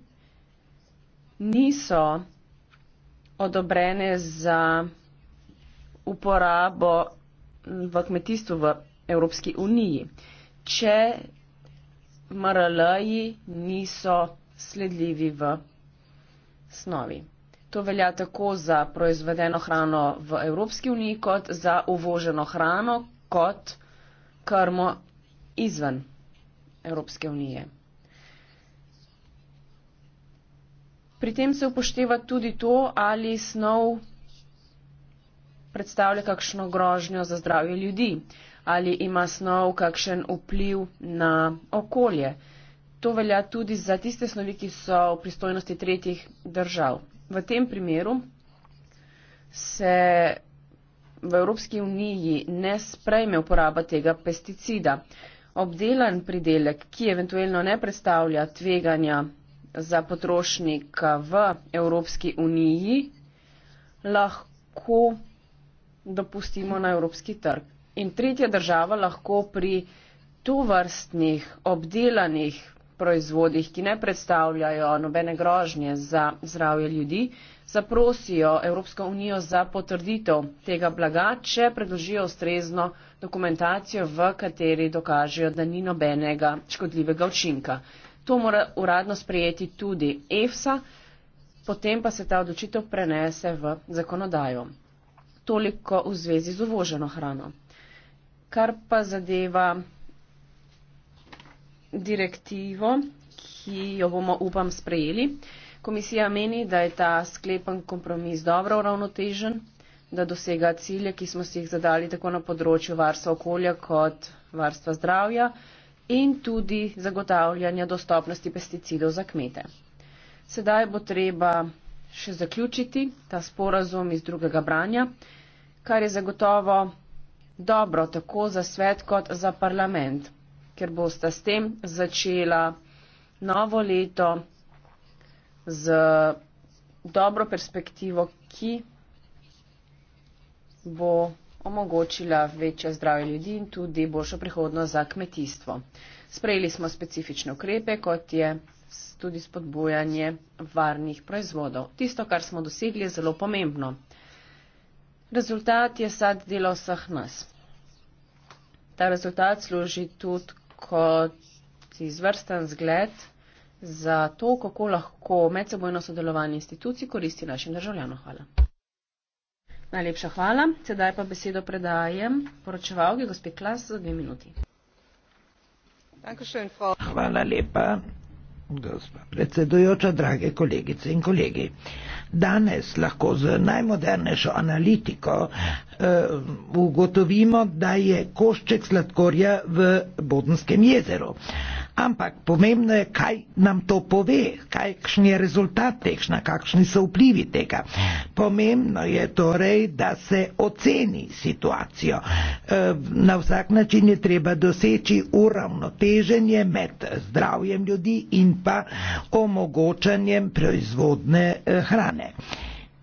niso odobrene za uporabo v kmetijstvu v Evropski uniji, če MRL-ji niso sledljivi v snovi. To velja tako za proizvedeno hrano v Evropski uniji, kot za uvoženo hrano, kot krmo izvan Evropske unije. Pri tem se upošteva tudi to, ali snov predstavlja kakšno grožnjo za zdravje ljudi, ali ima snov kakšen vpliv na okolje. To velja tudi za tiste snovi, ki so v pristojnosti tretjih držav. V tem primeru se v Evropski uniji ne sprejme uporaba tega pesticida obdelan pridelek, ki eventualno ne predstavlja tveganja za potrošnika v Evropski uniji, lahko dopustimo na Evropski trg. In tretja država lahko pri tu vrstnih obdelanih proizvodih, ki ne predstavljajo nobene grožnje za zdravje ljudi, zaprosijo Evropsko unijo za potrditev tega blaga, če predložijo ustrezno dokumentacijo, v kateri dokažejo, da ni nobenega škodljivega učinka. To mora uradno sprejeti tudi EFSA, potem pa se ta odločitev prenese v zakonodajo. Toliko v zvezi z uvoženo hrano. Kar pa zadeva direktivo, ki jo bomo upam sprejeli. Komisija meni, da je ta sklepen kompromis dobro uravnotežen, da dosega cilje, ki smo si jih zadali tako na področju varstva okolja kot varstva zdravja in tudi zagotavljanja dostopnosti pesticidov za kmete. Sedaj bo treba še zaključiti ta sporazum iz drugega branja, kar je zagotovo dobro tako za svet kot za parlament, ker bosta s tem začela novo leto z dobro perspektivo, ki bo omogočila večje zdravje ljudi in tudi boljšo prihodnost za kmetijstvo. Sprejeli smo specifične ukrepe, kot je tudi spodbujanje varnih proizvodov. Tisto, kar smo dosegli, je zelo pomembno. Rezultat je sad delo vseh nas. Ta rezultat služi tudi kot izvrsten zgled za to, kako lahko medsebojno sodelovanje institucij koristi našim državljanom. Hvala. Najlepša hvala. Sedaj pa besedo predajem poročevalki gospe Klas za dve minuti. Hvala lepa, gospa predsedujoča, drage kolegice in kolegi. Danes lahko z najmodernejšo analitiko uh, ugotovimo, da je košček sladkorja v Bodenskem jezeru. Uh, Ampak pomembno je, kaj nam to pove, kakšen je rezultat tega, kakšni so vplivi tega. Pomembno je torej, da se oceni situacijo. E, na vsak način je treba doseči uravnoteženje med zdravjem ljudi in pa omogočanjem proizvodne e, hrane.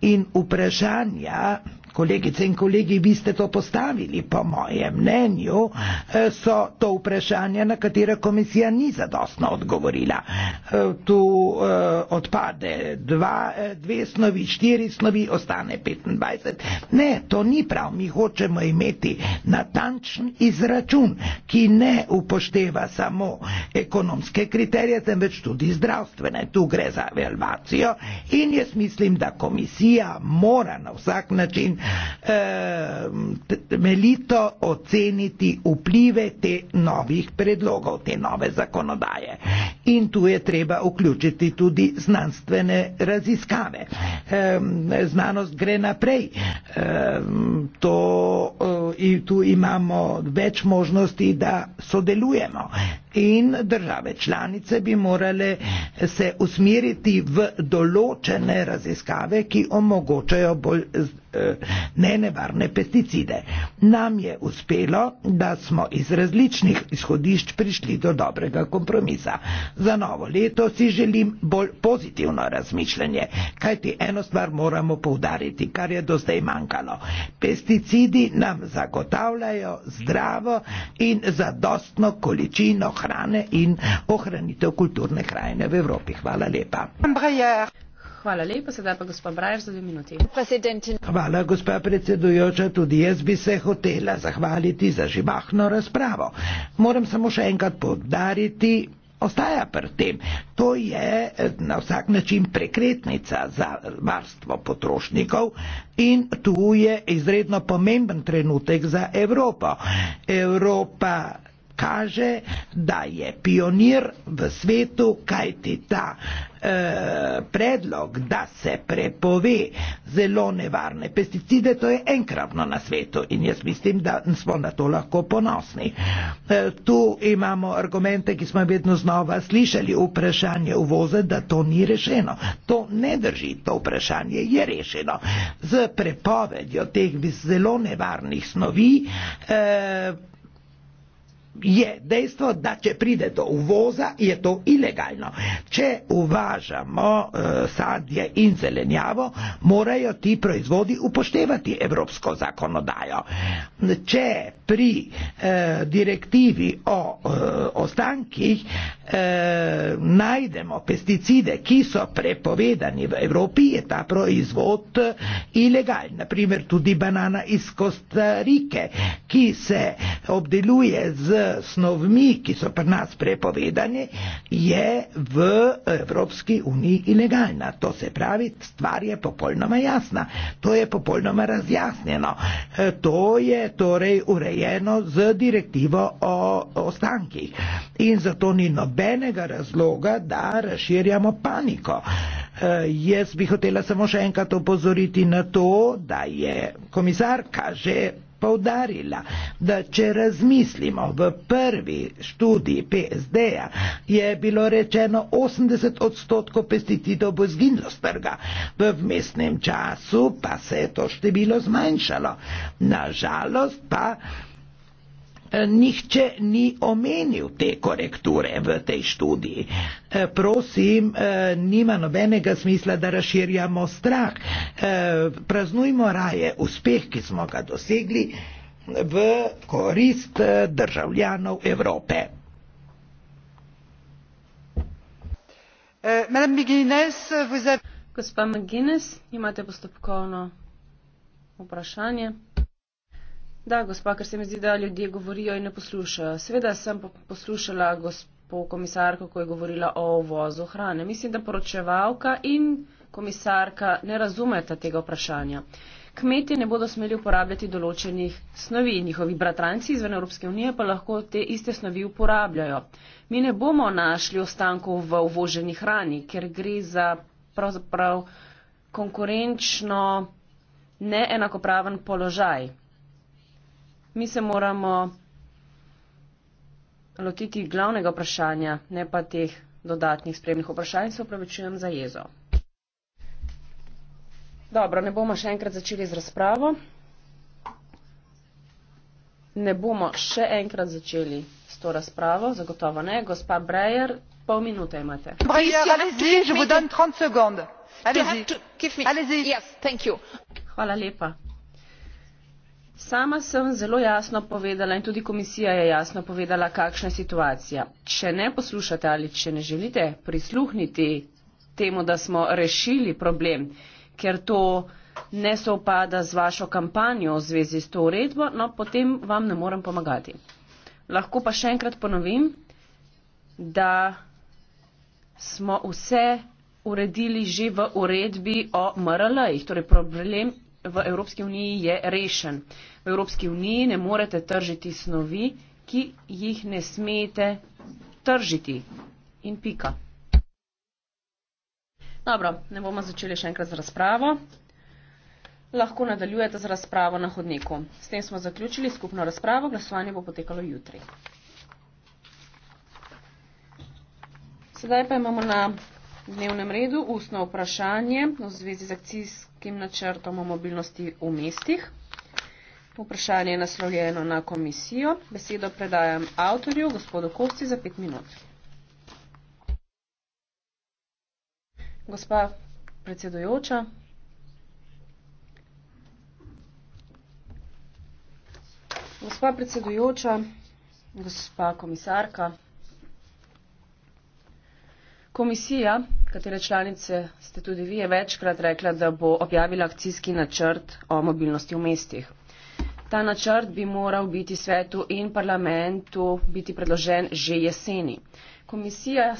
In vprašanja Kolegice in kolegi, vi ste to postavili, po mojem mnenju, eh, so to vprašanja, na katera komisija ni zadostno odgovorila. Eh, tu eh, odpade dva, dve snovi, štiri snovi, ostane 25. Ne, to ni prav. Mi hočemo imeti natančen izračun, ki ne upošteva samo ekonomske kriterije, temveč tudi zdravstvene. Tu gre za evalvacijo in jaz mislim, da komisija mora na vsak način temeljito eh, oceniti vplive te novih predlogov, te nove zakonodaje. In tu je treba vključiti tudi znanstvene raziskave. Eh, znanost gre naprej. Eh, to, eh, tu imamo več možnosti, da sodelujemo in države članice bi morale se usmeriti v določene raziskave, ki omogočajo bolj eh, nenevarne pesticide. Nam je uspelo, da smo iz različnih izhodišč prišli do dobrega kompromisa. Za novo leto si želim bolj pozitivno razmišljanje, kajti eno stvar moramo povdariti, kar je do zdaj manjkalo. Pesticidi nam zagotavljajo zdravo in zadostno količino hrane in ohranitev kulturne krajine v Evropi. Hvala lepa. Hvala lepa, sedaj pa gospod Brajer za dve minuti. Hvala, gospa predsedujoča, tudi jaz bi se hotela zahvaliti za živahno razpravo. Moram samo še enkrat podariti. Ostaja pri tem. To je eh, na vsak način prekretnica za varstvo potrošnikov in tu je izredno pomemben trenutek za Evropo. Evropa kaže, da je pionir v svetu, kaj ti ta eh, predlog, da se prepove zelo nevarne pesticide, to je enkratno na svetu in jaz mislim, da smo na to lahko ponosni. Eh, tu imamo argumente, ki smo vedno znova slišali, vprašanje uvoze, da to ni rešeno. To ne drži, to vprašanje je rešeno. Z prepovedjo teh zelo nevarnih snovi, eh, je dejstvo, da če pride do uvoza, je to ilegalno. Če uvažamo uh, sadje in zelenjavo, morajo ti proizvodi upoštevati evropsko zakonodajo. Če pri uh, direktivi o uh, ostankih uh, najdemo pesticide, ki so prepovedani v Evropi, je ta proizvod uh, ilegalen. Naprimer tudi banana iz Kostarike, ki se obdeluje z snovmi, ki so pri nas prepovedane, je v Evropski uniji ilegalna. To se pravi, stvar je popolnoma jasna, to je popolnoma razjasnjeno. E, to je torej urejeno z direktivo o ostankih in zato ni nobenega razloga, da razširjamo paniko. E, jaz bi hotela samo še enkrat opozoriti na to, da je komisarka že poudarila, da če razmislimo v prvi študiji PSD-ja, je bilo rečeno 80 odstotkov pesticidov bo zginilo z trga, v vmesnem času pa se je to število zmanjšalo. Nažalost pa Eh, nihče ni omenil te korekture v tej študiji. Ja. Eh, prosim, eh, nima nobenega smisla, da razširjamo strah. Praznujmo raje uspeh, ki smo ga dosegli v korist državljanov Evrope. Gospa McGuinness, imate postopkovno vprašanje. Da, gospa, ker se mi zdi, da ljudje govorijo in ne poslušajo. Sveda sem poslušala gospo komisarko, ko je govorila o uvozu hrane. Mislim, da poročevalka in komisarka ne razumeta tega vprašanja. Kmetje ne bodo smeli uporabljati določenih snovi, njihovi bratranci izven Evropske unije pa lahko te iste snovi uporabljajo. Mi ne bomo našli ostankov v uvoženi hrani, ker gre za pravzaprav konkurenčno neenakopraven položaj. Mi se moramo lotiti glavnega vprašanja, ne pa teh dodatnih spremnih vprašanj, se upravičujem za jezo. Dobro, ne bomo še enkrat začeli z razpravo. Ne bomo še enkrat začeli s to razpravo, zagotovo ne. Gospa Breyer, pol minute imate. Hvala lepa. Sama sem zelo jasno povedala in tudi komisija je jasno povedala, kakšna je situacija. Če ne poslušate ali če ne želite prisluhniti temu, da smo rešili problem, ker to ne sovpada z vašo kampanjo v zvezi s to uredbo, no potem vam ne morem pomagati. Lahko pa še enkrat ponovim, da smo vse uredili že v uredbi o MRL-jih, torej problem v Evropski uniji je rešen. V Evropski uniji ne morete tržiti snovi, ki jih ne smete tržiti. In pika. Dobro, ne bomo začeli še enkrat z razpravo. Lahko nadaljujete z razpravo na hodniku. S tem smo zaključili skupno razpravo. Glasovanje bo potekalo jutri. Sedaj pa imamo na dnevnem redu ustno vprašanje v zvezi z akcijsko strateškim načrtom o mobilnosti v mestih. Vprašanje je naslovljeno na komisijo. Besedo predajam avtorju, gospodu Kosti, za pet minut. Gospa predsedujoča. Gospa predsedujoča, gospa komisarka, Komisija, katere članice ste tudi vi, je večkrat rekla, da bo objavila akcijski načrt o mobilnosti v mestih. Ta načrt bi moral biti svetu in parlamentu biti predložen že jeseni. Komisija